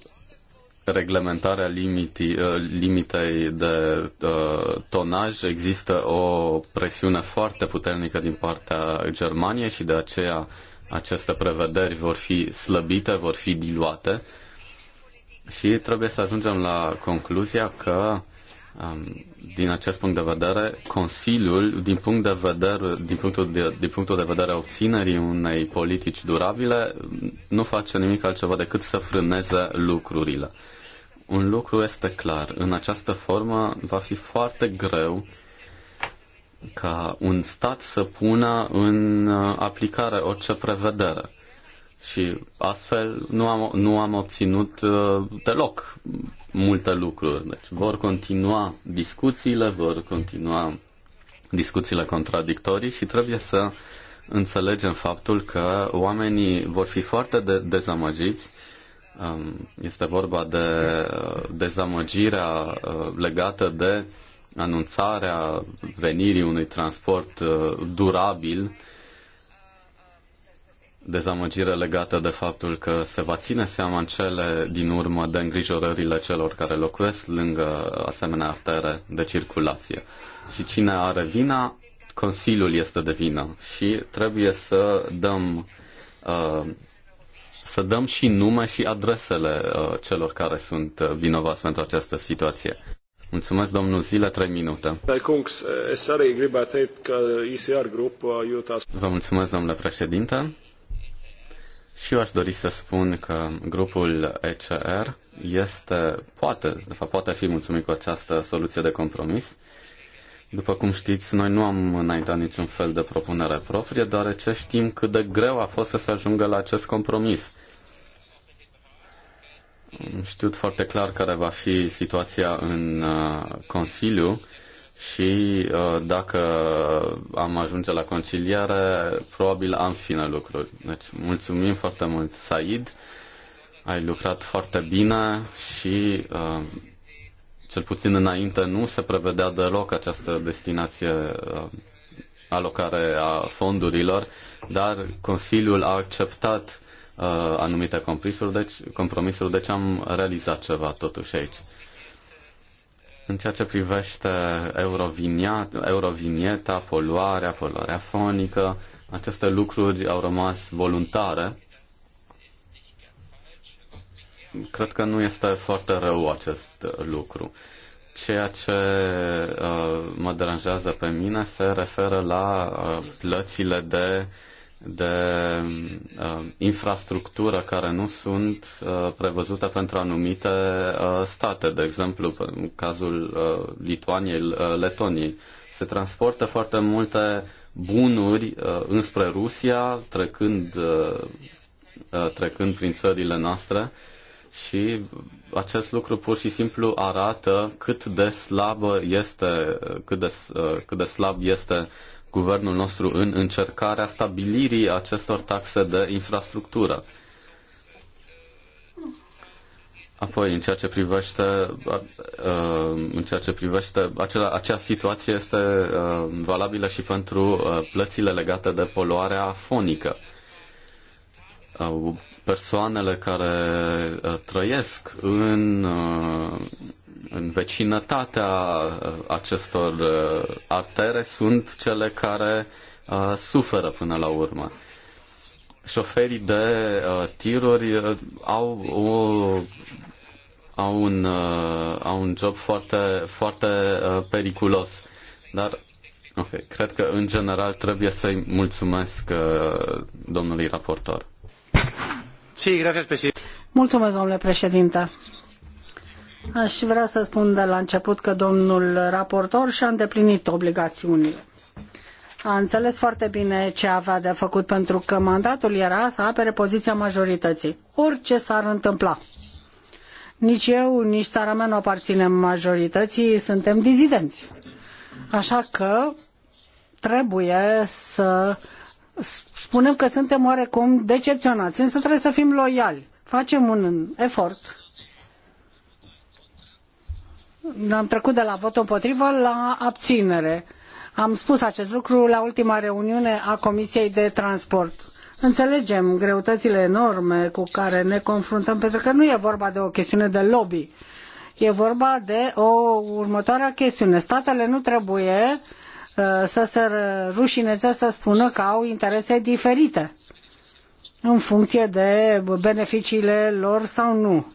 reglementarea limitii, uh, limitei de uh, tonaj, există o presiune foarte puternică din partea Germaniei și de aceea aceste prevederi vor fi slăbite, vor fi diluate și trebuie să ajungem la concluzia că din acest punct de vedere, Consiliul, din, punct de vedere, din, punctul de, din punctul de vedere a obținerii unei politici durabile, nu face nimic altceva decât să frâneze lucrurile. Un lucru este clar, în această formă va fi foarte greu ca un stat să pună în uh, aplicare orice prevedere. Și astfel nu am, nu am obținut uh, deloc multe lucruri. Deci vor continua discuțiile, vor continua discuțiile contradictorii și trebuie să înțelegem faptul că oamenii vor fi foarte de- dezamăgiți. Um, este vorba de uh, dezamăgirea uh, legată de anunțarea venirii unui transport durabil dezamăgire legată de faptul că se va ține seama în cele din urmă de îngrijorările celor care locuiesc lângă asemenea artere de circulație. Și cine are vina, Consiliul este de vină și trebuie să dăm uh, să dăm și nume și adresele uh, celor care sunt uh, vinovați pentru această situație. Mulțumesc, domnul Zile, trei minute. Eh, Vă mulțumesc, domnule președinte. Și eu aș dori să spun că grupul ECR este, poate, de fapt, poate fi mulțumit cu această soluție de compromis. După cum știți, noi nu am înaintat niciun fel de propunere proprie, deoarece știm cât de greu a fost să se ajungă la acest compromis. Știu foarte clar care va fi situația în uh, Consiliu și uh, dacă am ajunge la conciliare, probabil am fine lucruri. Deci mulțumim foarte mult, Said. Ai lucrat foarte bine și uh, cel puțin înainte nu se prevedea deloc această destinație uh, alocare a fondurilor, dar Consiliul a acceptat anumite compromisuri, deci, compromisuri, deci am realizat ceva totuși aici. În ceea ce privește eurovinieta, poluarea, poluarea fonică, aceste lucruri au rămas voluntare. Cred că nu este foarte rău acest lucru. Ceea ce uh, mă deranjează pe mine se referă la uh, plățile de uh, de uh, infrastructură care nu sunt uh, prevăzute pentru anumite uh, state, de exemplu, în cazul uh, Lituaniei, uh, Letoniei. Se transportă foarte multe bunuri uh, înspre Rusia, trecând, uh, uh, trecând prin țările noastre și acest lucru pur și simplu arată cât de slabă este, cât de, uh, cât de slab este guvernul nostru în încercarea stabilirii acestor taxe de infrastructură. Apoi, în ceea ce privește, uh, uh, în ceea ce privește acea acea situație este uh, valabilă și pentru plățile legate de poluarea fonică. Persoanele care trăiesc în în vecinătatea uh, acestor uh, artere sunt cele care uh, suferă până la urmă. Șoferii de tiruri au o au un, au un job foarte, foarte periculos. Dar, ok, cred că în general trebuie să-i mulțumesc uh, domnului raportor. Sí, gracias, Mulțumesc, domnule președinte. Aș vrea să spun de la început că domnul raportor și-a îndeplinit obligațiunile. A înțeles foarte bine ce avea de făcut pentru că mandatul era să apere poziția majorității, orice s-ar întâmpla. Nici eu, nici țara mea nu aparținem majorității, suntem dizidenți. Așa că trebuie să spunem că suntem oarecum decepționați, însă trebuie să fim loiali. Facem un efort am trecut de la vot împotrivă la abținere. Am spus acest lucru la ultima reuniune a Comisiei de Transport. Înțelegem greutățile enorme cu care ne confruntăm, pentru că nu e vorba de o chestiune de lobby. E vorba de o următoare chestiune. Statele nu trebuie uh, să se rușineze să spună că au interese diferite în funcție de beneficiile lor sau nu.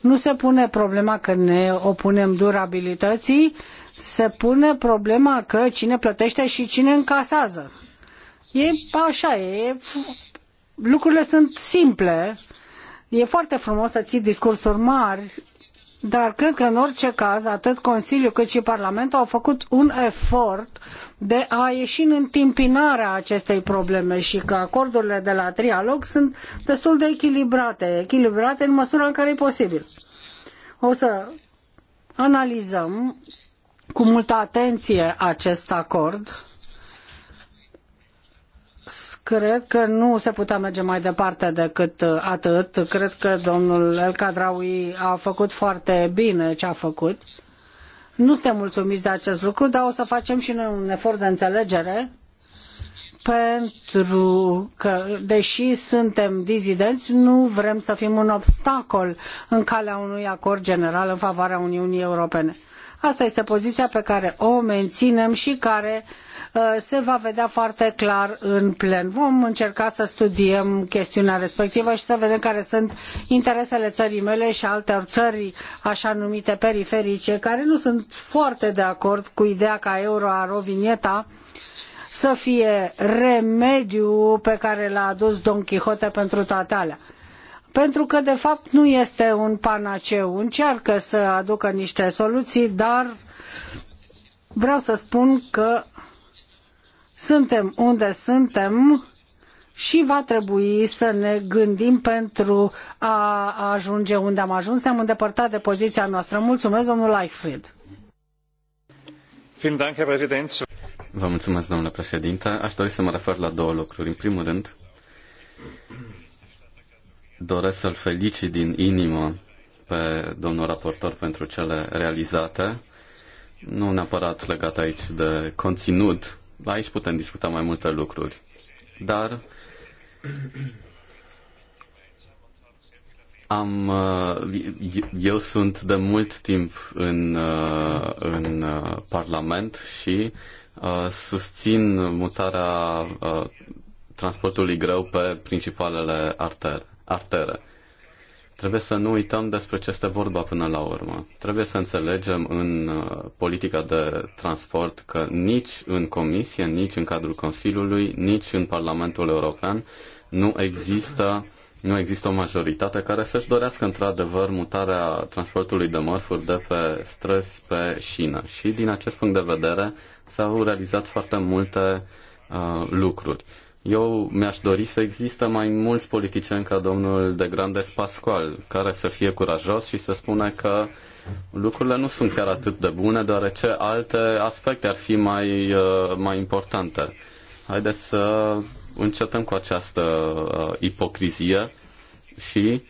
Nu se pune problema că ne opunem durabilității, se pune problema că cine plătește și cine încasează. E așa, e, lucrurile sunt simple. E foarte frumos să ții discursuri mari dar cred că în orice caz atât Consiliul cât și Parlamentul au făcut un efort de a ieși în întâmpinarea acestei probleme și că acordurile de la trialog sunt destul de echilibrate, echilibrate în măsura în care e posibil. O să analizăm cu multă atenție acest acord cred că nu se putea merge mai departe decât uh, atât. Cred că domnul El Cadraui a făcut foarte bine ce a făcut. Nu suntem mulțumiți de acest lucru, dar o să facem și noi un efort de înțelegere pentru că, deși suntem dizidenți, nu vrem să fim un obstacol în calea unui acord general în favoarea Uniunii Europene. Asta este poziția pe care o menținem și care uh, Uh, se va vedea foarte clar în plen. Vom încerca să studiem chestiunea respectivă și să vedem care sunt interesele țării mele și altor țări așa numite periferice, care nu sunt foarte de acord cu ideea ca euroarovinieta să fie remediul pe care l-a adus Don Quixote pentru toate alea pentru că de fapt nu este un panaceu. Încearcă să aducă niște soluții, dar vreau să spun că suntem unde suntem și va trebui să ne gândim pentru a ajunge unde am ajuns. Ne-am îndepărtat de poziția noastră. Mulțumesc, domnul Leichfried. Vă mulțumesc, domnule președinte. Aș dori să mă refer la două lucruri. În primul rând, doresc să-l felicit din inimă pe domnul raportor pentru cele realizate, nu neapărat legat aici de conținut, aici putem discuta mai multe lucruri. Dar am, uh, eu sunt de mult timp în, uh, în uh, Parlament și susțin mutarea transportului greu pe principalele artere. artere. Trebuie să nu uităm despre ce este vorba până la urmă. Trebuie să înțelegem în uh, politica de transport că nici în Comisie, nici în cadrul Consiliului, nici în Parlamentul European nu există nu există o majoritate care să-și dorească într-adevăr mutarea transportului de mărfuri de pe străzi pe șină. Și din acest punct de vedere s-au realizat foarte multe uh, lucruri. Eu mi-aș dori să există mai mulți politicieni ca domnul de Grandes Pascual, care să fie curajos și să spune că lucrurile nu sunt chiar atât de bune, deoarece alte aspecte ar fi mai, uh, mai importante. Haideți să încetăm cu această uh, ipocrizie și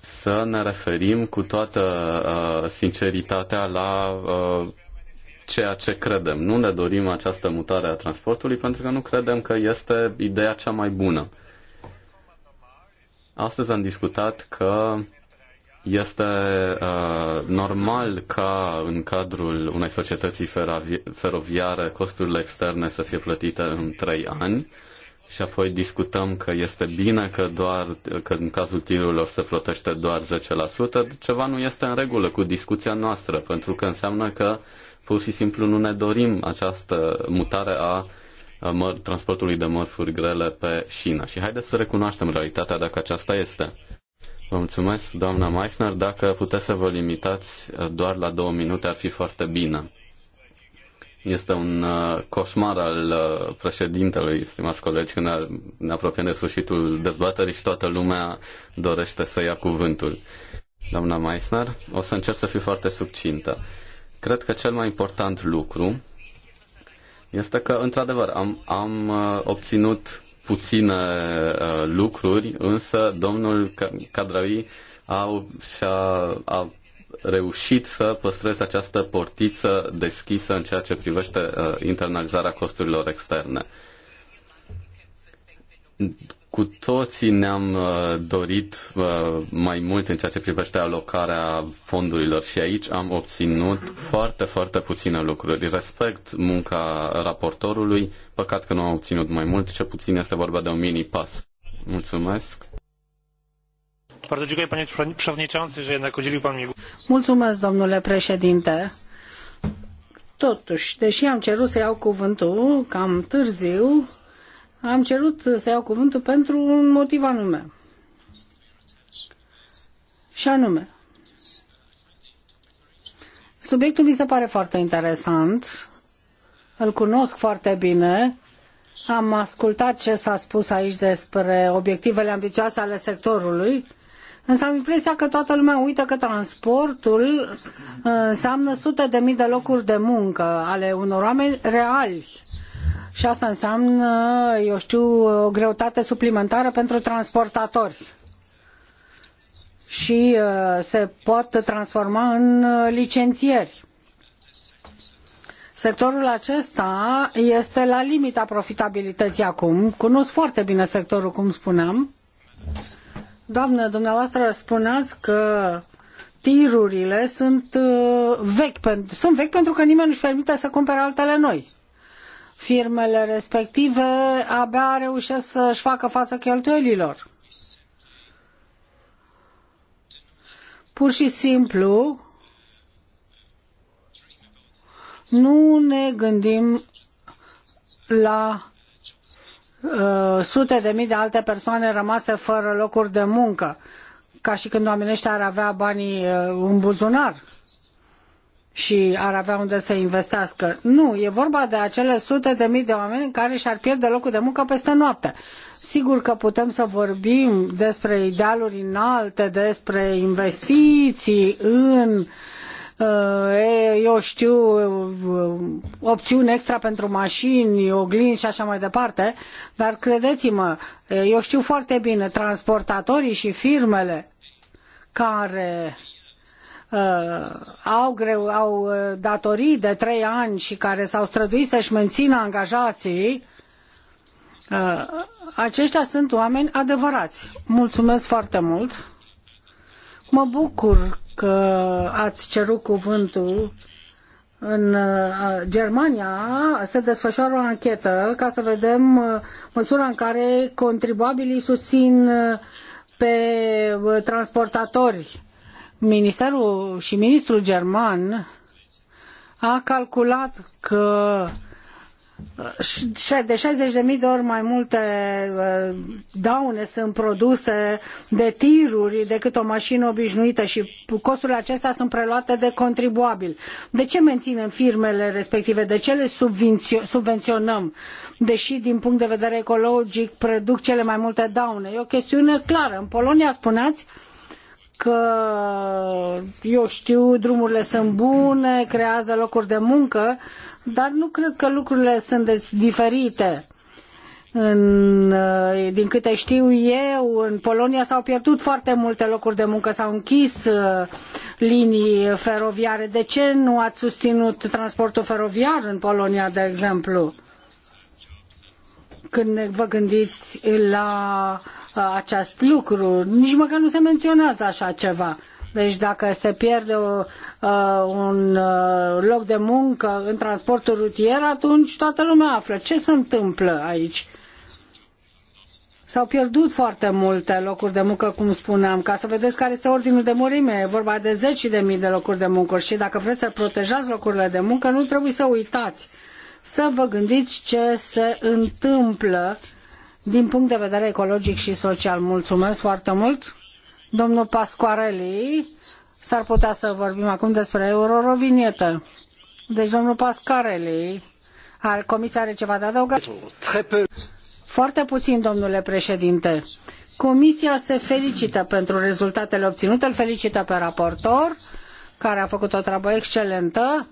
să ne referim cu toată uh, sinceritatea la ceea ce credem. Nu ne dorim această mutare a transportului pentru că nu credem că este ideea cea mai bună. Astăzi am discutat că este uh, normal ca în cadrul unei societății feroviare costurile externe să fie plătite în trei ani și apoi discutăm că este bine că, doar, că în cazul tirurilor se plătește doar 10%. Ceva nu este în regulă cu discuția noastră pentru că înseamnă că uh, pur și simplu nu ne dorim această mutare a transportului de mărfuri grele pe șină. Și haideți să recunoaștem realitatea dacă aceasta este. Vă mulțumesc, doamna Meissner. Dacă puteți să vă limitați doar la două minute, ar fi foarte bine. Este un uh, coșmar al uh, președintelui, stimați colegi, când ne apropiem de sfârșitul dezbaterii și toată lumea dorește să ia cuvântul. Doamna Meissner, o să încerc să fiu foarte succintă. Cred că cel mai important lucru este că, într-adevăr, am, am uh, obținut puține uh, lucruri, însă domnul Cadraui a, și-a, a reușit să păstreze această portiță deschisă în ceea ce privește uh, internalizarea costurilor externe cu toții ne-am uh, dorit uh, mai mult în ceea ce privește alocarea fondurilor și aici am obținut foarte, foarte puține lucruri. Respect munca raportorului, păcat că nu am obținut mai mult, ce puțin este vorba de un mini pas. Mulțumesc. Mulțumesc, domnule președinte. Totuși, deși am cerut să iau cuvântul cam târziu, am cerut să iau cuvântul pentru un motiv anume. Și anume, subiectul mi se pare foarte interesant, îl cunosc foarte bine, am ascultat ce s-a spus aici despre obiectivele ambițioase ale sectorului, însă am impresia că toată lumea uită că transportul uh, înseamnă sute de mii de locuri de muncă ale unor oameni reali și asta înseamnă, eu știu, o greutate suplimentară pentru transportatori și uh, se pot transforma în uh, licențieri. Sectorul acesta este la limita profitabilității acum. Cunosc foarte bine sectorul, cum spuneam. Doamnă, dumneavoastră spuneați că tirurile sunt uh, vechi, sunt vechi pentru că nimeni nu-și permite să cumpere altele noi firmele respective abia reușesc să-și facă față cheltuielilor. Pur și simplu nu ne gândim la uh, sute de mii de alte persoane rămase fără locuri de muncă, ca și când oamenii ăștia ar avea banii uh, în buzunar și ar avea unde să investească. Nu, e vorba de acele sute de mii de oameni care și-ar pierde locul de muncă peste noapte. Sigur că putem să vorbim despre idealuri înalte, despre investiții în uh, eu știu, uh, opțiuni extra pentru mașini, oglinzi și așa mai departe, dar credeți-mă, eu știu foarte bine, transportatorii și firmele care Uh, au, greu, au uh, datorii de trei ani și care s-au străduit să-și mențină angajații, uh, aceștia sunt oameni adevărați. Mulțumesc foarte mult. Mă bucur că ați cerut cuvântul. În Germania se desfășoară o anchetă ca să vedem măsura în care contribuabilii susțin pe transportatori Ministerul și ministrul german a calculat că uh, de 60.000 de ori mai multe uh, daune sunt produse de tiruri decât o mașină obișnuită și costurile acestea sunt preluate de contribuabil. De ce menținem firmele respective? De ce le subvenționăm? Deși din punct de vedere ecologic produc cele mai multe daune. E o chestiune clară. În Polonia spuneați că, eu știu, drumurile sunt bune, creează locuri de muncă, dar nu cred că lucrurile sunt diferite. În, eh, din câte știu eu, în Polonia s-au pierdut foarte multe locuri de muncă, s-au închis eh, linii feroviare. De ce nu ați susținut transportul feroviar în Polonia, de exemplu? Când vă gândiți la Uh, acest lucru. Nici măcar nu se menționează așa ceva. Deci dacă se pierde o, uh, a, uh, un a, loc de muncă în transportul rutier, atunci toată lumea află ce se întâmplă aici. S-au pierdut foarte multe locuri de muncă, cum spuneam, ca să vedeți care este ordinul de mărime. E vorba de zeci de mii de locuri de muncă și dacă vreți să protejați locurile de muncă, nu trebuie să uitați să vă gândiți ce se întâmplă din punct de vedere ecologic și social. Mulțumesc foarte mult! Domnul Pascoarelli, s-ar putea să vorbim acum despre eurovinietă. Deci domnul Pascarelli, ar, comisia are ceva de adăugat? Foarte puțin, domnule președinte. Comisia se felicită pentru rezultatele obținute, îl felicită pe raportor, care a făcut o treabă excelentă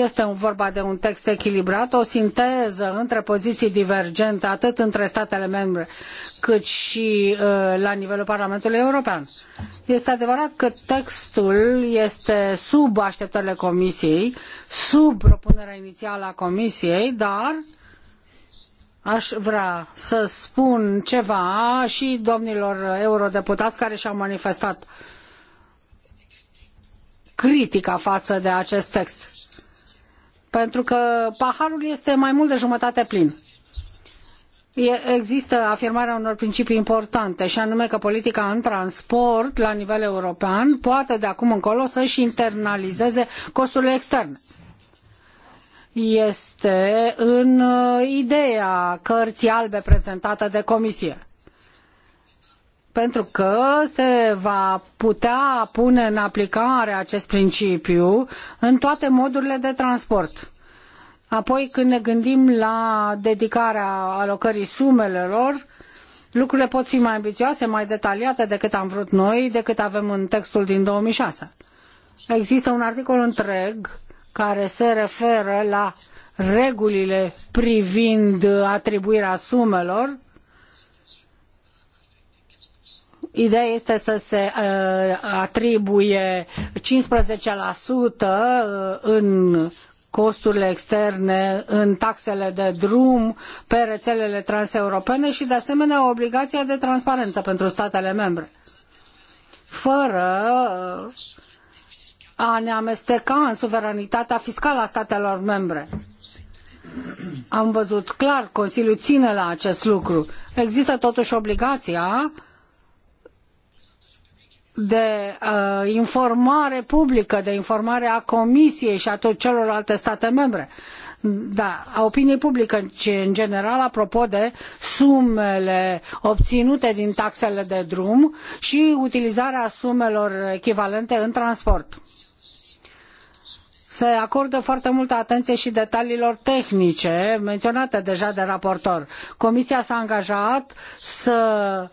este vorba de un text echilibrat, o sinteză între poziții divergente atât între statele membre cât și uh, la nivelul Parlamentului European. Este adevărat că textul este sub așteptările Comisiei, sub propunerea inițială a Comisiei, dar aș vrea să spun ceva și domnilor eurodeputați care și-au manifestat critica față de acest text pentru că paharul este mai mult de jumătate plin. Există afirmarea unor principii importante și anume că politica în transport la nivel european poate de acum încolo să-și internalizeze costurile externe este în uh, ideea cărții albe prezentată de comisie pentru că se va putea pune în aplicare acest principiu în toate modurile de transport. Apoi când ne gândim la dedicarea alocării sumelor, lucrurile pot fi mai ambițioase, mai detaliate decât am vrut noi, decât avem în textul din 2006. Există un articol întreg care se referă la regulile privind atribuirea sumelor Ideea este să se uh, atribuie 15% uh, în costurile externe, în taxele de drum, pe rețelele transeuropene și, de asemenea, obligația de transparență pentru statele membre. Fără uh, a ne amesteca în suveranitatea fiscală a statelor membre. Am văzut clar, Consiliul ține la acest lucru. Există totuși obligația de uh, informare publică, de informare a Comisiei și a tot celorlalte state membre. Da, a opiniei publice, în general, apropo de sumele obținute din taxele de drum și utilizarea sumelor echivalente în transport. Se acordă foarte multă atenție și detaliilor tehnice menționate deja de raportor. Comisia s-a angajat să uh,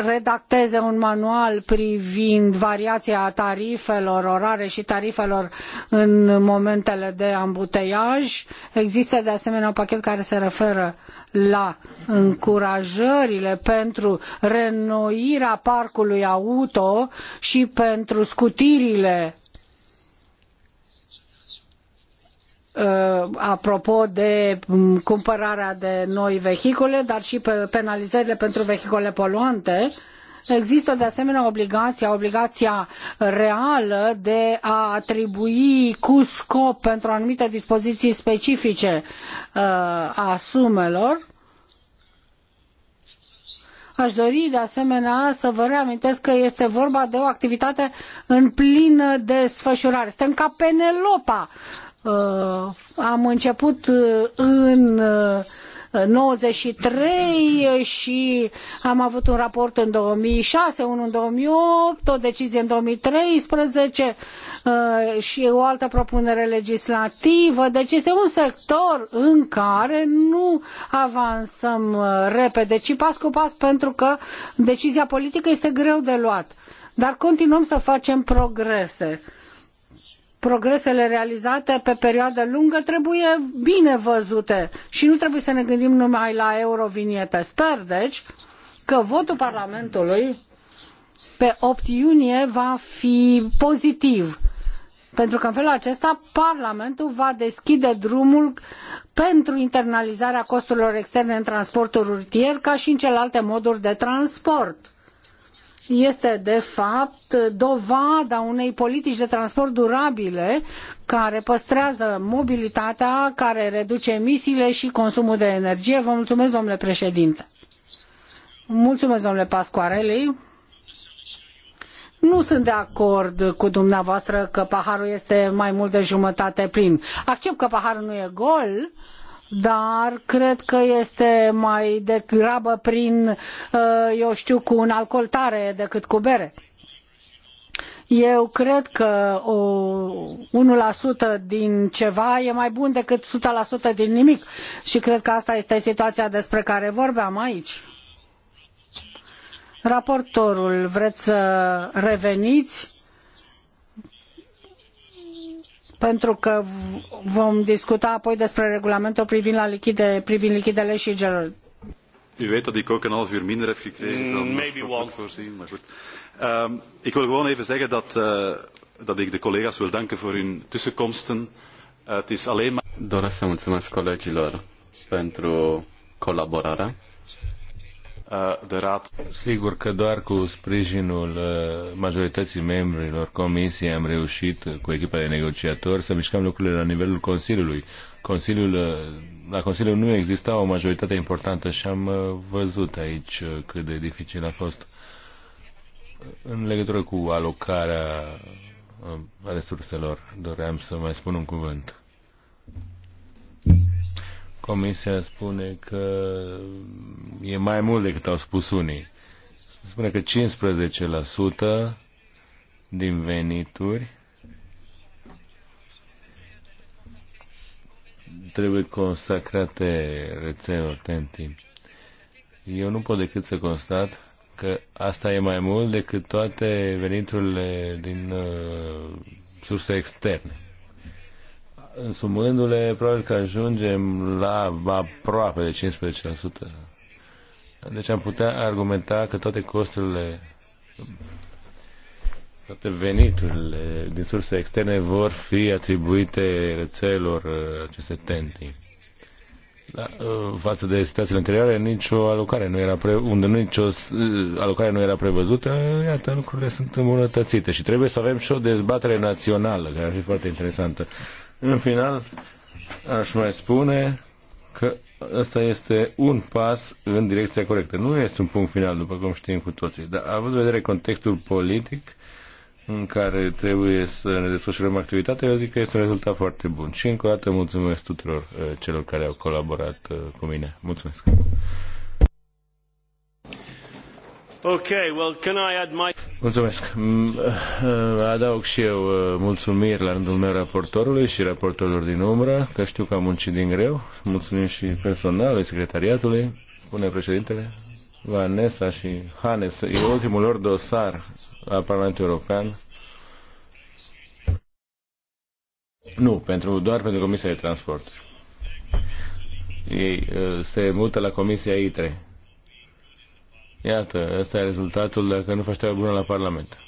redacteze un manual privind variația tarifelor orare și tarifelor în momentele de ambuteiaj. Există de asemenea un pachet care se referă la încurajările pentru renoirea parcului auto și pentru scutirile Uh, apropo de mm, cumpărarea de noi vehicule, dar și pe penalizările pentru vehicule poluante, Există de asemenea obligația, obligația reală de a atribui cu scop pentru anumite dispoziții specifice uh, a sumelor. Aș dori de asemenea să vă reamintesc că este vorba de o activitate în plină desfășurare. Suntem ca Penelopa Uh, am început uh, în 93 uh, și am avut un raport în 2006, unul în 2008, o decizie în 2013 și o altă propunere legislativă. Deci este un sector în care nu avansăm repede, ci pas cu pas pentru că decizia politică este greu de luat. Dar continuăm să facem progrese. Uh, progresele realizate pe perioadă lungă trebuie bine văzute și nu trebuie să ne gândim numai la euroviniete. Sper, deci, că votul Parlamentului pe 8 iunie va fi pozitiv. Pentru că în felul acesta Parlamentul va deschide drumul pentru internalizarea costurilor externe în transportul rutier ca și în celelalte moduri de transport este de fapt dovada unei politici de transport durabile care păstrează mobilitatea, care reduce emisiile și consumul de energie. Vă mulțumesc, domnule președinte. Mulțumesc, domnule Pascoarelli. Nu sunt de acord cu dumneavoastră că paharul este mai mult de jumătate plin. Accept că paharul nu e gol, uh, dar cred că este mai degrabă prin, uh, eu știu, cu un alcool tare decât cu bere. Eu cred că o, 1% din ceva e mai bun decât 100% din nimic și cred că asta este situația despre care vorbeam aici. Raportorul, vreți să reveniți? pentru că vom discuta apoi despre regulamentul privind, la lichide, privind lichidele și gelul. U weet dat ik ook een half uur minder heb gekregen dan oorspronkelijk mm, voorzien, maar goed. Um, ik wil gewoon even zeggen dat, uh, dat ik de collega's wil danken voor hun tussenkomsten. Uh, het is alleen maar... Doresc să mulțumesc colegilor pentru colaborare. Eh, de rat. Sigur că doar cu sprijinul eh, majorității membrilor comisiei am reușit eh, cu echipa de negociatori să mișcăm lucrurile la nivelul Consiliului. Consiliul, la Consiliu nu exista o majoritate importantă și am văzut aici cât de dificil a fost în legătură cu alocarea resurselor. Doream să mai spun un cuvânt. Comisia spune că e mai mult decât au spus unii. Spune că 15% din venituri trebuie consacrate rețelor TNT. Eu nu pot decât să constat că asta e mai mult decât toate veniturile din uh, surse externe însumându-le, probabil că ajungem la aproape de 15%. Deci am putea argumenta că toate costurile, toate veniturile din surse externe vor fi atribuite rețelor uh, aceste tenti. Da, uh, față de situațiile anterioare, nicio alocare nu era pre- unde nicio uh, alocare nu era prevăzută, iată, lucrurile sunt îmbunătățite și trebuie să avem și o dezbatere națională, care ar fi foarte interesantă. În final, aș mai spune că ăsta este un pas în direcția corectă. Nu este un punct final, după cum știm cu toții, dar având în vedere contextul politic în care trebuie să ne desfășurăm activitatea, eu zic că este un rezultat foarte bun. Și încă o dată mulțumesc tuturor eh, celor care au colaborat eh, cu mine. Mulțumesc! Okay, I uh, Adaug și eu uh, mulțumiri la rândul meu raportorului și raportorilor din umbră, că știu că am muncit din greu. Mulțumim și personalului, secretariatului, pune președintele, Vanessa și Hannes. E ultimul lor dosar al Parlamentului European. Nu, pentru, doar pentru Comisia de Transport. Ei uh, se mută la Comisia ITRE Iată, ăsta e rezultatul dacă nu faci treaba bună la Parlament.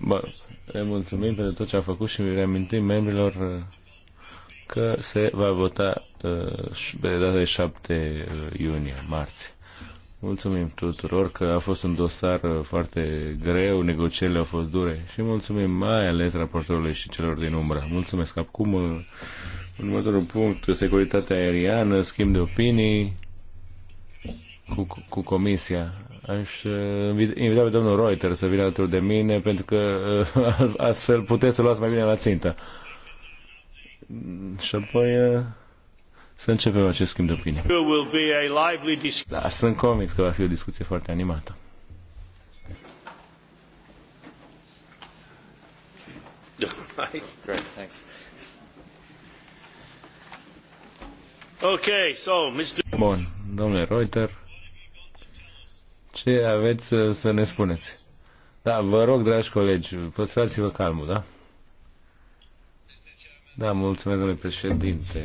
Bă, le mulțumim pentru tot ce a făcut și reamintim membrilor uh, că se va vota uh, pe data de 7 uh, iunie, marți. Mulțumim tuturor că a fost un dosar foarte greu, negocierile au fost dure și mulțumim mai ales raportorului și celor din umbră. Mulțumesc. Acum, următorul punct, securitatea aeriană, schimb de opinii cu, cu comisia. Aș uh, invita pe domnul Reuter să vină alături de mine, pentru că uh, astfel puteți să luați mai bine la țintă. Și apoi uh, să începem acest schimb de opinie. Da, sunt convins că va fi o discuție foarte animată. Great, thanks. Okay, so, Mr. Bon, domnule Reuter, ce aveți uh, să ne spuneți. Da, vă rog, dragi colegi, păstrați-vă calmul, da? Da, mulțumesc, domnule președinte.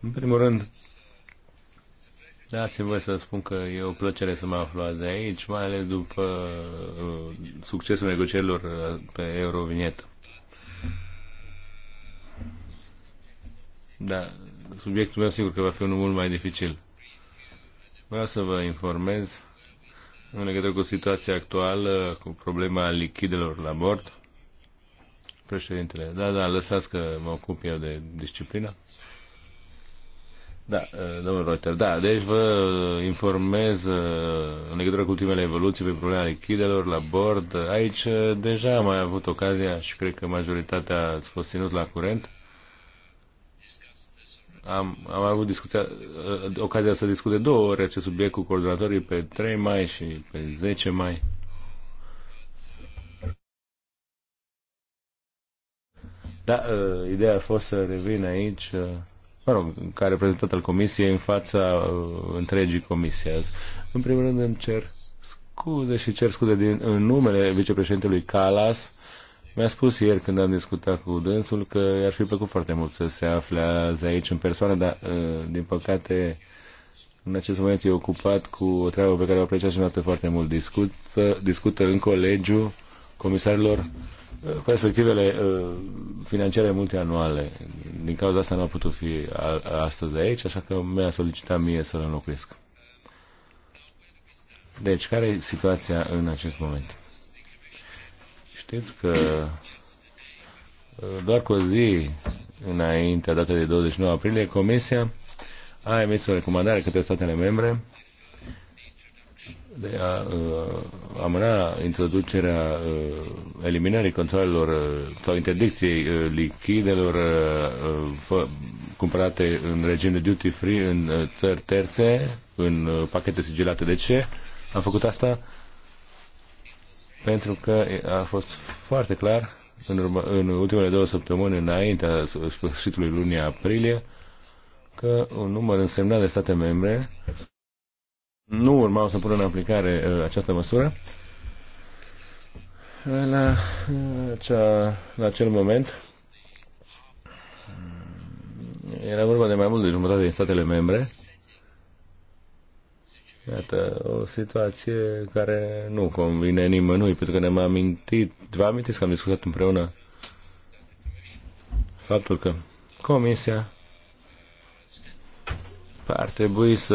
În primul rând, dați-mi voi să spun că e o plăcere să mă aflu azi aici, mai ales după uh, succesul negocierilor uh, pe Eurovinietă. Da, subiectul meu sigur că va fi unul mult mai dificil. Vreau să vă informez în legătură cu situația actuală, cu problema lichidelor la bord. Președintele, da, da, lăsați că mă ocup eu de disciplină. Da, uh, domnul Reuter, da, deci vă informez uh, în legătură cu ultimele evoluții pe problema lichidelor la bord. Aici uh, deja am mai avut ocazia și cred că majoritatea ați fost ținut la curent am, am avut discuția, uh, ocazia să discute două ore, acest subiect cu coordonatorii pe 3 mai și pe 10 mai. Da, uh, ideea a fost să revin aici, uh, mă rog, ca reprezentant al comisiei în fața uh, întregii comisii azi. În primul rând îmi cer scuze și cer scuze din, în numele vicepreședintelui Calas, mi-a spus ieri când am discutat cu dânsul că i-ar fi plăcut foarte mult să se afle azi aici în persoană, dar uh, din păcate în acest moment e ocupat cu o treabă pe care o aprecia și noastră foarte mult. Discută, discută în colegiu comisarilor uh, perspectivele uh, financiare multianuale. Din cauza asta nu a putut fi astăzi aici, așa că mi-a solicitat mie să-l înlocuiesc. Deci, care e situația în acest moment? Știți că uh, doar cu o zi înainte, data de 29 aprilie, Comisia a emis o recomandare către statele membre de a uh, amâna introducerea uh, eliminării controlelor uh, sau interdicției uh, lichidelor uh, uh cumpărate în regim de duty free în uh, țări terțe, în uh, pachete sigilate. De ce? Am făcut asta pentru că a fost foarte clar în, urmă, în ultimele două săptămâni înaintea sfârșitului lunii aprilie că un număr însemnat de state membre nu urmau să pună în aplicare uh, această măsură. La, acea, uh, la acel moment uh, era vorba de mai mult de jumătate din statele membre Iată, o situație care nu convine nimănui, pentru că ne-am amintit, vă amintiți că am discutat împreună faptul că Comisia ar trebui să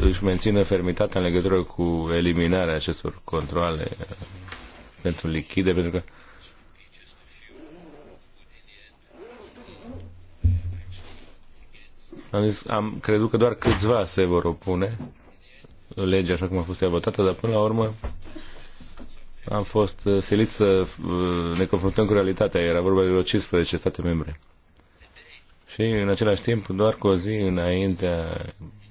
își mențină fermitatea în legătură cu eliminarea acestor controle pentru lichide, pentru că am, zis, am crezut că doar câțiva se vor opune legea așa cum a fost ea votată, dar până la urmă am fost uh, silit să uh, ne confruntăm cu realitatea. Era vorba de vreo 15 state membre. Și în același timp, doar cu o zi înaintea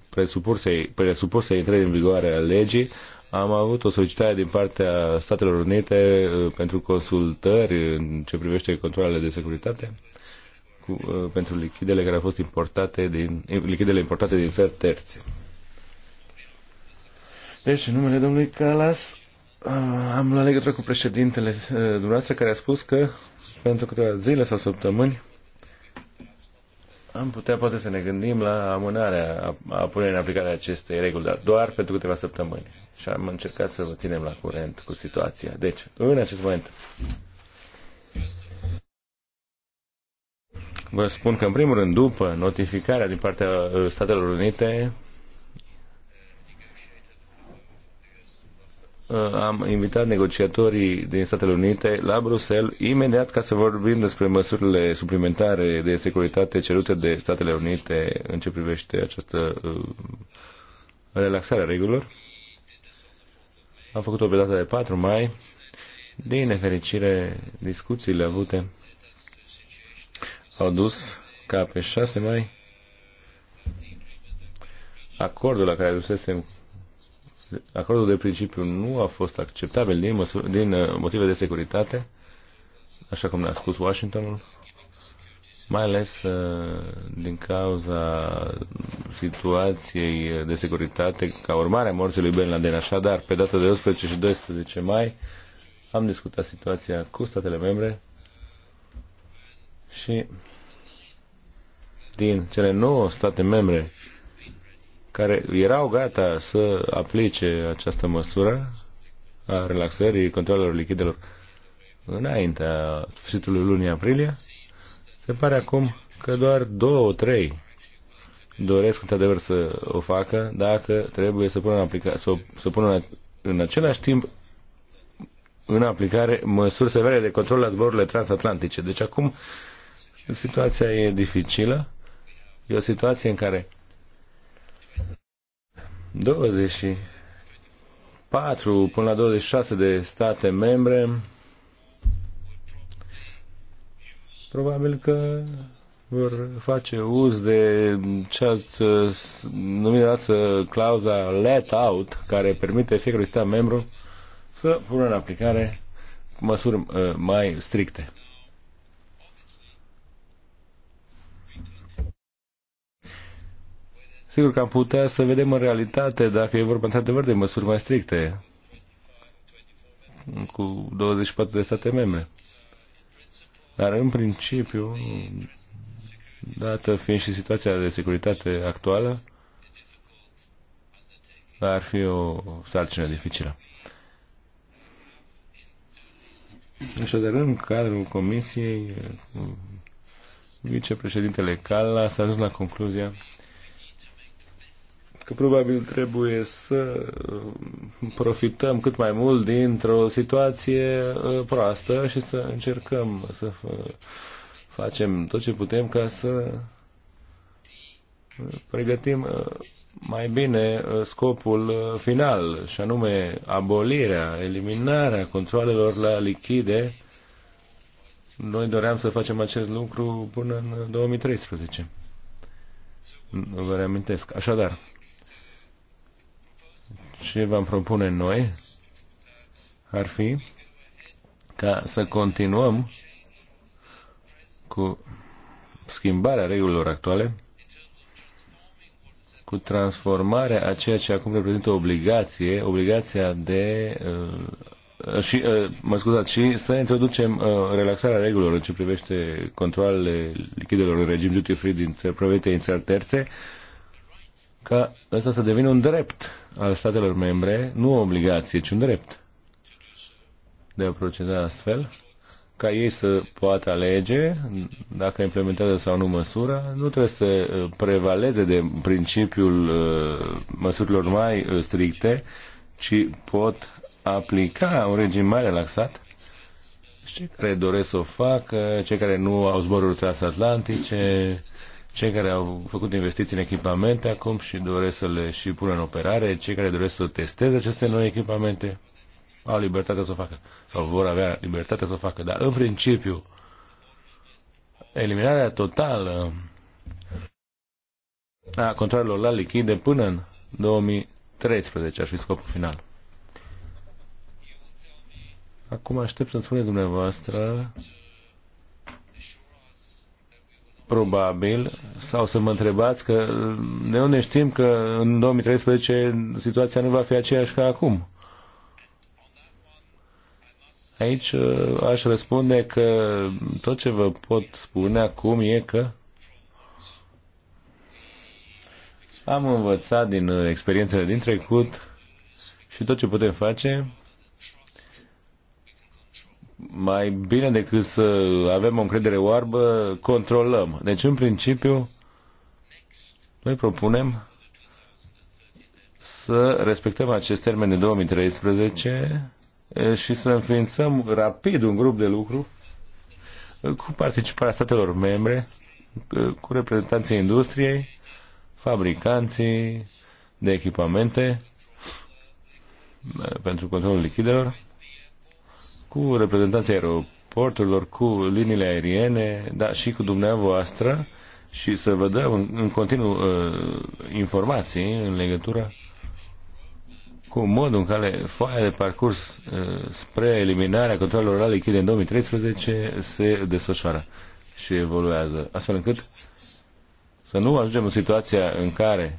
presupusei, presupusei intrării în vigoare a legii, am avut o solicitare din partea Statelor Unite uh, pentru consultări în ce privește controlele de securitate cu, pentru lichidele care au fost importate din, lichidele importate din țări terțe. Deci, în numele domnului Calas, am luat legătură cu președintele dumneavoastră care a spus că pentru câteva zile sau săptămâni am putea poate să ne gândim la amânarea, a, a pune în aplicare acestei reguli, dar doar pentru câteva săptămâni. Și am încercat să vă ținem la curent cu situația. Deci, în acest moment, vă spun că, în primul rând, după notificarea din partea uh, Statelor Unite Uh, am invitat negociatorii din Statele Unite la Bruxelles imediat ca să vorbim despre măsurile suplimentare de securitate cerute de Statele Unite în ce privește această uh, relaxare a regulilor. Am făcut-o pe data de 4 mai. Din nefericire, discuțiile avute au dus ca pe 6 mai acordul la care dusesem acordul de principiu nu a fost acceptabil din, măsur, din uh, motive de securitate, așa cum ne-a spus Washingtonul, mai ales uh, din cauza situației de securitate ca urmare a morții lui Ben Laden. Așadar, pe data de 11 și 12 mai am discutat situația cu statele membre și din cele 9 state membre care erau gata să aplice această măsură a relaxării controlelor lichidelor înaintea sfârșitului lunii aprilie, se pare acum că doar două, trei doresc într-adevăr să o facă dacă trebuie să pună în, aplica- să, o, să pună în, în același timp în aplicare măsuri severe de control la zborurile transatlantice. Deci acum situația e dificilă. E o situație în care 24 până la 26 de state membre probabil că vor face uz de ce ați numit clauza let out, care permite fiecărui stat membru să pună în aplicare măsuri uh, mai stricte. sigur că am putea să vedem în realitate dacă e vorba într-adevăr de măsuri mai stricte cu 24 de state membre. Dar în principiu, dată fiind și situația de securitate actuală, ar fi o sarcină dificilă. Așadar, în cadrul comisiei, vicepreședintele Cala s-a ajuns la concluzia că probabil trebuie să uh, profităm cât mai mult dintr-o situație uh, proastă și să încercăm să uh, facem tot ce putem ca să pregătim mai bine scopul final, și anume abolirea, eliminarea controlelor la lichide. Noi doream să facem acest lucru până în 2013. Vă reamintesc. Așadar, ce v-am propune noi ar fi ca să continuăm cu schimbarea regulilor actuale, cu transformarea a ceea ce acum reprezintă obligație, obligația de uh, și, uh, mă scuzați, și să introducem uh, relaxarea regulilor în ce privește controlele lichidelor în regim duty-free din țări terțe, ca ăsta să devină un drept al statelor membre, nu o obligație, ci un drept de a proceda astfel, ca ei să poată alege dacă implementează sau nu măsura, nu trebuie să uh, prevaleze de principiul uh, măsurilor mai uh, stricte, ci pot aplica un regim mai relaxat și cei care doresc să o facă, cei care nu au zboruri transatlantice, cei care au făcut investiții în echipamente acum și doresc să le și pună în operare, cei care doresc să testeze aceste noi echipamente, au libertatea să o facă sau vor avea libertatea să o facă. Dar, în principiu, eliminarea totală a controlelor la lichide până în 2013 ar fi scopul final. Acum aștept să-mi spuneți dumneavoastră probabil, sau să mă întrebați că de unde știm că în 2013 situația nu va fi aceeași ca acum? Aici uh, aș răspunde că tot ce vă pot spune acum e că am învățat din uh, experiențele din trecut și tot ce putem face mai bine decât să avem o încredere oarbă, controlăm. Deci, în principiu, noi propunem să respectăm acest termen de 2013 și să înființăm rapid un grup de lucru cu participarea statelor membre, cu reprezentanții industriei, fabricanții de echipamente pentru controlul lichidelor cu reprezentanții aeroporturilor, cu liniile aeriene, dar și cu dumneavoastră și să vă dăm în, în continuu uh, informații în legătură cu modul în care foaia de parcurs uh, spre eliminarea controlelor orale lichide în 2013 se desfășoară și evoluează, astfel încât să nu ajungem în situația în care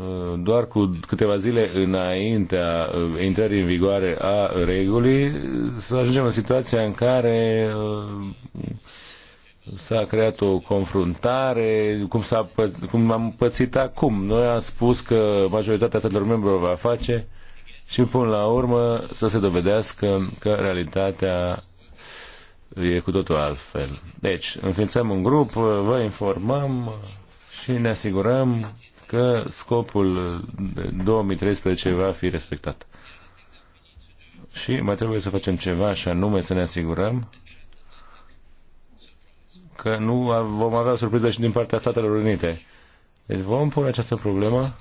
Uh, doar cu câteva zile înaintea uh, intrării în vigoare a regulii, uh, să ajungem în situația în care s-a creat o confruntare, cum, s-a, cum am pățit acum. Noi am spus că majoritatea statelor membru va face și până la urmă să se dovedească că realitatea e cu totul altfel. Deci, înființăm un grup, vă informăm și ne asigurăm că scopul 2013 va fi respectat. Și mai trebuie să facem ceva și anume să ne asigurăm că nu vom avea surpriză și din partea Statelor Unite. Deci vom pune această problemă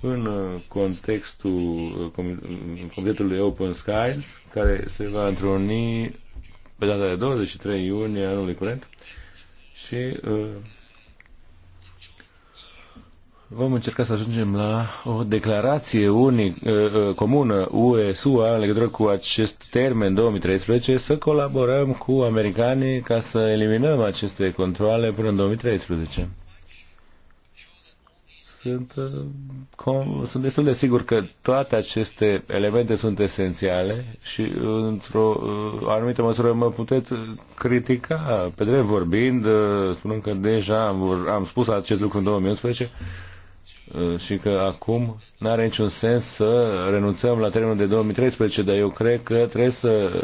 în uh, contextul uh, Comitetului Open Skies, care se va întruni pe data de 23 iunie anului curent și uh, vom încerca să ajungem la o declarație unic, ă, ă, comună UE-SUA în legătură cu acest termen 2013, să colaborăm cu americanii ca să eliminăm aceste controle până în 2013. Sunt, ă, com, sunt destul de sigur că toate aceste elemente sunt esențiale și într-o anumită măsură mă puteți critica pe drept vorbind, spunând că deja am, am spus acest lucru în 2011, Uh, și că acum nu are niciun sens să renunțăm la termenul de 2013, dar eu cred că trebuie să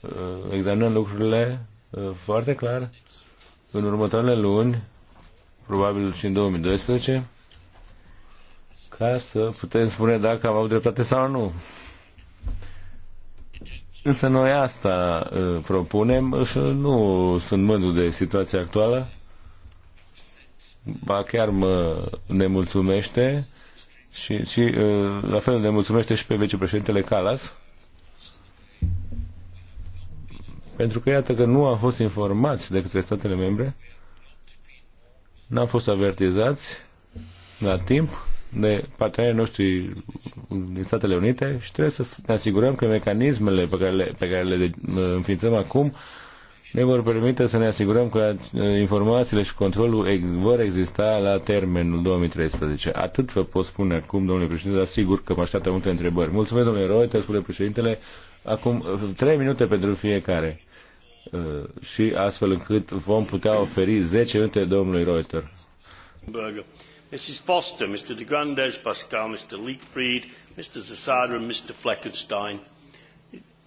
uh, examinăm lucrurile uh, foarte clar în următoarele luni, probabil și în 2012, ca să putem spune dacă am avut dreptate sau nu. Însă noi asta propunem și nu sunt mândru de situația actuală ba chiar mă nemulțumește și, și uh, la fel ne mulțumește și pe vicepreședintele Calas, pentru că iată că nu am fost informați de către statele membre, n-am fost avertizați la timp de partenerii noștri din Statele Unite și trebuie să ne asigurăm că mecanismele pe care le, pe care le uh, înființăm acum uh, ne vor permite să ne asigurăm că informațiile și controlul vor exista la termenul 2013. Atât vă pot spune acum, domnule președinte, dar sigur că mă așteaptă multe întrebări. Mulțumesc, domnule Reuter, spune președintele. Acum, trei minute pentru fiecare. Și astfel încât vom putea oferi 10 minute domnului Reuter. Burger. Mrs. Foster, Mr. de Grandes, Pascal, Mr. Leakfried, Mr. Zasada and Mr. Fleckenstein.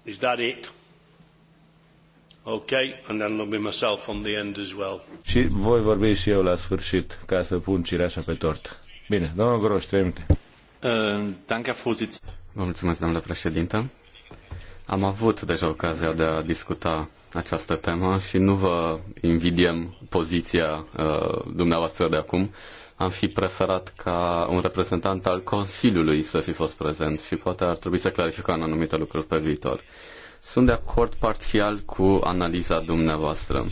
Is that it? Okay, and then there'll be myself on the end as well. Și voi vorbi și eu la sfârșit, ca să pun cireașa pe tort. Bine, domnul Groș, trei minute. Uh, vă mulțumesc, domnule președinte. Am avut deja ocazia de a discuta această temă și nu vă invidiem poziția uh, dumneavoastră de acum. Am fi preferat ca un reprezentant al Consiliului să fi fost prezent și poate ar trebui să clarificăm anumite lucruri pe viitor. Uh, sunt de acord parțial cu analiza dumneavoastră.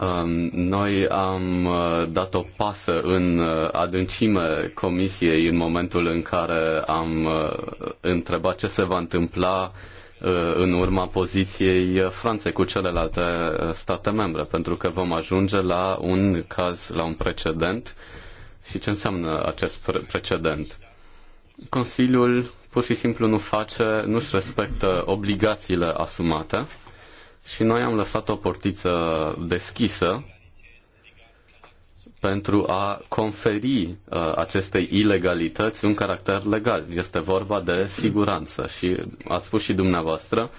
Um, noi am uh, dat o pasă în uh, adâncime comisiei în momentul în care am uh, întrebat ce se va întâmpla în urma poziției Franței cu celelalte state membre, pentru că vom ajunge la un caz, la un precedent. Și ce înseamnă acest precedent? Consiliul pur și simplu nu face, nu-și respectă obligațiile asumate și noi am lăsat o portiță deschisă pentru a conferi uh, acestei ilegalități un caracter legal. Este vorba de siguranță și ați spus și dumneavoastră,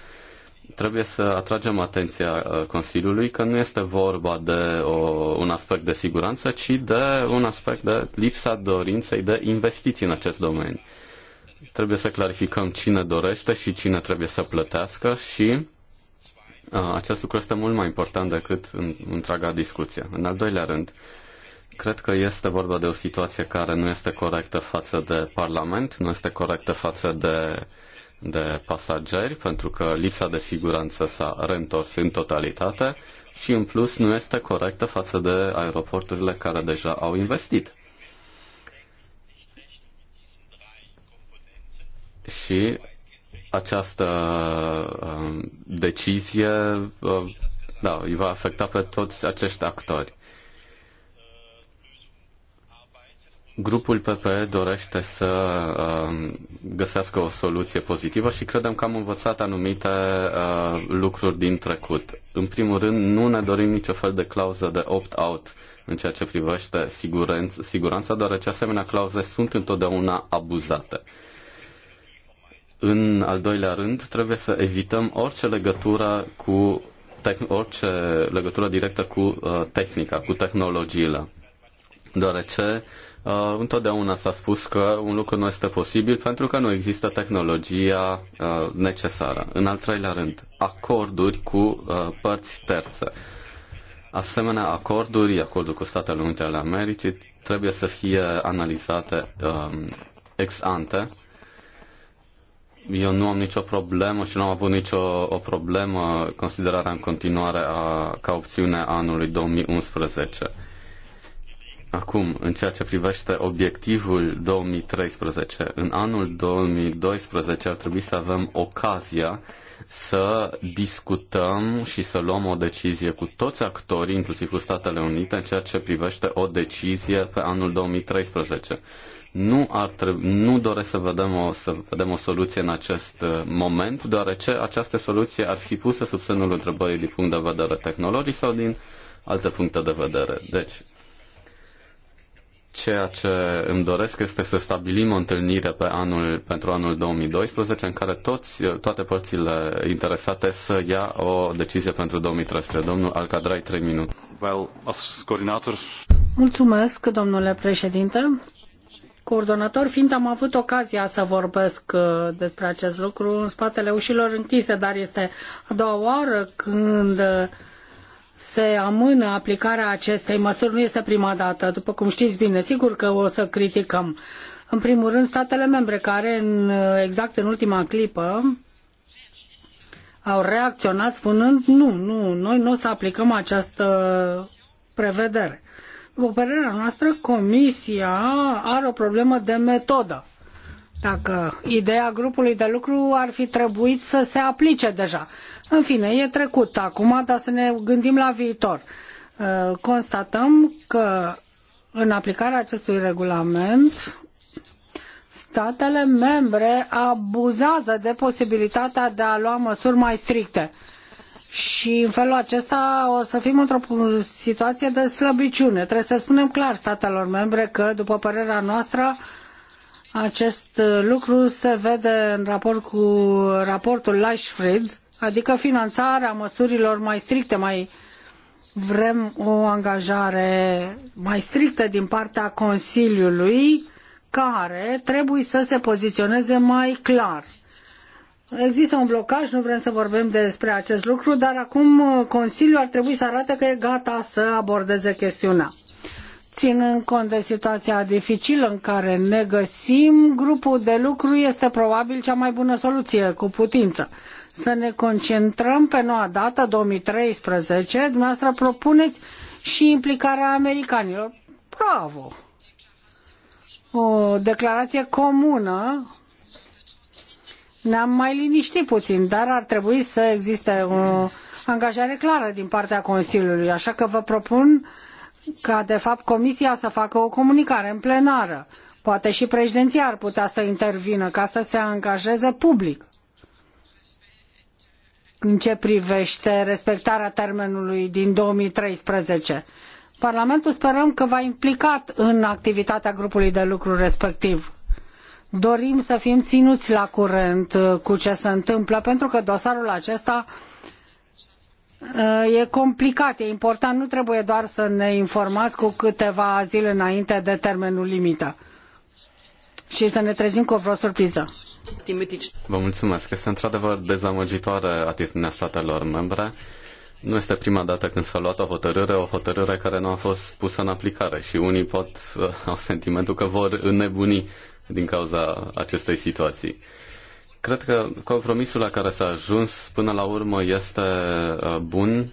trebuie să atragem atenția uh, Consiliului că nu este vorba de o, un aspect de siguranță, ci de un aspect de lipsa dorinței de investiții în acest domeniu trebuie să clarificăm cine dorește și cine trebuie să plătească și uh, acest lucru este mult mai important decât în, întreaga discuție. În al doilea rând, cred că este vorba de o situație care nu este corectă față de Parlament, nu este corectă față de, de pasageri, pentru că lipsa de siguranță s-a reîntors în totalitate și, în plus, nu este corectă față de aeroporturile care deja au investit. și această um, decizie uh, da, îi va afecta pe toți acești actori. Grupul PPE dorește să um, găsească o soluție pozitivă și credem că am învățat anumite uh, lucruri din trecut. În primul rând, nu ne dorim nicio fel de clauză de opt-out în ceea ce privește siguranța, deoarece asemenea clauze sunt întotdeauna abuzate. În al doilea rând, trebuie să evităm orice legătură cu orice legătură directă cu uh, tehnica, cu tehnologiile. Deoarece uh, întotdeauna s-a spus că un lucru nu este posibil pentru că nu există tehnologia uh, necesară. În al treilea rând, acorduri cu uh, părți terțe. Asemenea, acorduri, acordul cu Statele Unite ale Americii, trebuie să fie analizate um, ex ante eu nu am nicio problemă și nu am avut nicio o problemă considerarea în continuare a, ca opțiune a anului 2011. Acum, în ceea ce privește obiectivul 2013, în anul 2012 ar trebui să avem ocazia să discutăm și să luăm o decizie cu toți actorii, inclusiv cu Statele Unite, în ceea ce privește o decizie pe anul 2013. Nu, ar trebui, nu doresc să vedem, o, să vedem o soluție în acest uh, moment, deoarece această soluție ar fi pusă sub semnul întrebării din punct de vedere tehnologic sau din alte puncte de vedere. Deci, Ceea ce îmi doresc este să stabilim o întâlnire pe anul, pentru anul 2012 în care toți, uh, toate părțile interesate să ia o decizie pentru 2013. Domnul Alcadrai, 3 minute. Well, as coordinator... Mulțumesc, domnule președinte coordonator, fiind am avut ocazia să vorbesc uh, despre acest lucru în spatele ușilor închise, dar este a doua oară când uh, se amână aplicarea acestei măsuri, nu este prima dată, după cum știți bine, sigur că o să criticăm. În primul rând, statele membre care, în, uh, exact în ultima clipă, au reacționat spunând nu, nu, noi nu o să aplicăm această prevedere după părerea noastră, Comisia are o problemă de metodă. Dacă ideea grupului de lucru ar fi trebuit să se aplice deja. În fine, e trecut acum, dar să ne gândim la viitor. Uh, constatăm că în aplicarea acestui regulament, statele membre abuzează de posibilitatea de a lua măsuri mai stricte și în felul acesta o să fim într-o situație de slăbiciune. Trebuie să spunem clar statelor membre că, după părerea noastră, acest lucru se vede în raport cu raportul Leichfried, adică finanțarea măsurilor mai stricte, mai vrem o angajare mai strictă din partea Consiliului, care trebuie să se poziționeze mai clar Există un blocaj, nu vrem să vorbim despre acest lucru, dar acum uh, Consiliul ar trebui să arate că e gata să abordeze chestiunea. Ținând cont de situația dificilă în care ne găsim, grupul de lucru este probabil cea mai bună soluție cu putință. Să ne concentrăm pe noua dată, 2013, dumneavoastră propuneți și implicarea americanilor. Bravo! O declarație comună ne-am mai liniștit puțin, dar ar trebui să existe o angajare clară din partea Consiliului. Așa că vă propun ca, de fapt, Comisia să facă o comunicare în plenară. Poate și președinția ar putea să intervină ca să se angajeze public în ce privește respectarea termenului din 2013. Parlamentul sperăm că va implicat în activitatea grupului de lucru respectiv dorim să fim ținuți la curent uh, cu ce se întâmplă, pentru că dosarul acesta uh, e complicat, e important, nu trebuie doar să ne informați cu câteva zile înainte de termenul limită și să ne trezim cu vreo surpriză. Vă mulțumesc. Este într-adevăr dezamăgitoare atitudinea statelor membre. Nu este prima dată când s-a luat o hotărâre, o hotărâre care nu a fost pusă în aplicare și unii pot uh, au sentimentul că vor înnebuni din cauza acestei situații. Cred că compromisul la care s-a ajuns până la urmă este uh, bun.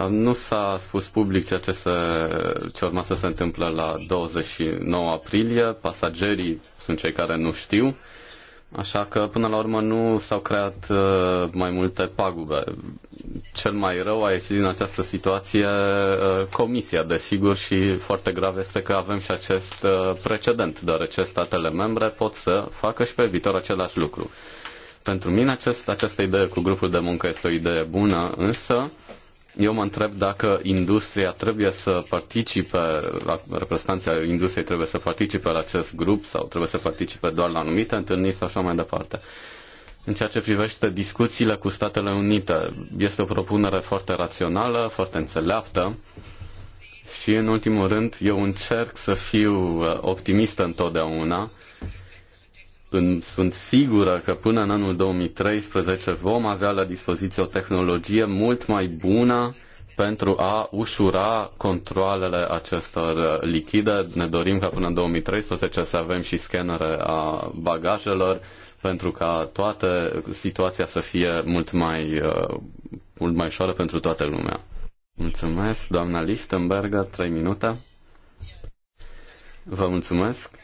Uh, nu s-a spus public ceea ce, se, ce urma să se întâmple la 29 aprilie. Pasagerii sunt cei care nu știu. Așa că, până la urmă, nu s-au creat uh, mai multe pagube. Cel mai rău a ieșit din această situație uh, comisia, desigur, și foarte grav este că avem și acest uh, precedent, deoarece statele membre pot să facă și pe viitor același lucru. Pentru mine acest, această idee cu grupul de muncă este o idee bună, însă eu mă întreb dacă industria trebuie să participe, reprezentanții industriei trebuie să participe la acest grup sau trebuie să participe doar la anumite întâlniri sau așa mai departe. În ceea ce privește discuțiile cu Statele Unite, este o propunere foarte rațională, foarte înțeleaptă și, în ultimul rând, eu încerc să fiu uh, optimist întotdeauna în, sunt sigură că până în anul 2013 vom avea la dispoziție o tehnologie mult mai bună pentru a ușura controlele acestor uh, lichide. Ne dorim ca până în 2013 să avem și scanere a bagajelor pentru ca toată uh, situația să fie mult mai, uh, mult mai ușoară pentru toată lumea. Mulțumesc, doamna Lichtenberger, 3 minute. Vă mulțumesc.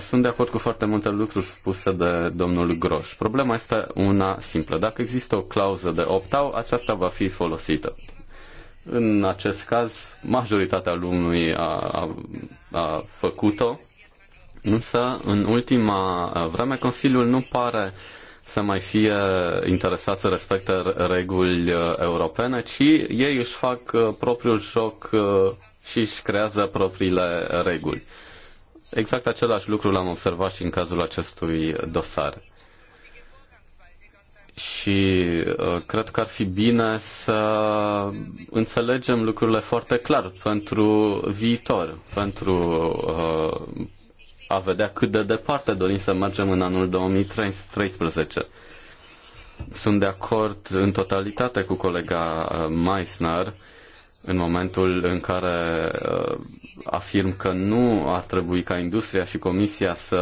Sunt de acord cu foarte multe lucruri spuse de domnul Groș. Problema este una simplă. Dacă există o clauză de opt-out, aceasta va fi folosită. În acest caz, majoritatea lumii a, a, a făcut-o, însă în ultima vreme Consiliul nu pare să mai fie interesat să respecte reguli uh, europene, ci ei își fac uh, propriul joc uh, și își creează propriile reguli. Exact același lucru l-am observat și în cazul acestui dosar. Și uh, cred că ar fi bine să înțelegem lucrurile foarte clar pentru viitor, pentru uh, a vedea cât de departe dorim să mergem în anul 2013. Sunt de acord în totalitate cu colega uh, Meissner în momentul în care uh, afirm că nu ar trebui ca industria și comisia să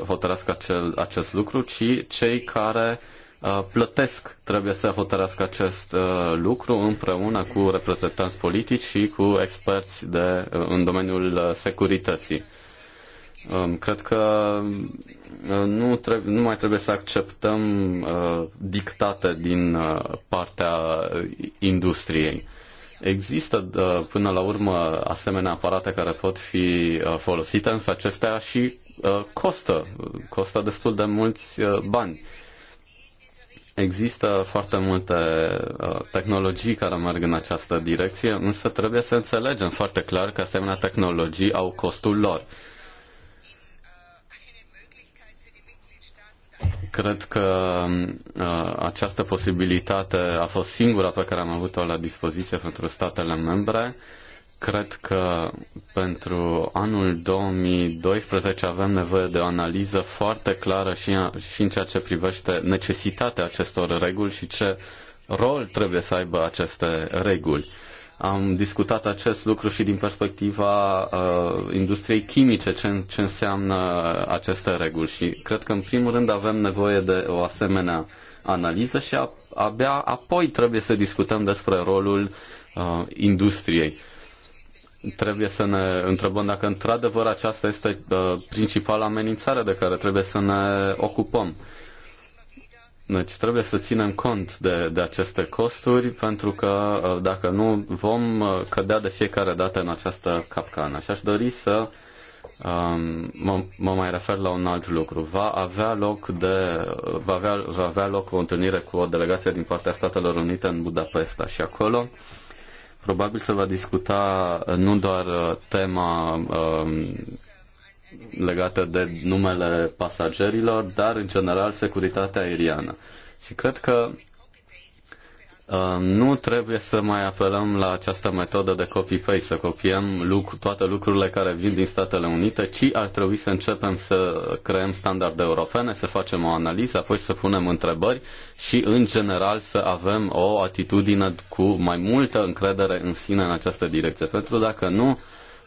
uh, hotărască acel, acest lucru, ci cei care uh, plătesc trebuie să hotărască acest uh, lucru împreună cu reprezentanți politici și cu experți de, în domeniul securității. Um, cred că nu, trebuie, nu mai trebuie să acceptăm dictate din partea industriei. Există uh, până la urmă asemenea aparate care pot fi uh, folosite, însă acestea și uh, costă, costă destul de mulți bani. Există foarte multe tehnologii care merg în această direcție, însă trebuie să înțelegem foarte clar că asemenea tehnologii au costul lor. Cred că uh, această posibilitate a fost singura pe care am avut-o la dispoziție pentru statele membre. Cred că pentru anul 2012 avem nevoie de o analiză foarte clară și, și în ceea ce privește necesitatea acestor reguli și ce rol trebuie să aibă aceste reguli am discutat acest lucru și din perspectiva uh, industriei chimice, ce, ce înseamnă aceste reguli și cred că în primul rând avem nevoie de o asemenea analiză și a, abia apoi trebuie să discutăm despre rolul uh, industriei trebuie să ne întrebăm dacă într-adevăr aceasta este uh, principala amenințare de care trebuie să ne ocupăm. Deci trebuie să ținem cont de, de aceste costuri pentru că uh, dacă nu vom uh, cădea de fiecare dată în această capcană. Și aș dori să um, mă, mă mai refer la un alt lucru. Va avea loc, de, va avea, va avea loc o întâlnire cu o delegație din partea Statelor Unite în Budapesta și acolo probabil se va discuta uh, nu doar tema um, legate de numele pasagerilor, dar în general securitatea aeriană. Și cred că uh, nu trebuie să mai apelăm la această metodă de copy-paste, să copiem lucr- toate lucrurile care vin din Statele Unite, ci ar trebui să începem să creăm standarde europene, să facem o analiză, apoi să punem întrebări și, în general, să avem o atitudine cu mai multă încredere în sine în această direcție. Pentru că dacă nu,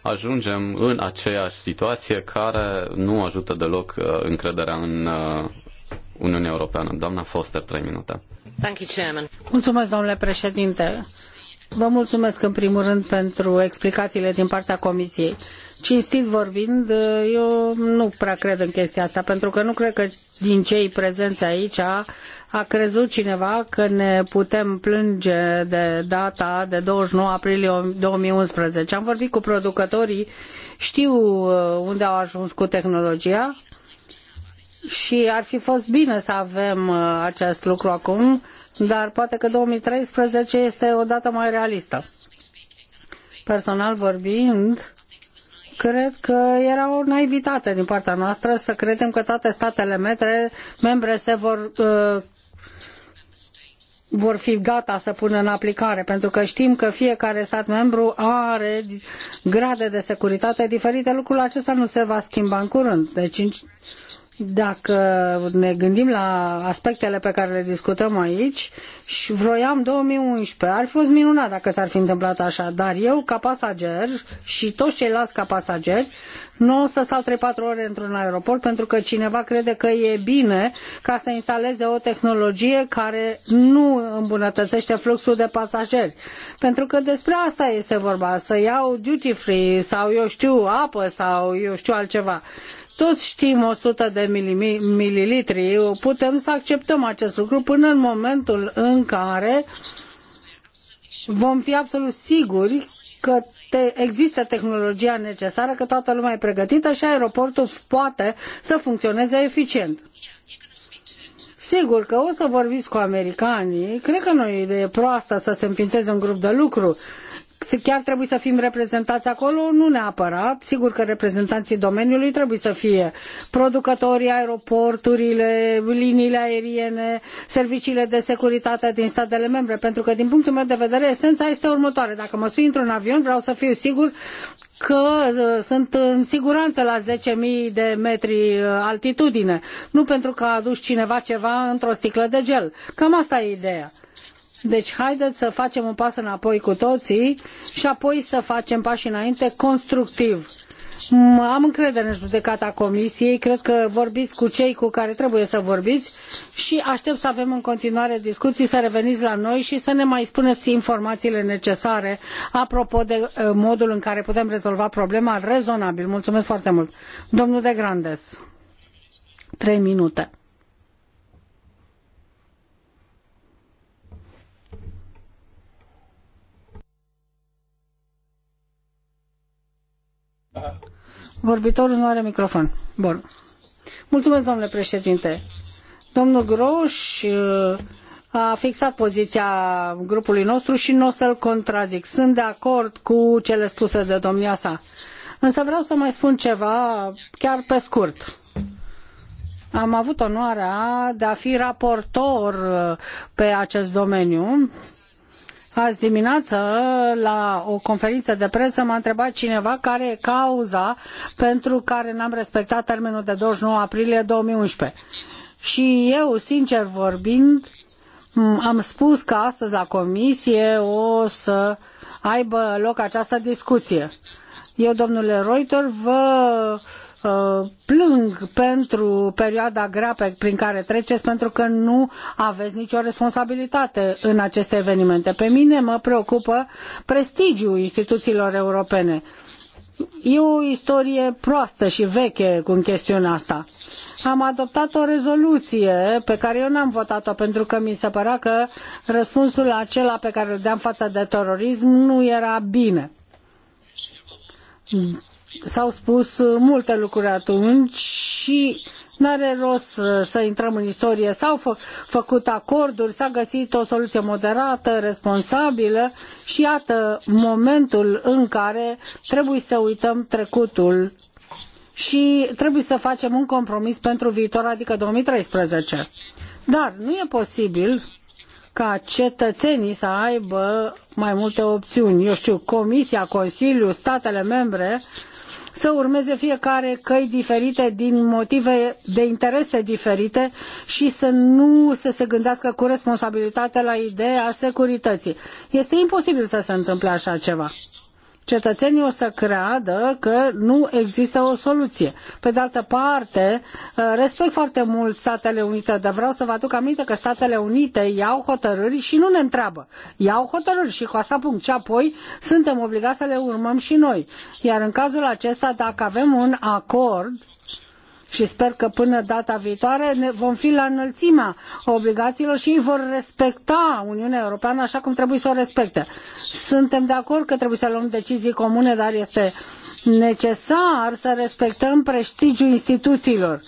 ajungem în aceeași situație care nu ajută deloc uh, încrederea în uh, Uniunea Europeană. Doamna Foster, trei minute. Mulțumesc, domnule președinte. Vă mulțumesc în primul rând pentru explicațiile din partea Comisiei. Cinstit vorbind, eu nu prea cred în chestia asta, pentru că nu cred că din cei prezenți aici a, a crezut cineva că ne putem plânge de data de 29 aprilie 2011. Am vorbit cu producătorii, știu uh, unde au ajuns cu tehnologia, și ar fi fost bine să avem uh, acest lucru acum, dar poate că 2013 este o dată mai realistă. Personal vorbind, cred că era o naivitate din partea noastră să credem că toate statele metre, membre se vor uh, vor fi gata să pună în aplicare, pentru că știm că fiecare stat membru are grade de securitate diferite. Lucrul acesta nu se va schimba în curând. Deci dacă ne gândim la aspectele pe care le discutăm aici, și vroiam 2011, ar fi fost minunat dacă s-ar fi întâmplat așa, dar eu ca pasager și toți ceilalți ca pasageri, nu o să stau 3-4 ore într-un aeroport pentru că cineva crede că e bine ca să instaleze o tehnologie care nu îmbunătățește fluxul de pasageri. Pentru că despre asta este vorba, să iau duty free sau eu știu apă sau eu știu altceva. Toți știm 100 de mililitri, putem să acceptăm acest lucru până în momentul în care vom fi absolut siguri că te, există tehnologia necesară, că toată lumea e pregătită și aeroportul poate să funcționeze eficient. Sigur că o să vorbiți cu americanii, cred că nu e idee proastă să se înființeze un grup de lucru, chiar trebuie să fim reprezentați acolo? Nu neapărat. Sigur că reprezentanții domeniului trebuie să fie producătorii, aeroporturile, liniile aeriene, serviciile de securitate din statele membre, pentru că din punctul meu de vedere esența este următoarea. Dacă mă sui într-un avion, vreau să fiu sigur că uh, sunt în siguranță la 10.000 de metri uh, altitudine, nu pentru că a adus cineva ceva într-o sticlă de gel. Cam asta e ideea. Deci haideți să facem un pas înapoi cu toții și apoi să facem pași înainte constructiv. Am încredere în judecata comisiei, cred că vorbiți cu cei cu care trebuie să vorbiți și aștept să avem în continuare discuții, să reveniți la noi și să ne mai spuneți informațiile necesare apropo de uh, modul în care putem rezolva problema rezonabil. Mulțumesc foarte mult. Domnul de Grandes, trei minute. Vorbitorul nu are microfon. Bun. Mulțumesc, domnule președinte. Domnul Groș uh, a fixat poziția grupului nostru și nu o să-l contrazic. Sunt de acord cu cele spuse de domnia sa. Însă vreau să mai spun ceva, chiar pe scurt. Am avut onoarea de a fi raportor uh, pe acest domeniu Azi dimineață, la o conferință de presă, m-a întrebat cineva care e cauza pentru care n-am respectat termenul de 29 aprilie 2011. Și eu, sincer vorbind, am spus că astăzi la comisie o să aibă loc această discuție. Eu, domnule Reuter, vă uh, Uh, plâng pentru perioada grea pe, prin care treceți pentru că nu aveți nicio responsabilitate în aceste evenimente. Pe mine mă preocupă prestigiul instituțiilor europene. E o istorie proastă și veche cu chestiunea asta. Am adoptat o rezoluție pe care eu n-am votat-o pentru că mi se părea că răspunsul acela pe care îl deam față de terorism nu era bine s-au spus uh, multe lucruri atunci și n-are rost uh, să, intrăm în istorie. S-au fă, făcut acorduri, s-a găsit o soluție moderată, responsabilă și iată momentul în care trebuie să uităm trecutul și trebuie să facem un compromis pentru viitor, adică 2013. Dar nu e posibil ca cetățenii să aibă mai multe opțiuni. Eu știu, Comisia, Consiliul, statele membre să urmeze fiecare căi diferite din motive de interese diferite și să nu să se gândească cu responsabilitate la ideea securității. Este imposibil să se întâmple așa ceva cetățenii o să creadă că nu există o soluție. Pe de altă parte, uh, respect foarte mult Statele Unite, dar vreau să vă aduc aminte că Statele Unite iau hotărâri și nu ne întreabă. Iau hotărâri și cu asta punct. Și apoi suntem obligați să le urmăm și noi. Iar în cazul acesta, dacă avem un acord, și sper că până data viitoare ne vom fi la înălțimea obligațiilor și ei vor respecta Uniunea Europeană așa cum trebuie să o respecte. Suntem de acord că trebuie să luăm decizii comune, dar este necesar să respectăm prestigiul instituțiilor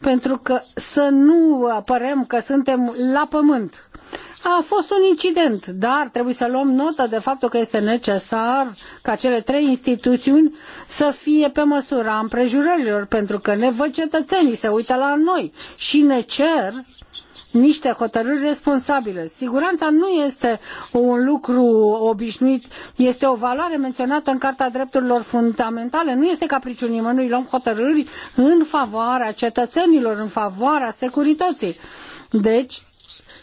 pentru că să nu apărăm că suntem la pământ a fost un incident, dar trebuie să luăm notă de faptul că este necesar ca cele trei instituțiuni să fie pe măsura împrejurărilor, pentru că ne văd cetățenii, se uită la noi și ne cer niște hotărâri responsabile. Siguranța nu este un lucru obișnuit, este o valoare menționată în Carta Drepturilor Fundamentale. Nu este capriciul nimănui, luăm hotărâri în favoarea cetățenilor, în favoarea securității. Deci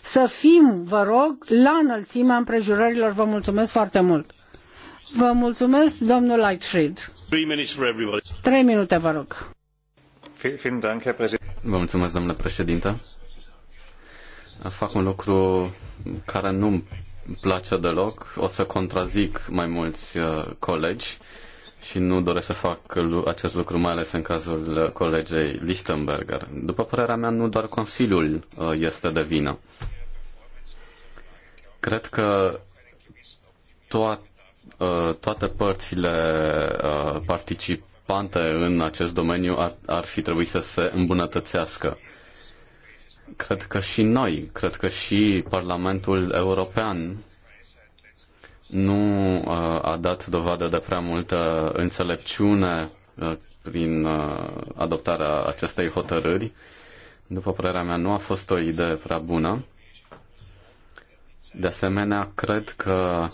să fim, vă rog, la înălțimea împrejurărilor. Vă mulțumesc foarte mult. Vă mulțumesc, domnul Lightfried. Trei minute, vă rog. Vă mulțumesc, domnule președinte. Fac un lucru care nu-mi place deloc. O să contrazic mai mulți uh, colegi și nu doresc să fac acest lucru, mai ales în cazul uh, colegei Lichtenberger. După părerea mea, nu doar Consiliul uh, este de vină. Cred că toate uh, toate părțile uh, participante în acest domeniu ar, ar fi trebuit să se îmbunătățească. Cred că și noi, cred că și Parlamentul European nu uh, a dat dovadă de prea multă înțelepciune prin adoptarea acestei hotărâri. După părerea mea, nu a fost o idee prea bună de asemenea, cred că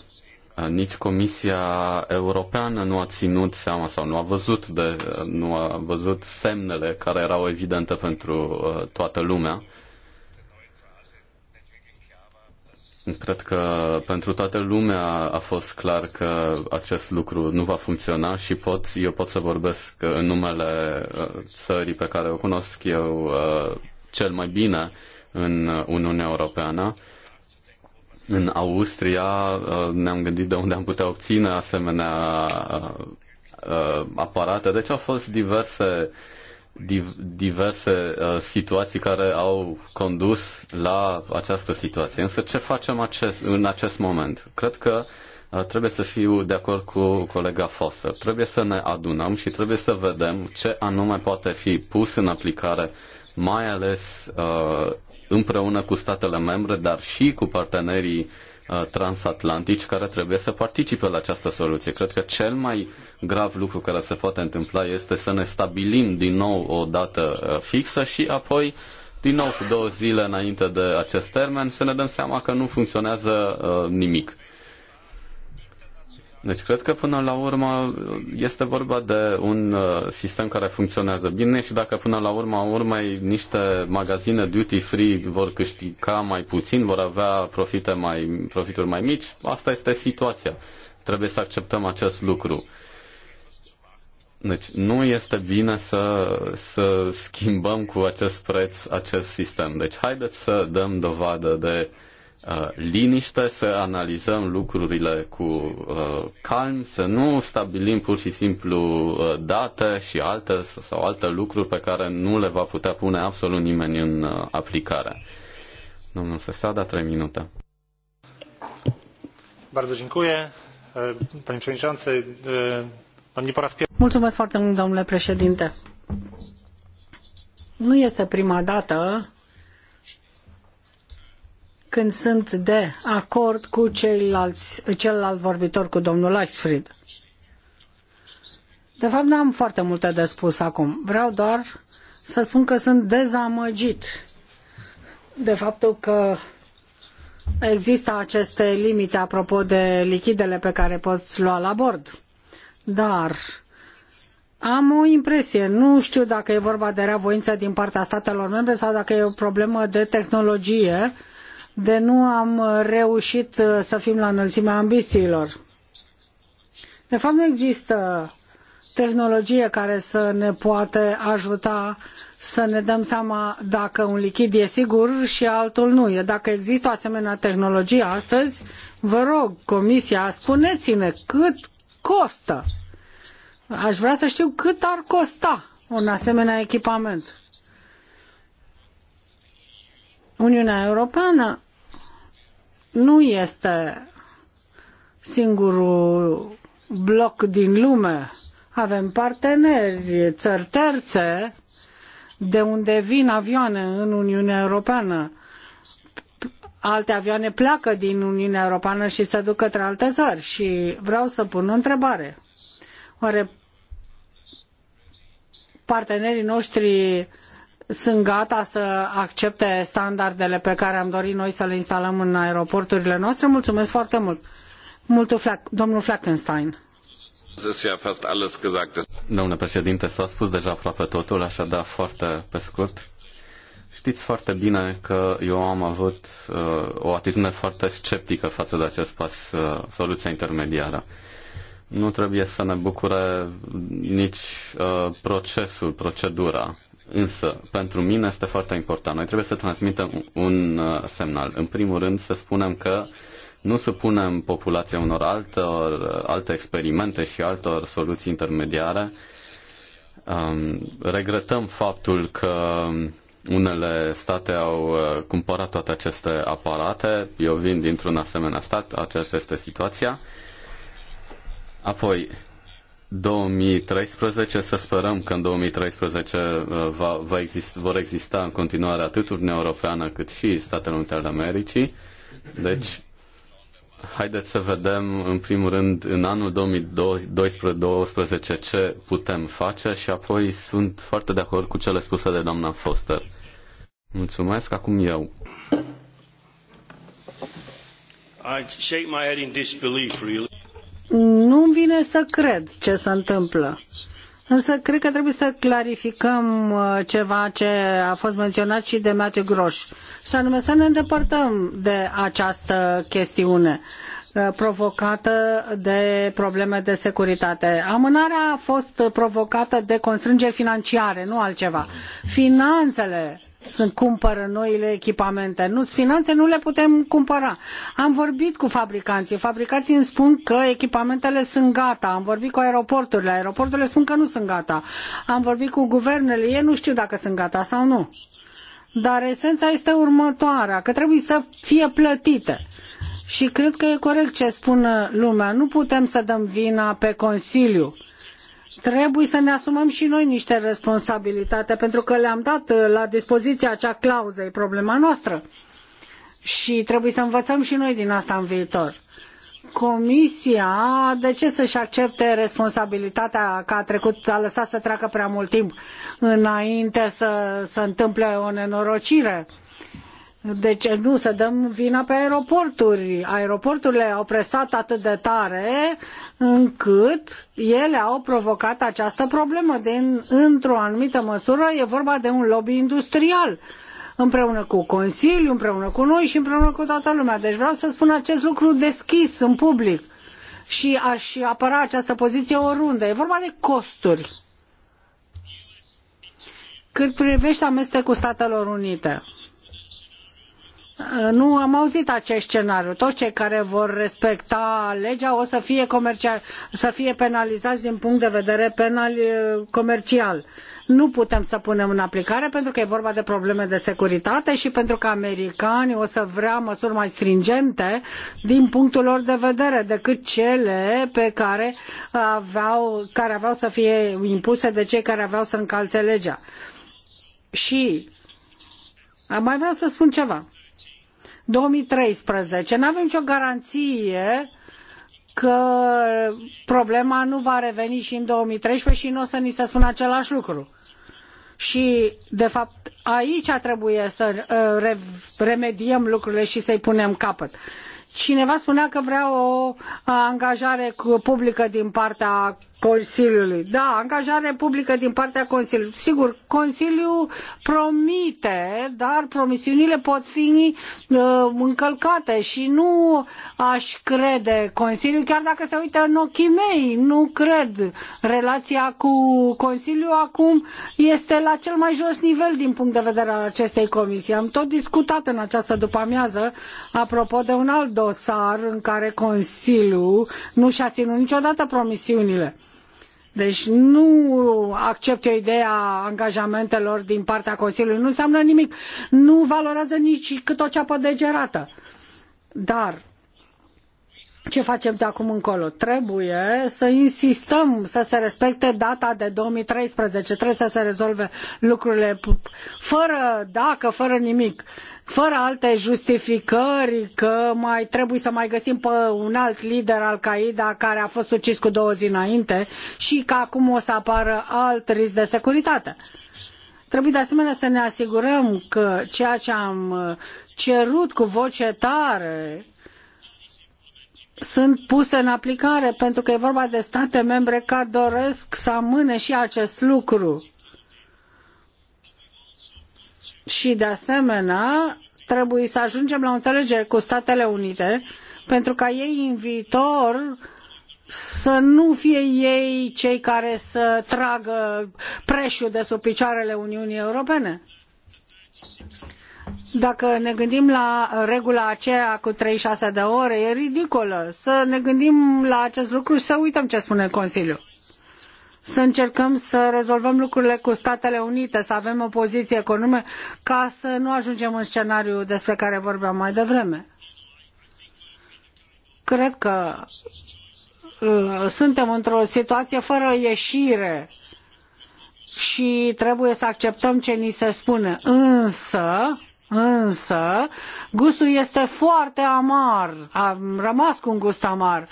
uh, nici Comisia Europeană nu a ținut seama sau nu a văzut, de, uh, nu a văzut semnele care erau evidente pentru uh, toată lumea. Cred că pentru toată lumea a fost clar că acest lucru nu va funcționa și pot, eu pot să vorbesc în numele țării pe care o cunosc eu cel mai bine în Uniunea Europeană. Uh, în Austria uh, ne-am gândit de unde am putea obține asemenea uh, uh, aparate. Deci au fost diverse, diverse situații care au condus la această situație. Însă ce facem acest, în acest moment? Cred că trebuie să fiu de acord cu colega Foster. Trebuie să ne adunăm și trebuie să vedem ce anume poate fi pus în aplicare, mai ales împreună cu statele membre, dar și cu partenerii uh, transatlantici care trebuie să participe la această soluție. Cred că cel mai grav lucru care se poate întâmpla este să ne stabilim din nou o dată uh, fixă și apoi din nou cu două zile înainte de acest termen să ne dăm seama că nu funcționează uh, nimic. Deci cred că până la urmă este vorba de un uh, sistem care funcționează bine și dacă până la urmă urmei niște magazine duty free vor câștiga mai puțin, vor avea profite mai, profituri mai mici, asta este situația. Trebuie să acceptăm acest lucru. Deci nu este bine să, să schimbăm cu acest preț acest sistem. Deci haideți să dăm dovadă de uh, Uh, liniște, să analizăm lucrurile cu uh, calm, să nu stabilim pur și simplu uh, date și alte sau alte lucruri pe care nu le va putea pune absolut nimeni în uh, aplicare. Domnul Sesada, trei minute. Bardzo dziękuję. Panie Przewodniczący, Am po raz pierwszy... Mulțumesc foarte mult, domnule președinte. Nu este prima dată când sunt de acord cu ceilalți, celălalt vorbitor, cu domnul Leichfried. De fapt, n-am foarte multe de spus acum. Vreau doar să spun că sunt dezamăgit de faptul că există aceste limite apropo de lichidele pe care poți lua la bord. Dar am o impresie, nu știu dacă e vorba de reavoință din partea statelor membre sau dacă e o problemă de tehnologie uh, de nu am uh, reușit uh, să fim la înălțimea ambițiilor. De fapt, nu există tehnologie care să ne poate ajuta să ne dăm seama dacă un lichid e sigur și altul nu e. Dacă există o asemenea tehnologie astăzi, vă rog, Comisia, spuneți-ne cât costă. Aș vrea să știu cât ar costa un asemenea echipament. Uniunea Europeană nu este singurul bloc din lume. Avem parteneri, țări terțe, de unde vin avioane în Uniunea Europeană. Alte avioane pleacă din Uniunea Europeană și se duc către alte țări. Și vreau să pun o întrebare. Oare partenerii noștri sunt gata să accepte standardele pe care am dorit noi să le instalăm în aeroporturile noastre. Mulțumesc foarte mult. Multul Flack, domnul Flackenstein. Domnule președinte, s-a spus deja aproape totul, așadar foarte pe scurt. Știți foarte bine că eu am avut uh, o atitudine foarte sceptică față de acest pas, uh, soluția intermediară. Nu trebuie să ne bucure nici uh, procesul, procedura. Însă, pentru mine este foarte important. Noi trebuie să transmitem un uh, semnal. În primul rând, să spunem că nu supunem populația unor altor, uh, alte experimente și altor soluții intermediare. Um, regretăm faptul că unele state au uh, cumpărat toate aceste aparate. Eu vin dintr-un asemenea stat, aceasta este situația. Apoi, 2013, să sperăm că în 2013 uh, va, va exist, vor exista în continuare atât Uniunea Europeană cât și Statele Unite ale Americii. Deci, haideți să vedem în primul rând în anul 2012 ce putem face și apoi sunt foarte de acord cu cele spuse de doamna Foster. Mulțumesc, acum eu. I shake my head in disbelief, really. Nu-mi vine să cred ce se întâmplă. Însă cred că trebuie să clarificăm uh, ceva ce a fost menționat și de Matthew Groș. Și anume să ne îndepărtăm de această chestiune uh, provocată de probleme de securitate. Amânarea a fost provocată de constrângeri financiare, nu altceva. Finanțele să cumpără noile echipamente. Nu, finanțe nu le putem cumpăra. Am vorbit cu fabricanții. Fabricații îmi spun că echipamentele sunt gata. Am vorbit cu aeroporturile. Aeroporturile spun că nu sunt gata. Am vorbit cu guvernele. Ei nu știu dacă sunt gata sau nu. Dar esența este următoarea, că trebuie să fie plătite. Și cred că e corect ce spune lumea. Nu putem să dăm vina pe Consiliu trebuie să ne asumăm și noi niște responsabilitate, pentru că le-am dat uh, la dispoziție acea clauză, e problema noastră. Și trebuie să învățăm și noi din asta în viitor. Comisia, de ce să-și accepte responsabilitatea că a trecut, a lăsat să treacă prea mult timp înainte să se întâmple o nenorocire? Deci nu să dăm vina pe aeroporturi. Aeroporturile au presat atât de tare încât ele au provocat această problemă. Din, într-o anumită măsură e vorba de un lobby industrial împreună cu Consiliul, împreună cu noi și împreună cu toată lumea. Deci vreau să spun acest lucru deschis în public și aș apăra această poziție oriunde. E vorba de costuri. Cât privește amestecul Statelor Unite, Uh, nu am auzit acest scenariu. Toți cei care vor respecta legea o să fie, comercial, să fie penalizați din punct de vedere penal uh, comercial. Nu putem să punem în aplicare pentru că e vorba de probleme de securitate și pentru că americanii o să vrea măsuri mai stringente din punctul lor de vedere decât cele pe care aveau, care aveau să fie impuse de cei care aveau să încalțe legea. Și mai vreau să spun ceva 2013. Nu avem nicio garanție că problema nu va reveni și în 2013 și nu o să ni se spună același lucru. Și, de fapt, aici trebuie să uh, remediem lucrurile și să-i punem capăt. Cineva spunea că vrea o angajare publică din partea Consiliului. Da, angajare publică din partea Consiliului. Sigur, Consiliul promite, dar promisiunile pot fi uh, încălcate și nu aș crede Consiliul, chiar dacă se uită în ochii mei, nu cred. Relația cu Consiliul acum este la cel mai jos nivel din punct de vedere al acestei comisii. Am tot discutat în această după-amiază apropo de un alt dosar în care Consiliul nu și-a ținut niciodată promisiunile. Deci nu accept eu ideea angajamentelor din partea Consiliului, nu înseamnă nimic. Nu valorează nici cât o ceapă de gerată. Dar ce facem de acum încolo? Trebuie să insistăm să se respecte data de 2013, trebuie să se rezolve lucrurile fără dacă, fără nimic, fără alte justificări că mai trebuie să mai găsim pe un alt lider al Qaeda care a fost ucis cu două zi înainte și că acum o să apară alt risc de securitate. Trebuie de asemenea să ne asigurăm că ceea ce am uh, cerut cu voce tare sunt puse în aplicare, pentru că e vorba de state membre care doresc să amâne și acest lucru. Și de asemenea, trebuie să ajungem la o înțelegere cu Statele Unite, pentru ca ei în viitor să nu fie ei cei care să tragă preșul de sub picioarele Uniunii Europene. Dacă ne gândim la regula aceea cu 36 de ore, e ridicolă. Să ne gândim la acest lucru și să uităm ce spune Consiliul să încercăm să rezolvăm lucrurile cu Statele Unite, să avem o poziție economică ca să nu ajungem în scenariul despre care vorbeam mai devreme. Cred că uh, suntem într-o situație fără ieșire și trebuie să acceptăm ce ni se spune. Însă, Însă, gustul este foarte amar. Am rămas cu un gust amar.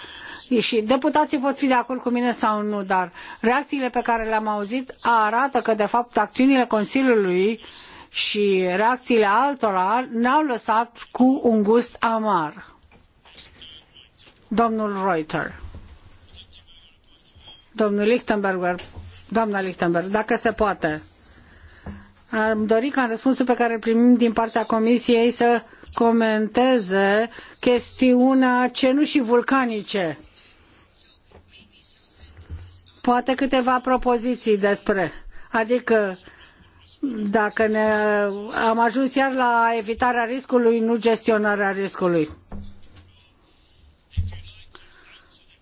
Și deputații pot fi de acord cu mine sau nu, dar reacțiile pe care le-am auzit arată că, de fapt, acțiunile Consiliului și reacțiile altora ne-au lăsat cu un gust amar. Domnul Reuter. Domnul Lichtenberger, doamna Lichtenberg, dacă se poate. Am dori ca în răspunsul pe care îl primim din partea Comisiei să comenteze chestiunea cenușii vulcanice. Poate câteva propoziții despre. Adică dacă ne, am ajuns iar la evitarea riscului, nu gestionarea riscului.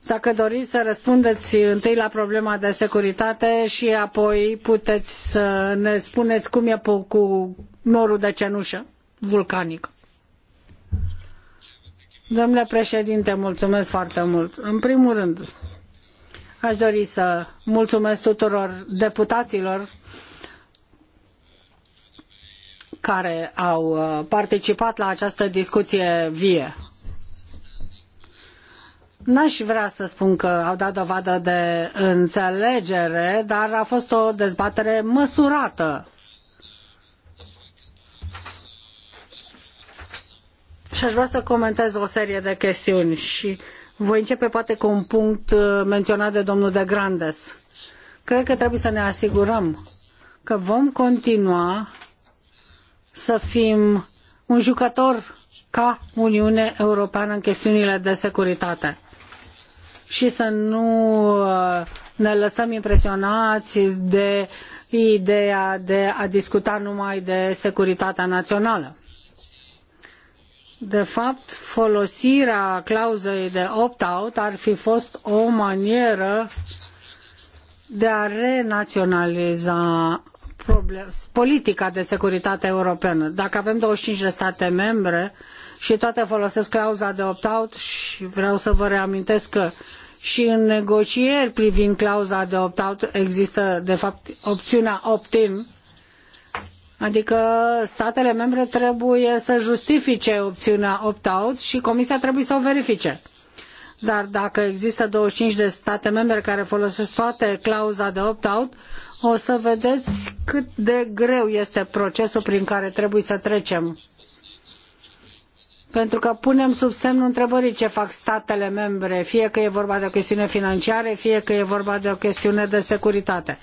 Dacă doriți să răspundeți întâi la problema de securitate și apoi puteți să ne spuneți cum e cu norul de cenușă vulcanic. Domnule președinte, mulțumesc foarte mult. În primul rând, aș dori să mulțumesc tuturor deputaților care au uh, participat la această discuție vie. N-aș vrea să spun că au dat dovadă de înțelegere, dar a fost o dezbatere măsurată. Și aș vrea să comentez o serie de chestiuni și voi începe poate cu un punct uh, menționat de domnul de Grandes. Cred că trebuie să ne asigurăm că vom continua să fim un jucător ca Uniune Europeană în chestiunile de securitate și să nu uh, ne lăsăm impresionați de ideea de a discuta numai de securitatea națională. De fapt, folosirea clauzei de opt-out ar fi fost o manieră de a renaționaliza politica de securitate europeană. Dacă avem 25 de state membre, și toate folosesc clauza de opt-out și vreau să vă reamintesc că și în negocieri privind clauza de opt-out există, de fapt, opțiunea opt-in, Adică statele membre trebuie să justifice opțiunea opt-out și Comisia trebuie să o verifice. Dar dacă există 25 de state membre care folosesc toate clauza de opt-out, o să vedeți cât de greu este procesul prin care trebuie să trecem pentru că punem sub semnul întrebării ce fac statele membre, fie că e vorba de o chestiune financiară, fie că e vorba de o chestiune de securitate.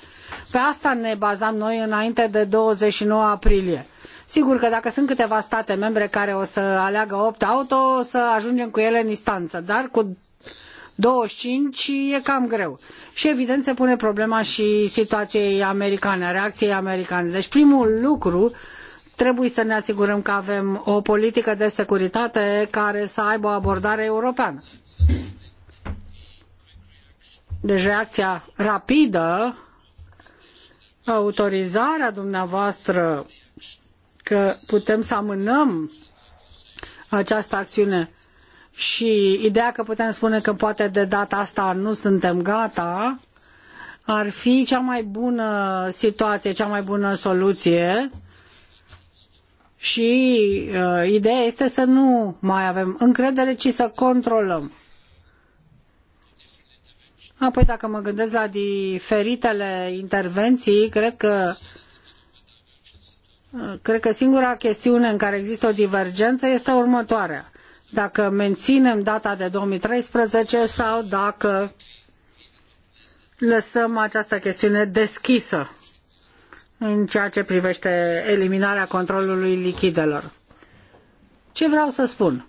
Pe asta ne bazam noi înainte de 29 aprilie. Sigur că dacă sunt câteva state membre care o să aleagă opt auto, o să ajungem cu ele în instanță, dar cu 25 e cam greu. Și evident se pune problema și situației americane, reacției americane. Deci primul lucru uh, Trebuie să ne asigurăm că avem o politică de securitate care să aibă o abordare europeană. Deci reacția rapidă, autorizarea dumneavoastră că putem să amânăm această acțiune și ideea că putem spune că poate de data asta nu suntem gata, ar fi cea mai bună situație, cea mai bună soluție și uh, ideea este să nu mai avem încredere, ci să controlăm. Apoi, dacă mă gândesc la diferitele intervenții, cred că uh, Cred că singura chestiune în care există o divergență este următoarea. Dacă menținem data de 2013 sau dacă lăsăm această chestiune deschisă în ceea ce privește eliminarea controlului lichidelor. Ce vreau să spun?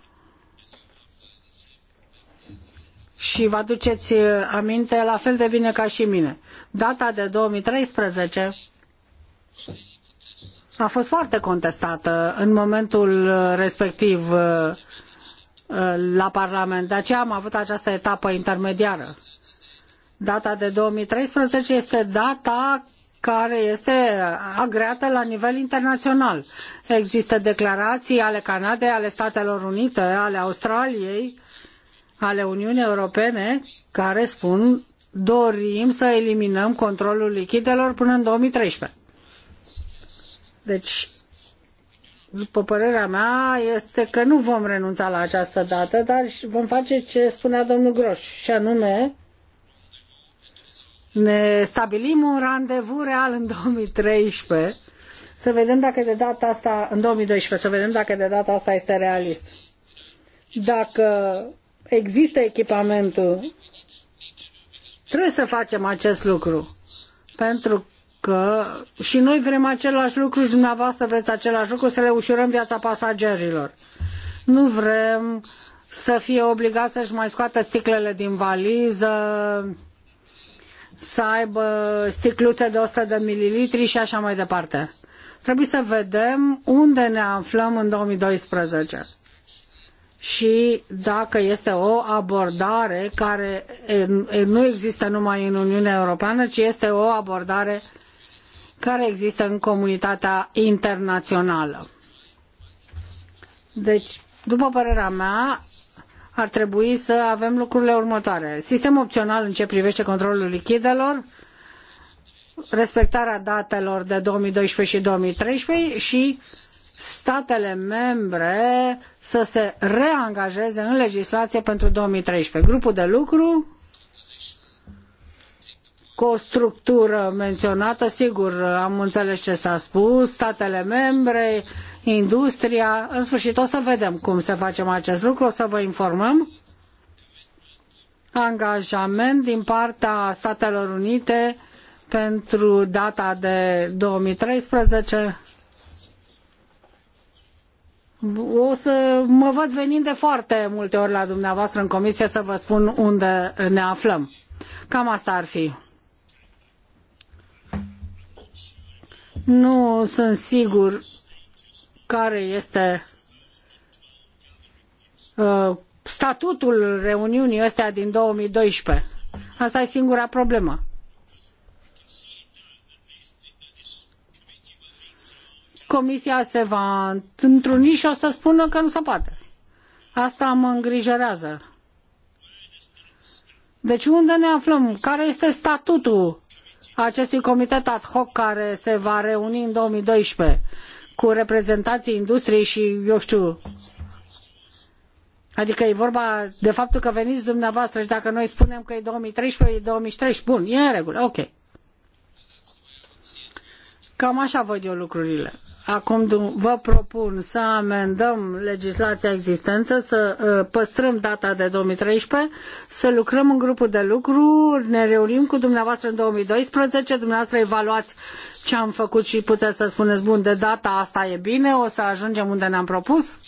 Și vă aduceți aminte la fel de bine ca și mine. Data de 2013 a fost foarte contestată în momentul respectiv uh, uh, la Parlament. De aceea am avut această etapă intermediară. Data de 2013 este data care este agreată la nivel internațional. Există declarații ale Canadei, ale Statelor Unite, ale Australiei, ale Uniunii Europene care spun dorim să eliminăm controlul lichidelor până în 2013. Deci, după părerea mea, este că nu vom renunța la această dată, dar vom face ce spunea domnul Groș, și anume ne stabilim un randevu real în 2013, să vedem dacă de data asta, în 2012, să vedem dacă de data asta este realist. Dacă există echipamentul, trebuie să facem acest lucru. Pentru că și noi vrem același lucru și dumneavoastră vreți același lucru, să le ușurăm viața pasagerilor. Nu vrem să fie obligați să-și mai scoată sticlele din valiză, să aibă sticluțe de 100 de mililitri și așa mai departe. Trebuie să vedem unde ne aflăm în 2012 și dacă este o abordare care nu există numai în Uniunea Europeană, ci este o abordare care există în comunitatea internațională. Deci, după părerea mea, ar trebui să avem lucrurile următoare. Sistem opțional în ce privește controlul lichidelor, respectarea datelor de 2012 și 2013 și statele membre să se reangajeze în legislație pentru 2013. Grupul de lucru cu o structură menționată, sigur, am înțeles ce s-a spus, statele membre, industria, în sfârșit o să vedem cum să facem acest lucru, o să vă informăm. Angajament din partea Statelor Unite pentru data de 2013. O să mă văd venind de foarte multe ori la dumneavoastră în comisie să vă spun unde ne aflăm. Cam asta ar fi. Nu sunt sigur care este uh, statutul reuniunii astea din 2012. Asta e singura problemă. Comisia se va întruni și o să spună că nu se poate. Asta mă îngrijorează. Deci unde ne aflăm? Care este statutul acestui comitet ad hoc care se va reuni în 2012 cu reprezentanții industriei și, eu știu, Adică e vorba de faptul că veniți dumneavoastră și dacă noi spunem că e 2013, e 2013, bun, e în regulă, ok. Cam așa văd eu lucrurile. Acum vă propun să amendăm legislația existență, să uh, păstrăm data de 2013, să lucrăm în grupul de lucru, ne reunim cu dumneavoastră în 2012, dumneavoastră evaluați ce am făcut și puteți să spuneți, bun, de data asta e bine, o să ajungem unde ne-am propus?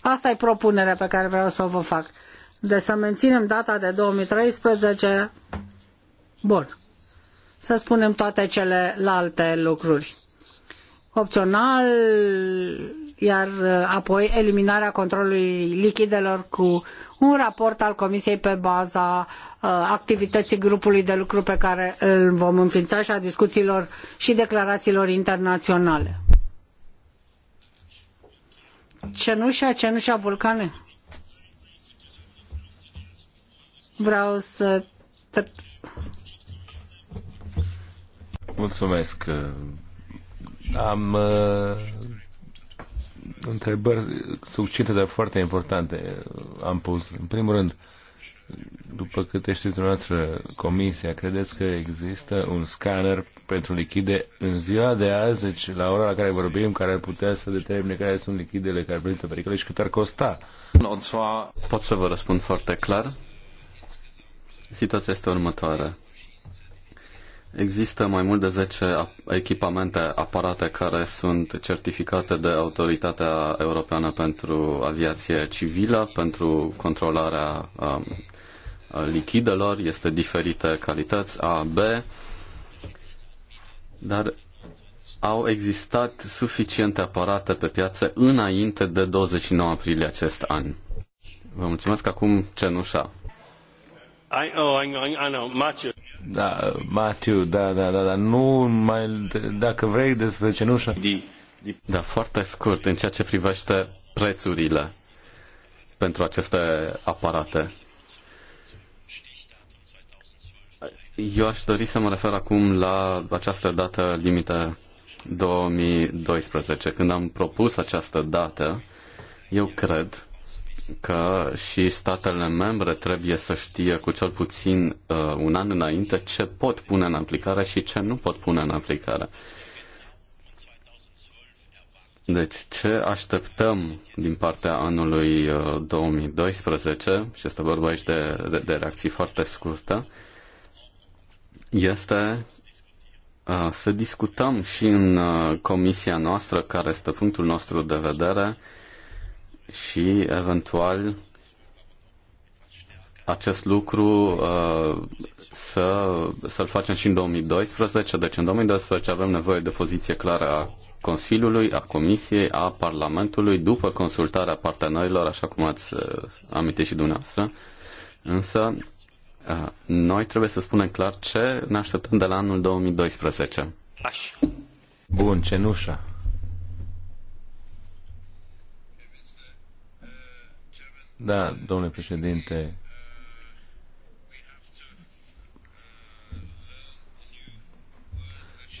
Asta e propunerea pe care vreau să o vă fac. De deci să menținem data de 2013. Bun să spunem toate celelalte lucruri. Opțional, iar uh, apoi eliminarea controlului lichidelor cu un raport al Comisiei pe baza uh, activității grupului de lucru pe care îl vom înființa și a discuțiilor și declarațiilor internaționale. Cenușa, cenușa vulcane. Vreau să Mulțumesc. Am uh, întrebări succinte, dar foarte importante am pus. În primul rând, după câte știți dumneavoastră, Comisia, credeți că există un scanner pentru lichide în ziua de azi, deci la ora la care vorbim, care ar putea să determine care sunt lichidele care prezintă pericole și cât ar costa? Pot să vă răspund foarte clar. Situația este următoarea. Există mai mult de 10 echipamente, aparate care sunt certificate de Autoritatea Europeană pentru Aviație Civilă, pentru controlarea um, lichidelor, este diferite calități A, B, dar au existat suficiente aparate pe piață înainte de 29 aprilie acest an. Vă mulțumesc acum, Cenușa. I, oh, I, I know, da, Matiu, da, da, da, da, nu mai, dacă vrei, despre cenușă. Da, foarte scurt, în ceea ce privește prețurile pentru aceste aparate. Eu aș dori să mă refer acum la această dată limită 2012. Când am propus această dată, eu cred că și statele membre trebuie să știe cu cel puțin uh, un an înainte ce pot pune în aplicare și ce nu pot pune în aplicare. Deci ce așteptăm din partea anului 2012, uh, și este vorba aici de, de, de reacții foarte scurtă, este uh, să discutăm și în uh, comisia noastră, care este punctul nostru de vedere, uh, și eventual acest lucru uh, să, să-l facem și în 2012. Deci în 2012 avem nevoie de poziție clară a Consiliului, a Comisiei, a Parlamentului, după consultarea partenerilor, așa cum ați uh, amintit și dumneavoastră. Însă, uh, noi trebuie să spunem clar ce ne așteptăm de la anul 2012. Aș. Bun, cenușa. Da, domnule președinte.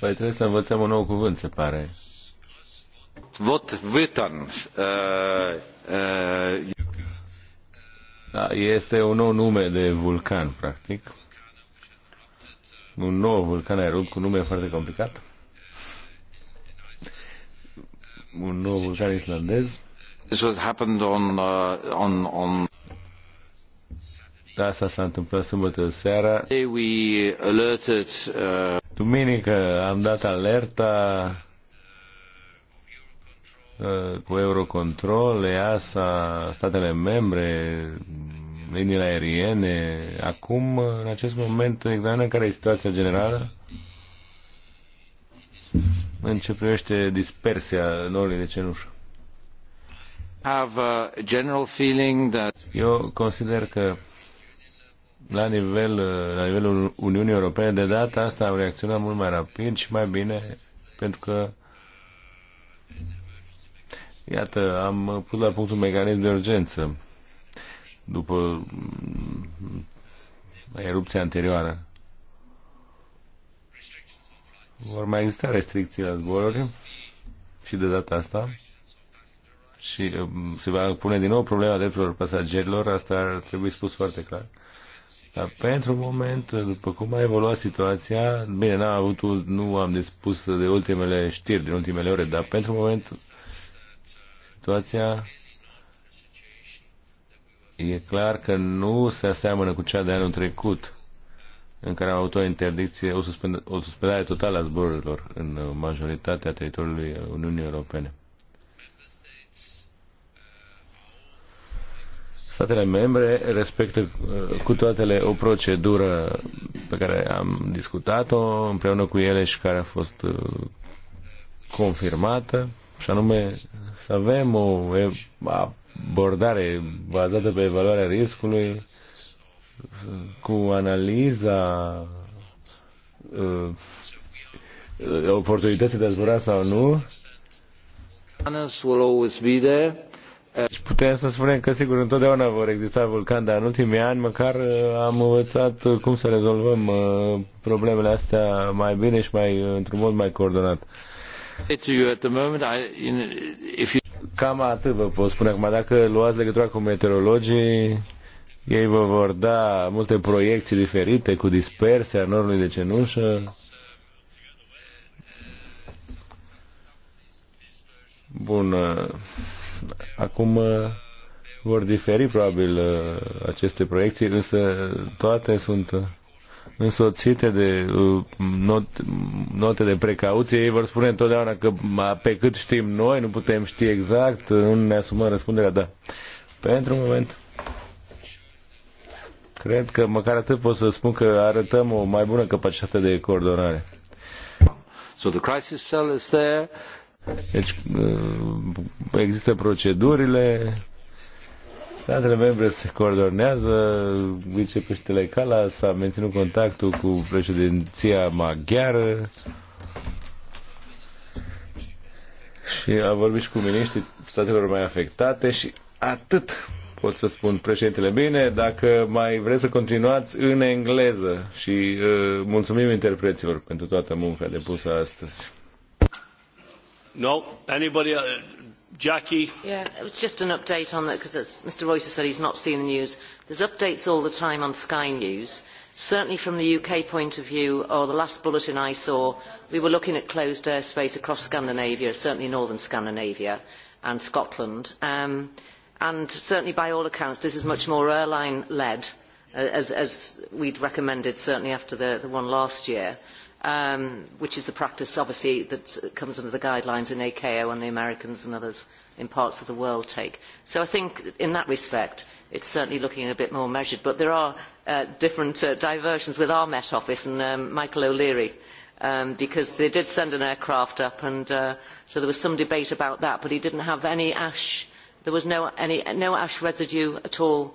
Păi trebuie să învățăm un nou cuvânt, se pare. Vot Vitan. Uh, uh, da, este un nou nume de vulcan, practic. Un nou vulcan erupt cu nume foarte complicat. Un nou vulcan islandez. This was happened on, uh, on, on da, Asta s-a întâmplat sâmbătă seara. We alerted, uh... Duminică am dat alerta uh, cu Eurocontrol, EASA, statele membre, liniile aeriene. Acum, în acest moment, examinăm care e situația generală în ce privește dispersia norii de cenușă. Eu consider că la, nivel, la nivelul Uniunii Europene de data asta am reacționat mult mai rapid și mai bine pentru că iată, am pus la punct un mecanism de urgență după mm, erupția anterioară. Vor mai exista restricții la zboruri și de data asta și um, se va pune din nou problema drepturilor pasagerilor, asta ar trebui spus foarte clar. Dar pentru moment, după cum a evoluat situația, bine, n-am avut, nu am dispus de ultimele știri din ultimele ore, dar pentru moment situația e clar că nu se aseamănă cu cea de anul trecut, în care am avut o interdicție, o, o suspendare totală a zborurilor în majoritatea teritoriului Uniunii Europene. statele membre respectă uh, cu toatele o procedură pe care am discutat-o împreună cu ele și care a fost uh, confirmată, și anume să avem o abordare bazată pe evaluarea riscului uh, cu analiza oportunității de a zbura sau nu. Will always be there deci putem să spunem că sigur întotdeauna vor exista vulcani, dar în ultimii ani măcar uh, am învățat uh, cum să rezolvăm uh, problemele astea mai bine și mai într-un mod mai coordonat. Cam atât vă pot spune acum. Dacă luați legătura cu meteorologii, ei vă vor da multe proiecții diferite cu a norului de cenușă. Bună. Acum uh, vor diferi probabil uh, aceste proiecții, însă toate sunt uh, însoțite de not, note de precauție. Ei vor spune întotdeauna că pe cât știm noi, nu putem ști exact, nu ne asumăm răspunderea, da. Pentru moment, cred că măcar atât pot să spun că arătăm o mai bună capacitate de coordonare. So the crisis cell is there, deci uh, există procedurile, statele membre se coordonează, vicepreședintele Cala s-a menținut contactul cu președinția maghiară și a vorbit și cu miniștrii statelor mai afectate și atât pot să spun președintele bine, dacă mai vreți să continuați în engleză și uh, mulțumim interpreților pentru toată munca depusă astăzi. No. Anybody? Uh, Jackie? Yeah, it was just an update on that because Mr Reuter said he's not seen the news. There's updates all the time on Sky News. Certainly from the UK point of view, or the last bulletin I saw, we were looking at closed airspace across Scandinavia, certainly northern Scandinavia and Scotland. Um, and certainly by all accounts, this is much more airline-led, uh, as, as we'd recommended certainly after the, the one last year um, which is the practice, obviously, that comes under the guidelines in ACAO and the Americans and others in parts of the world take. So I think in that respect, it's certainly looking a bit more measured. But there are uh, different uh, diversions with our Met Office and um, Michael O'Leary, um, because they did send an aircraft up, and uh, so there was some debate about that. But he didn't have any ash. There was no, any, no ash residue at all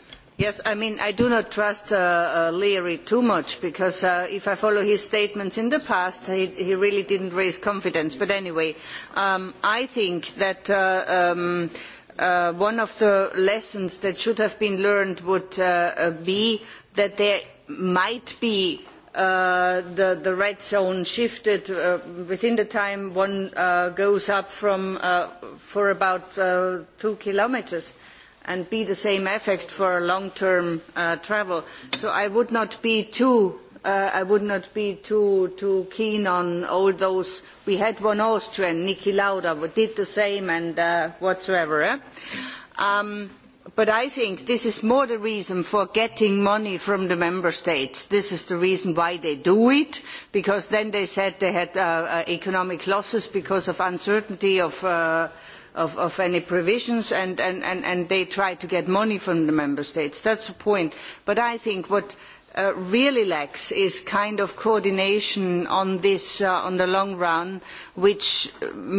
Yes, I mean, I do not trust uh, uh, Leary too much because uh, if I follow his statements in the past, he, he really didn't raise confidence. But anyway, um, I think that uh, um, uh, one of the lessons that should have been learned would uh, be that there might be Uh, the, the red zone shifted uh, within the time one uh, goes up from for about two kilometers and be the same effect for long-term uh, travel. So I would not be too uh, I would not be too too keen on all those. We had one Austrian, Niki Lauda, who did the same and uh, whatsoever. Eh? Um, but I think this is more the reason for getting money from the member states. This is the reason why they do it, because then they said they had uh, uh economic losses because of uncertainty of. Uh, of, of any provisions and, and, and, and they try to get money from the member states. That's the point. But I think what Uh, really lacks is kind of coordination on this uh, on the long run, which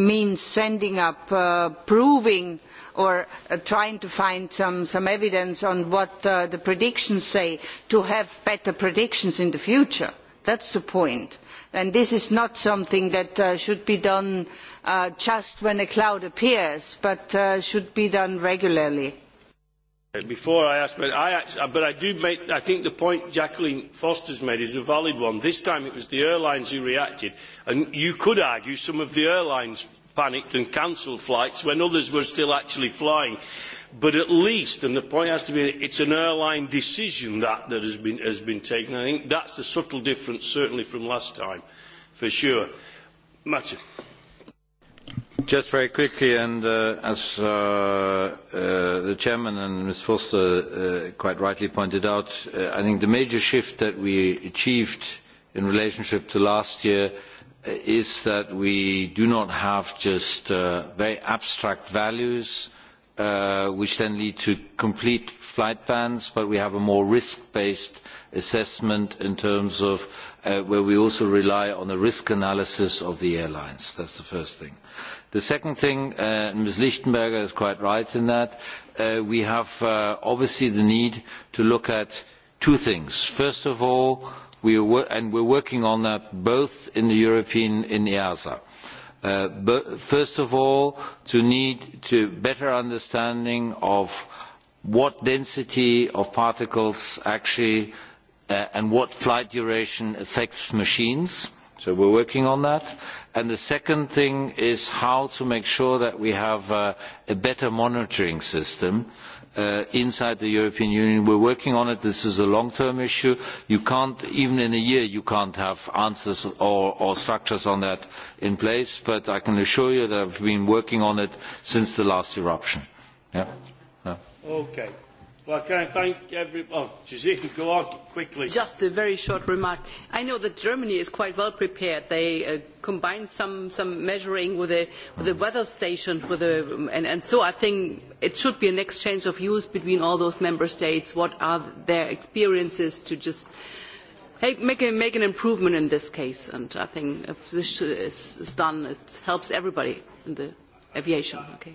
means sending up, uh, proving or uh, trying to find some, some evidence on what uh, the predictions say to have better predictions in the future. That's the point and this is not something that uh, should be done uh, just when a cloud appears but uh, should be done regularly. Before I ask, but I, but I do make, I think the point Jacqueline Foster's made is a valid one. This time it was the airlines who reacted, and you could argue some of the airlines panicked and cancelled flights when others were still actually flying but at least, and the point has to be, it's an airline decision that, that has, been, has been taken. I think that's the subtle difference, certainly from last time, for sure. Matthew. Just very quickly, and uh, as uh, uh, the chairman and Ms. Foster uh, quite rightly pointed out, uh, I think the major shift that we achieved in relationship to last year is that we do not have just uh, very abstract values Uh, which then lead to complete flight bans, but we have a more risk-based assessment in terms of uh, where we also rely on the risk analysis of the airlines. That's the first thing. The second thing, uh, Ms. Lichtenberger is quite right in that, uh, we have uh, obviously the need to look at two things. First of all, we are and we're working on that both in the European, in EASA. Uh, but first of all, to need to better understanding of what density of particles actually uh, and what flight duration affects machines. So we're working on that. And the second thing is how to make sure that we have uh, a better monitoring system uh, uh, inside the European Union. We're working on it. This is a long-term issue. You can't, even in a year, you can't have answers or, or structures on that in place, but I can assure you that I've been working on it since the last eruption. Yeah. Yeah. Okay. Well, can I thank every... Oh, go on quickly. Just a very short remark. I know that Germany is quite well prepared. They uh, combine some, some measuring with a, with a weather station, with a, and, and so I think it should be an exchange of views between all those member states. What are their experiences to just hey, make, a, make an improvement in this case? And I think if this is done, it helps everybody in the aviation. Okay.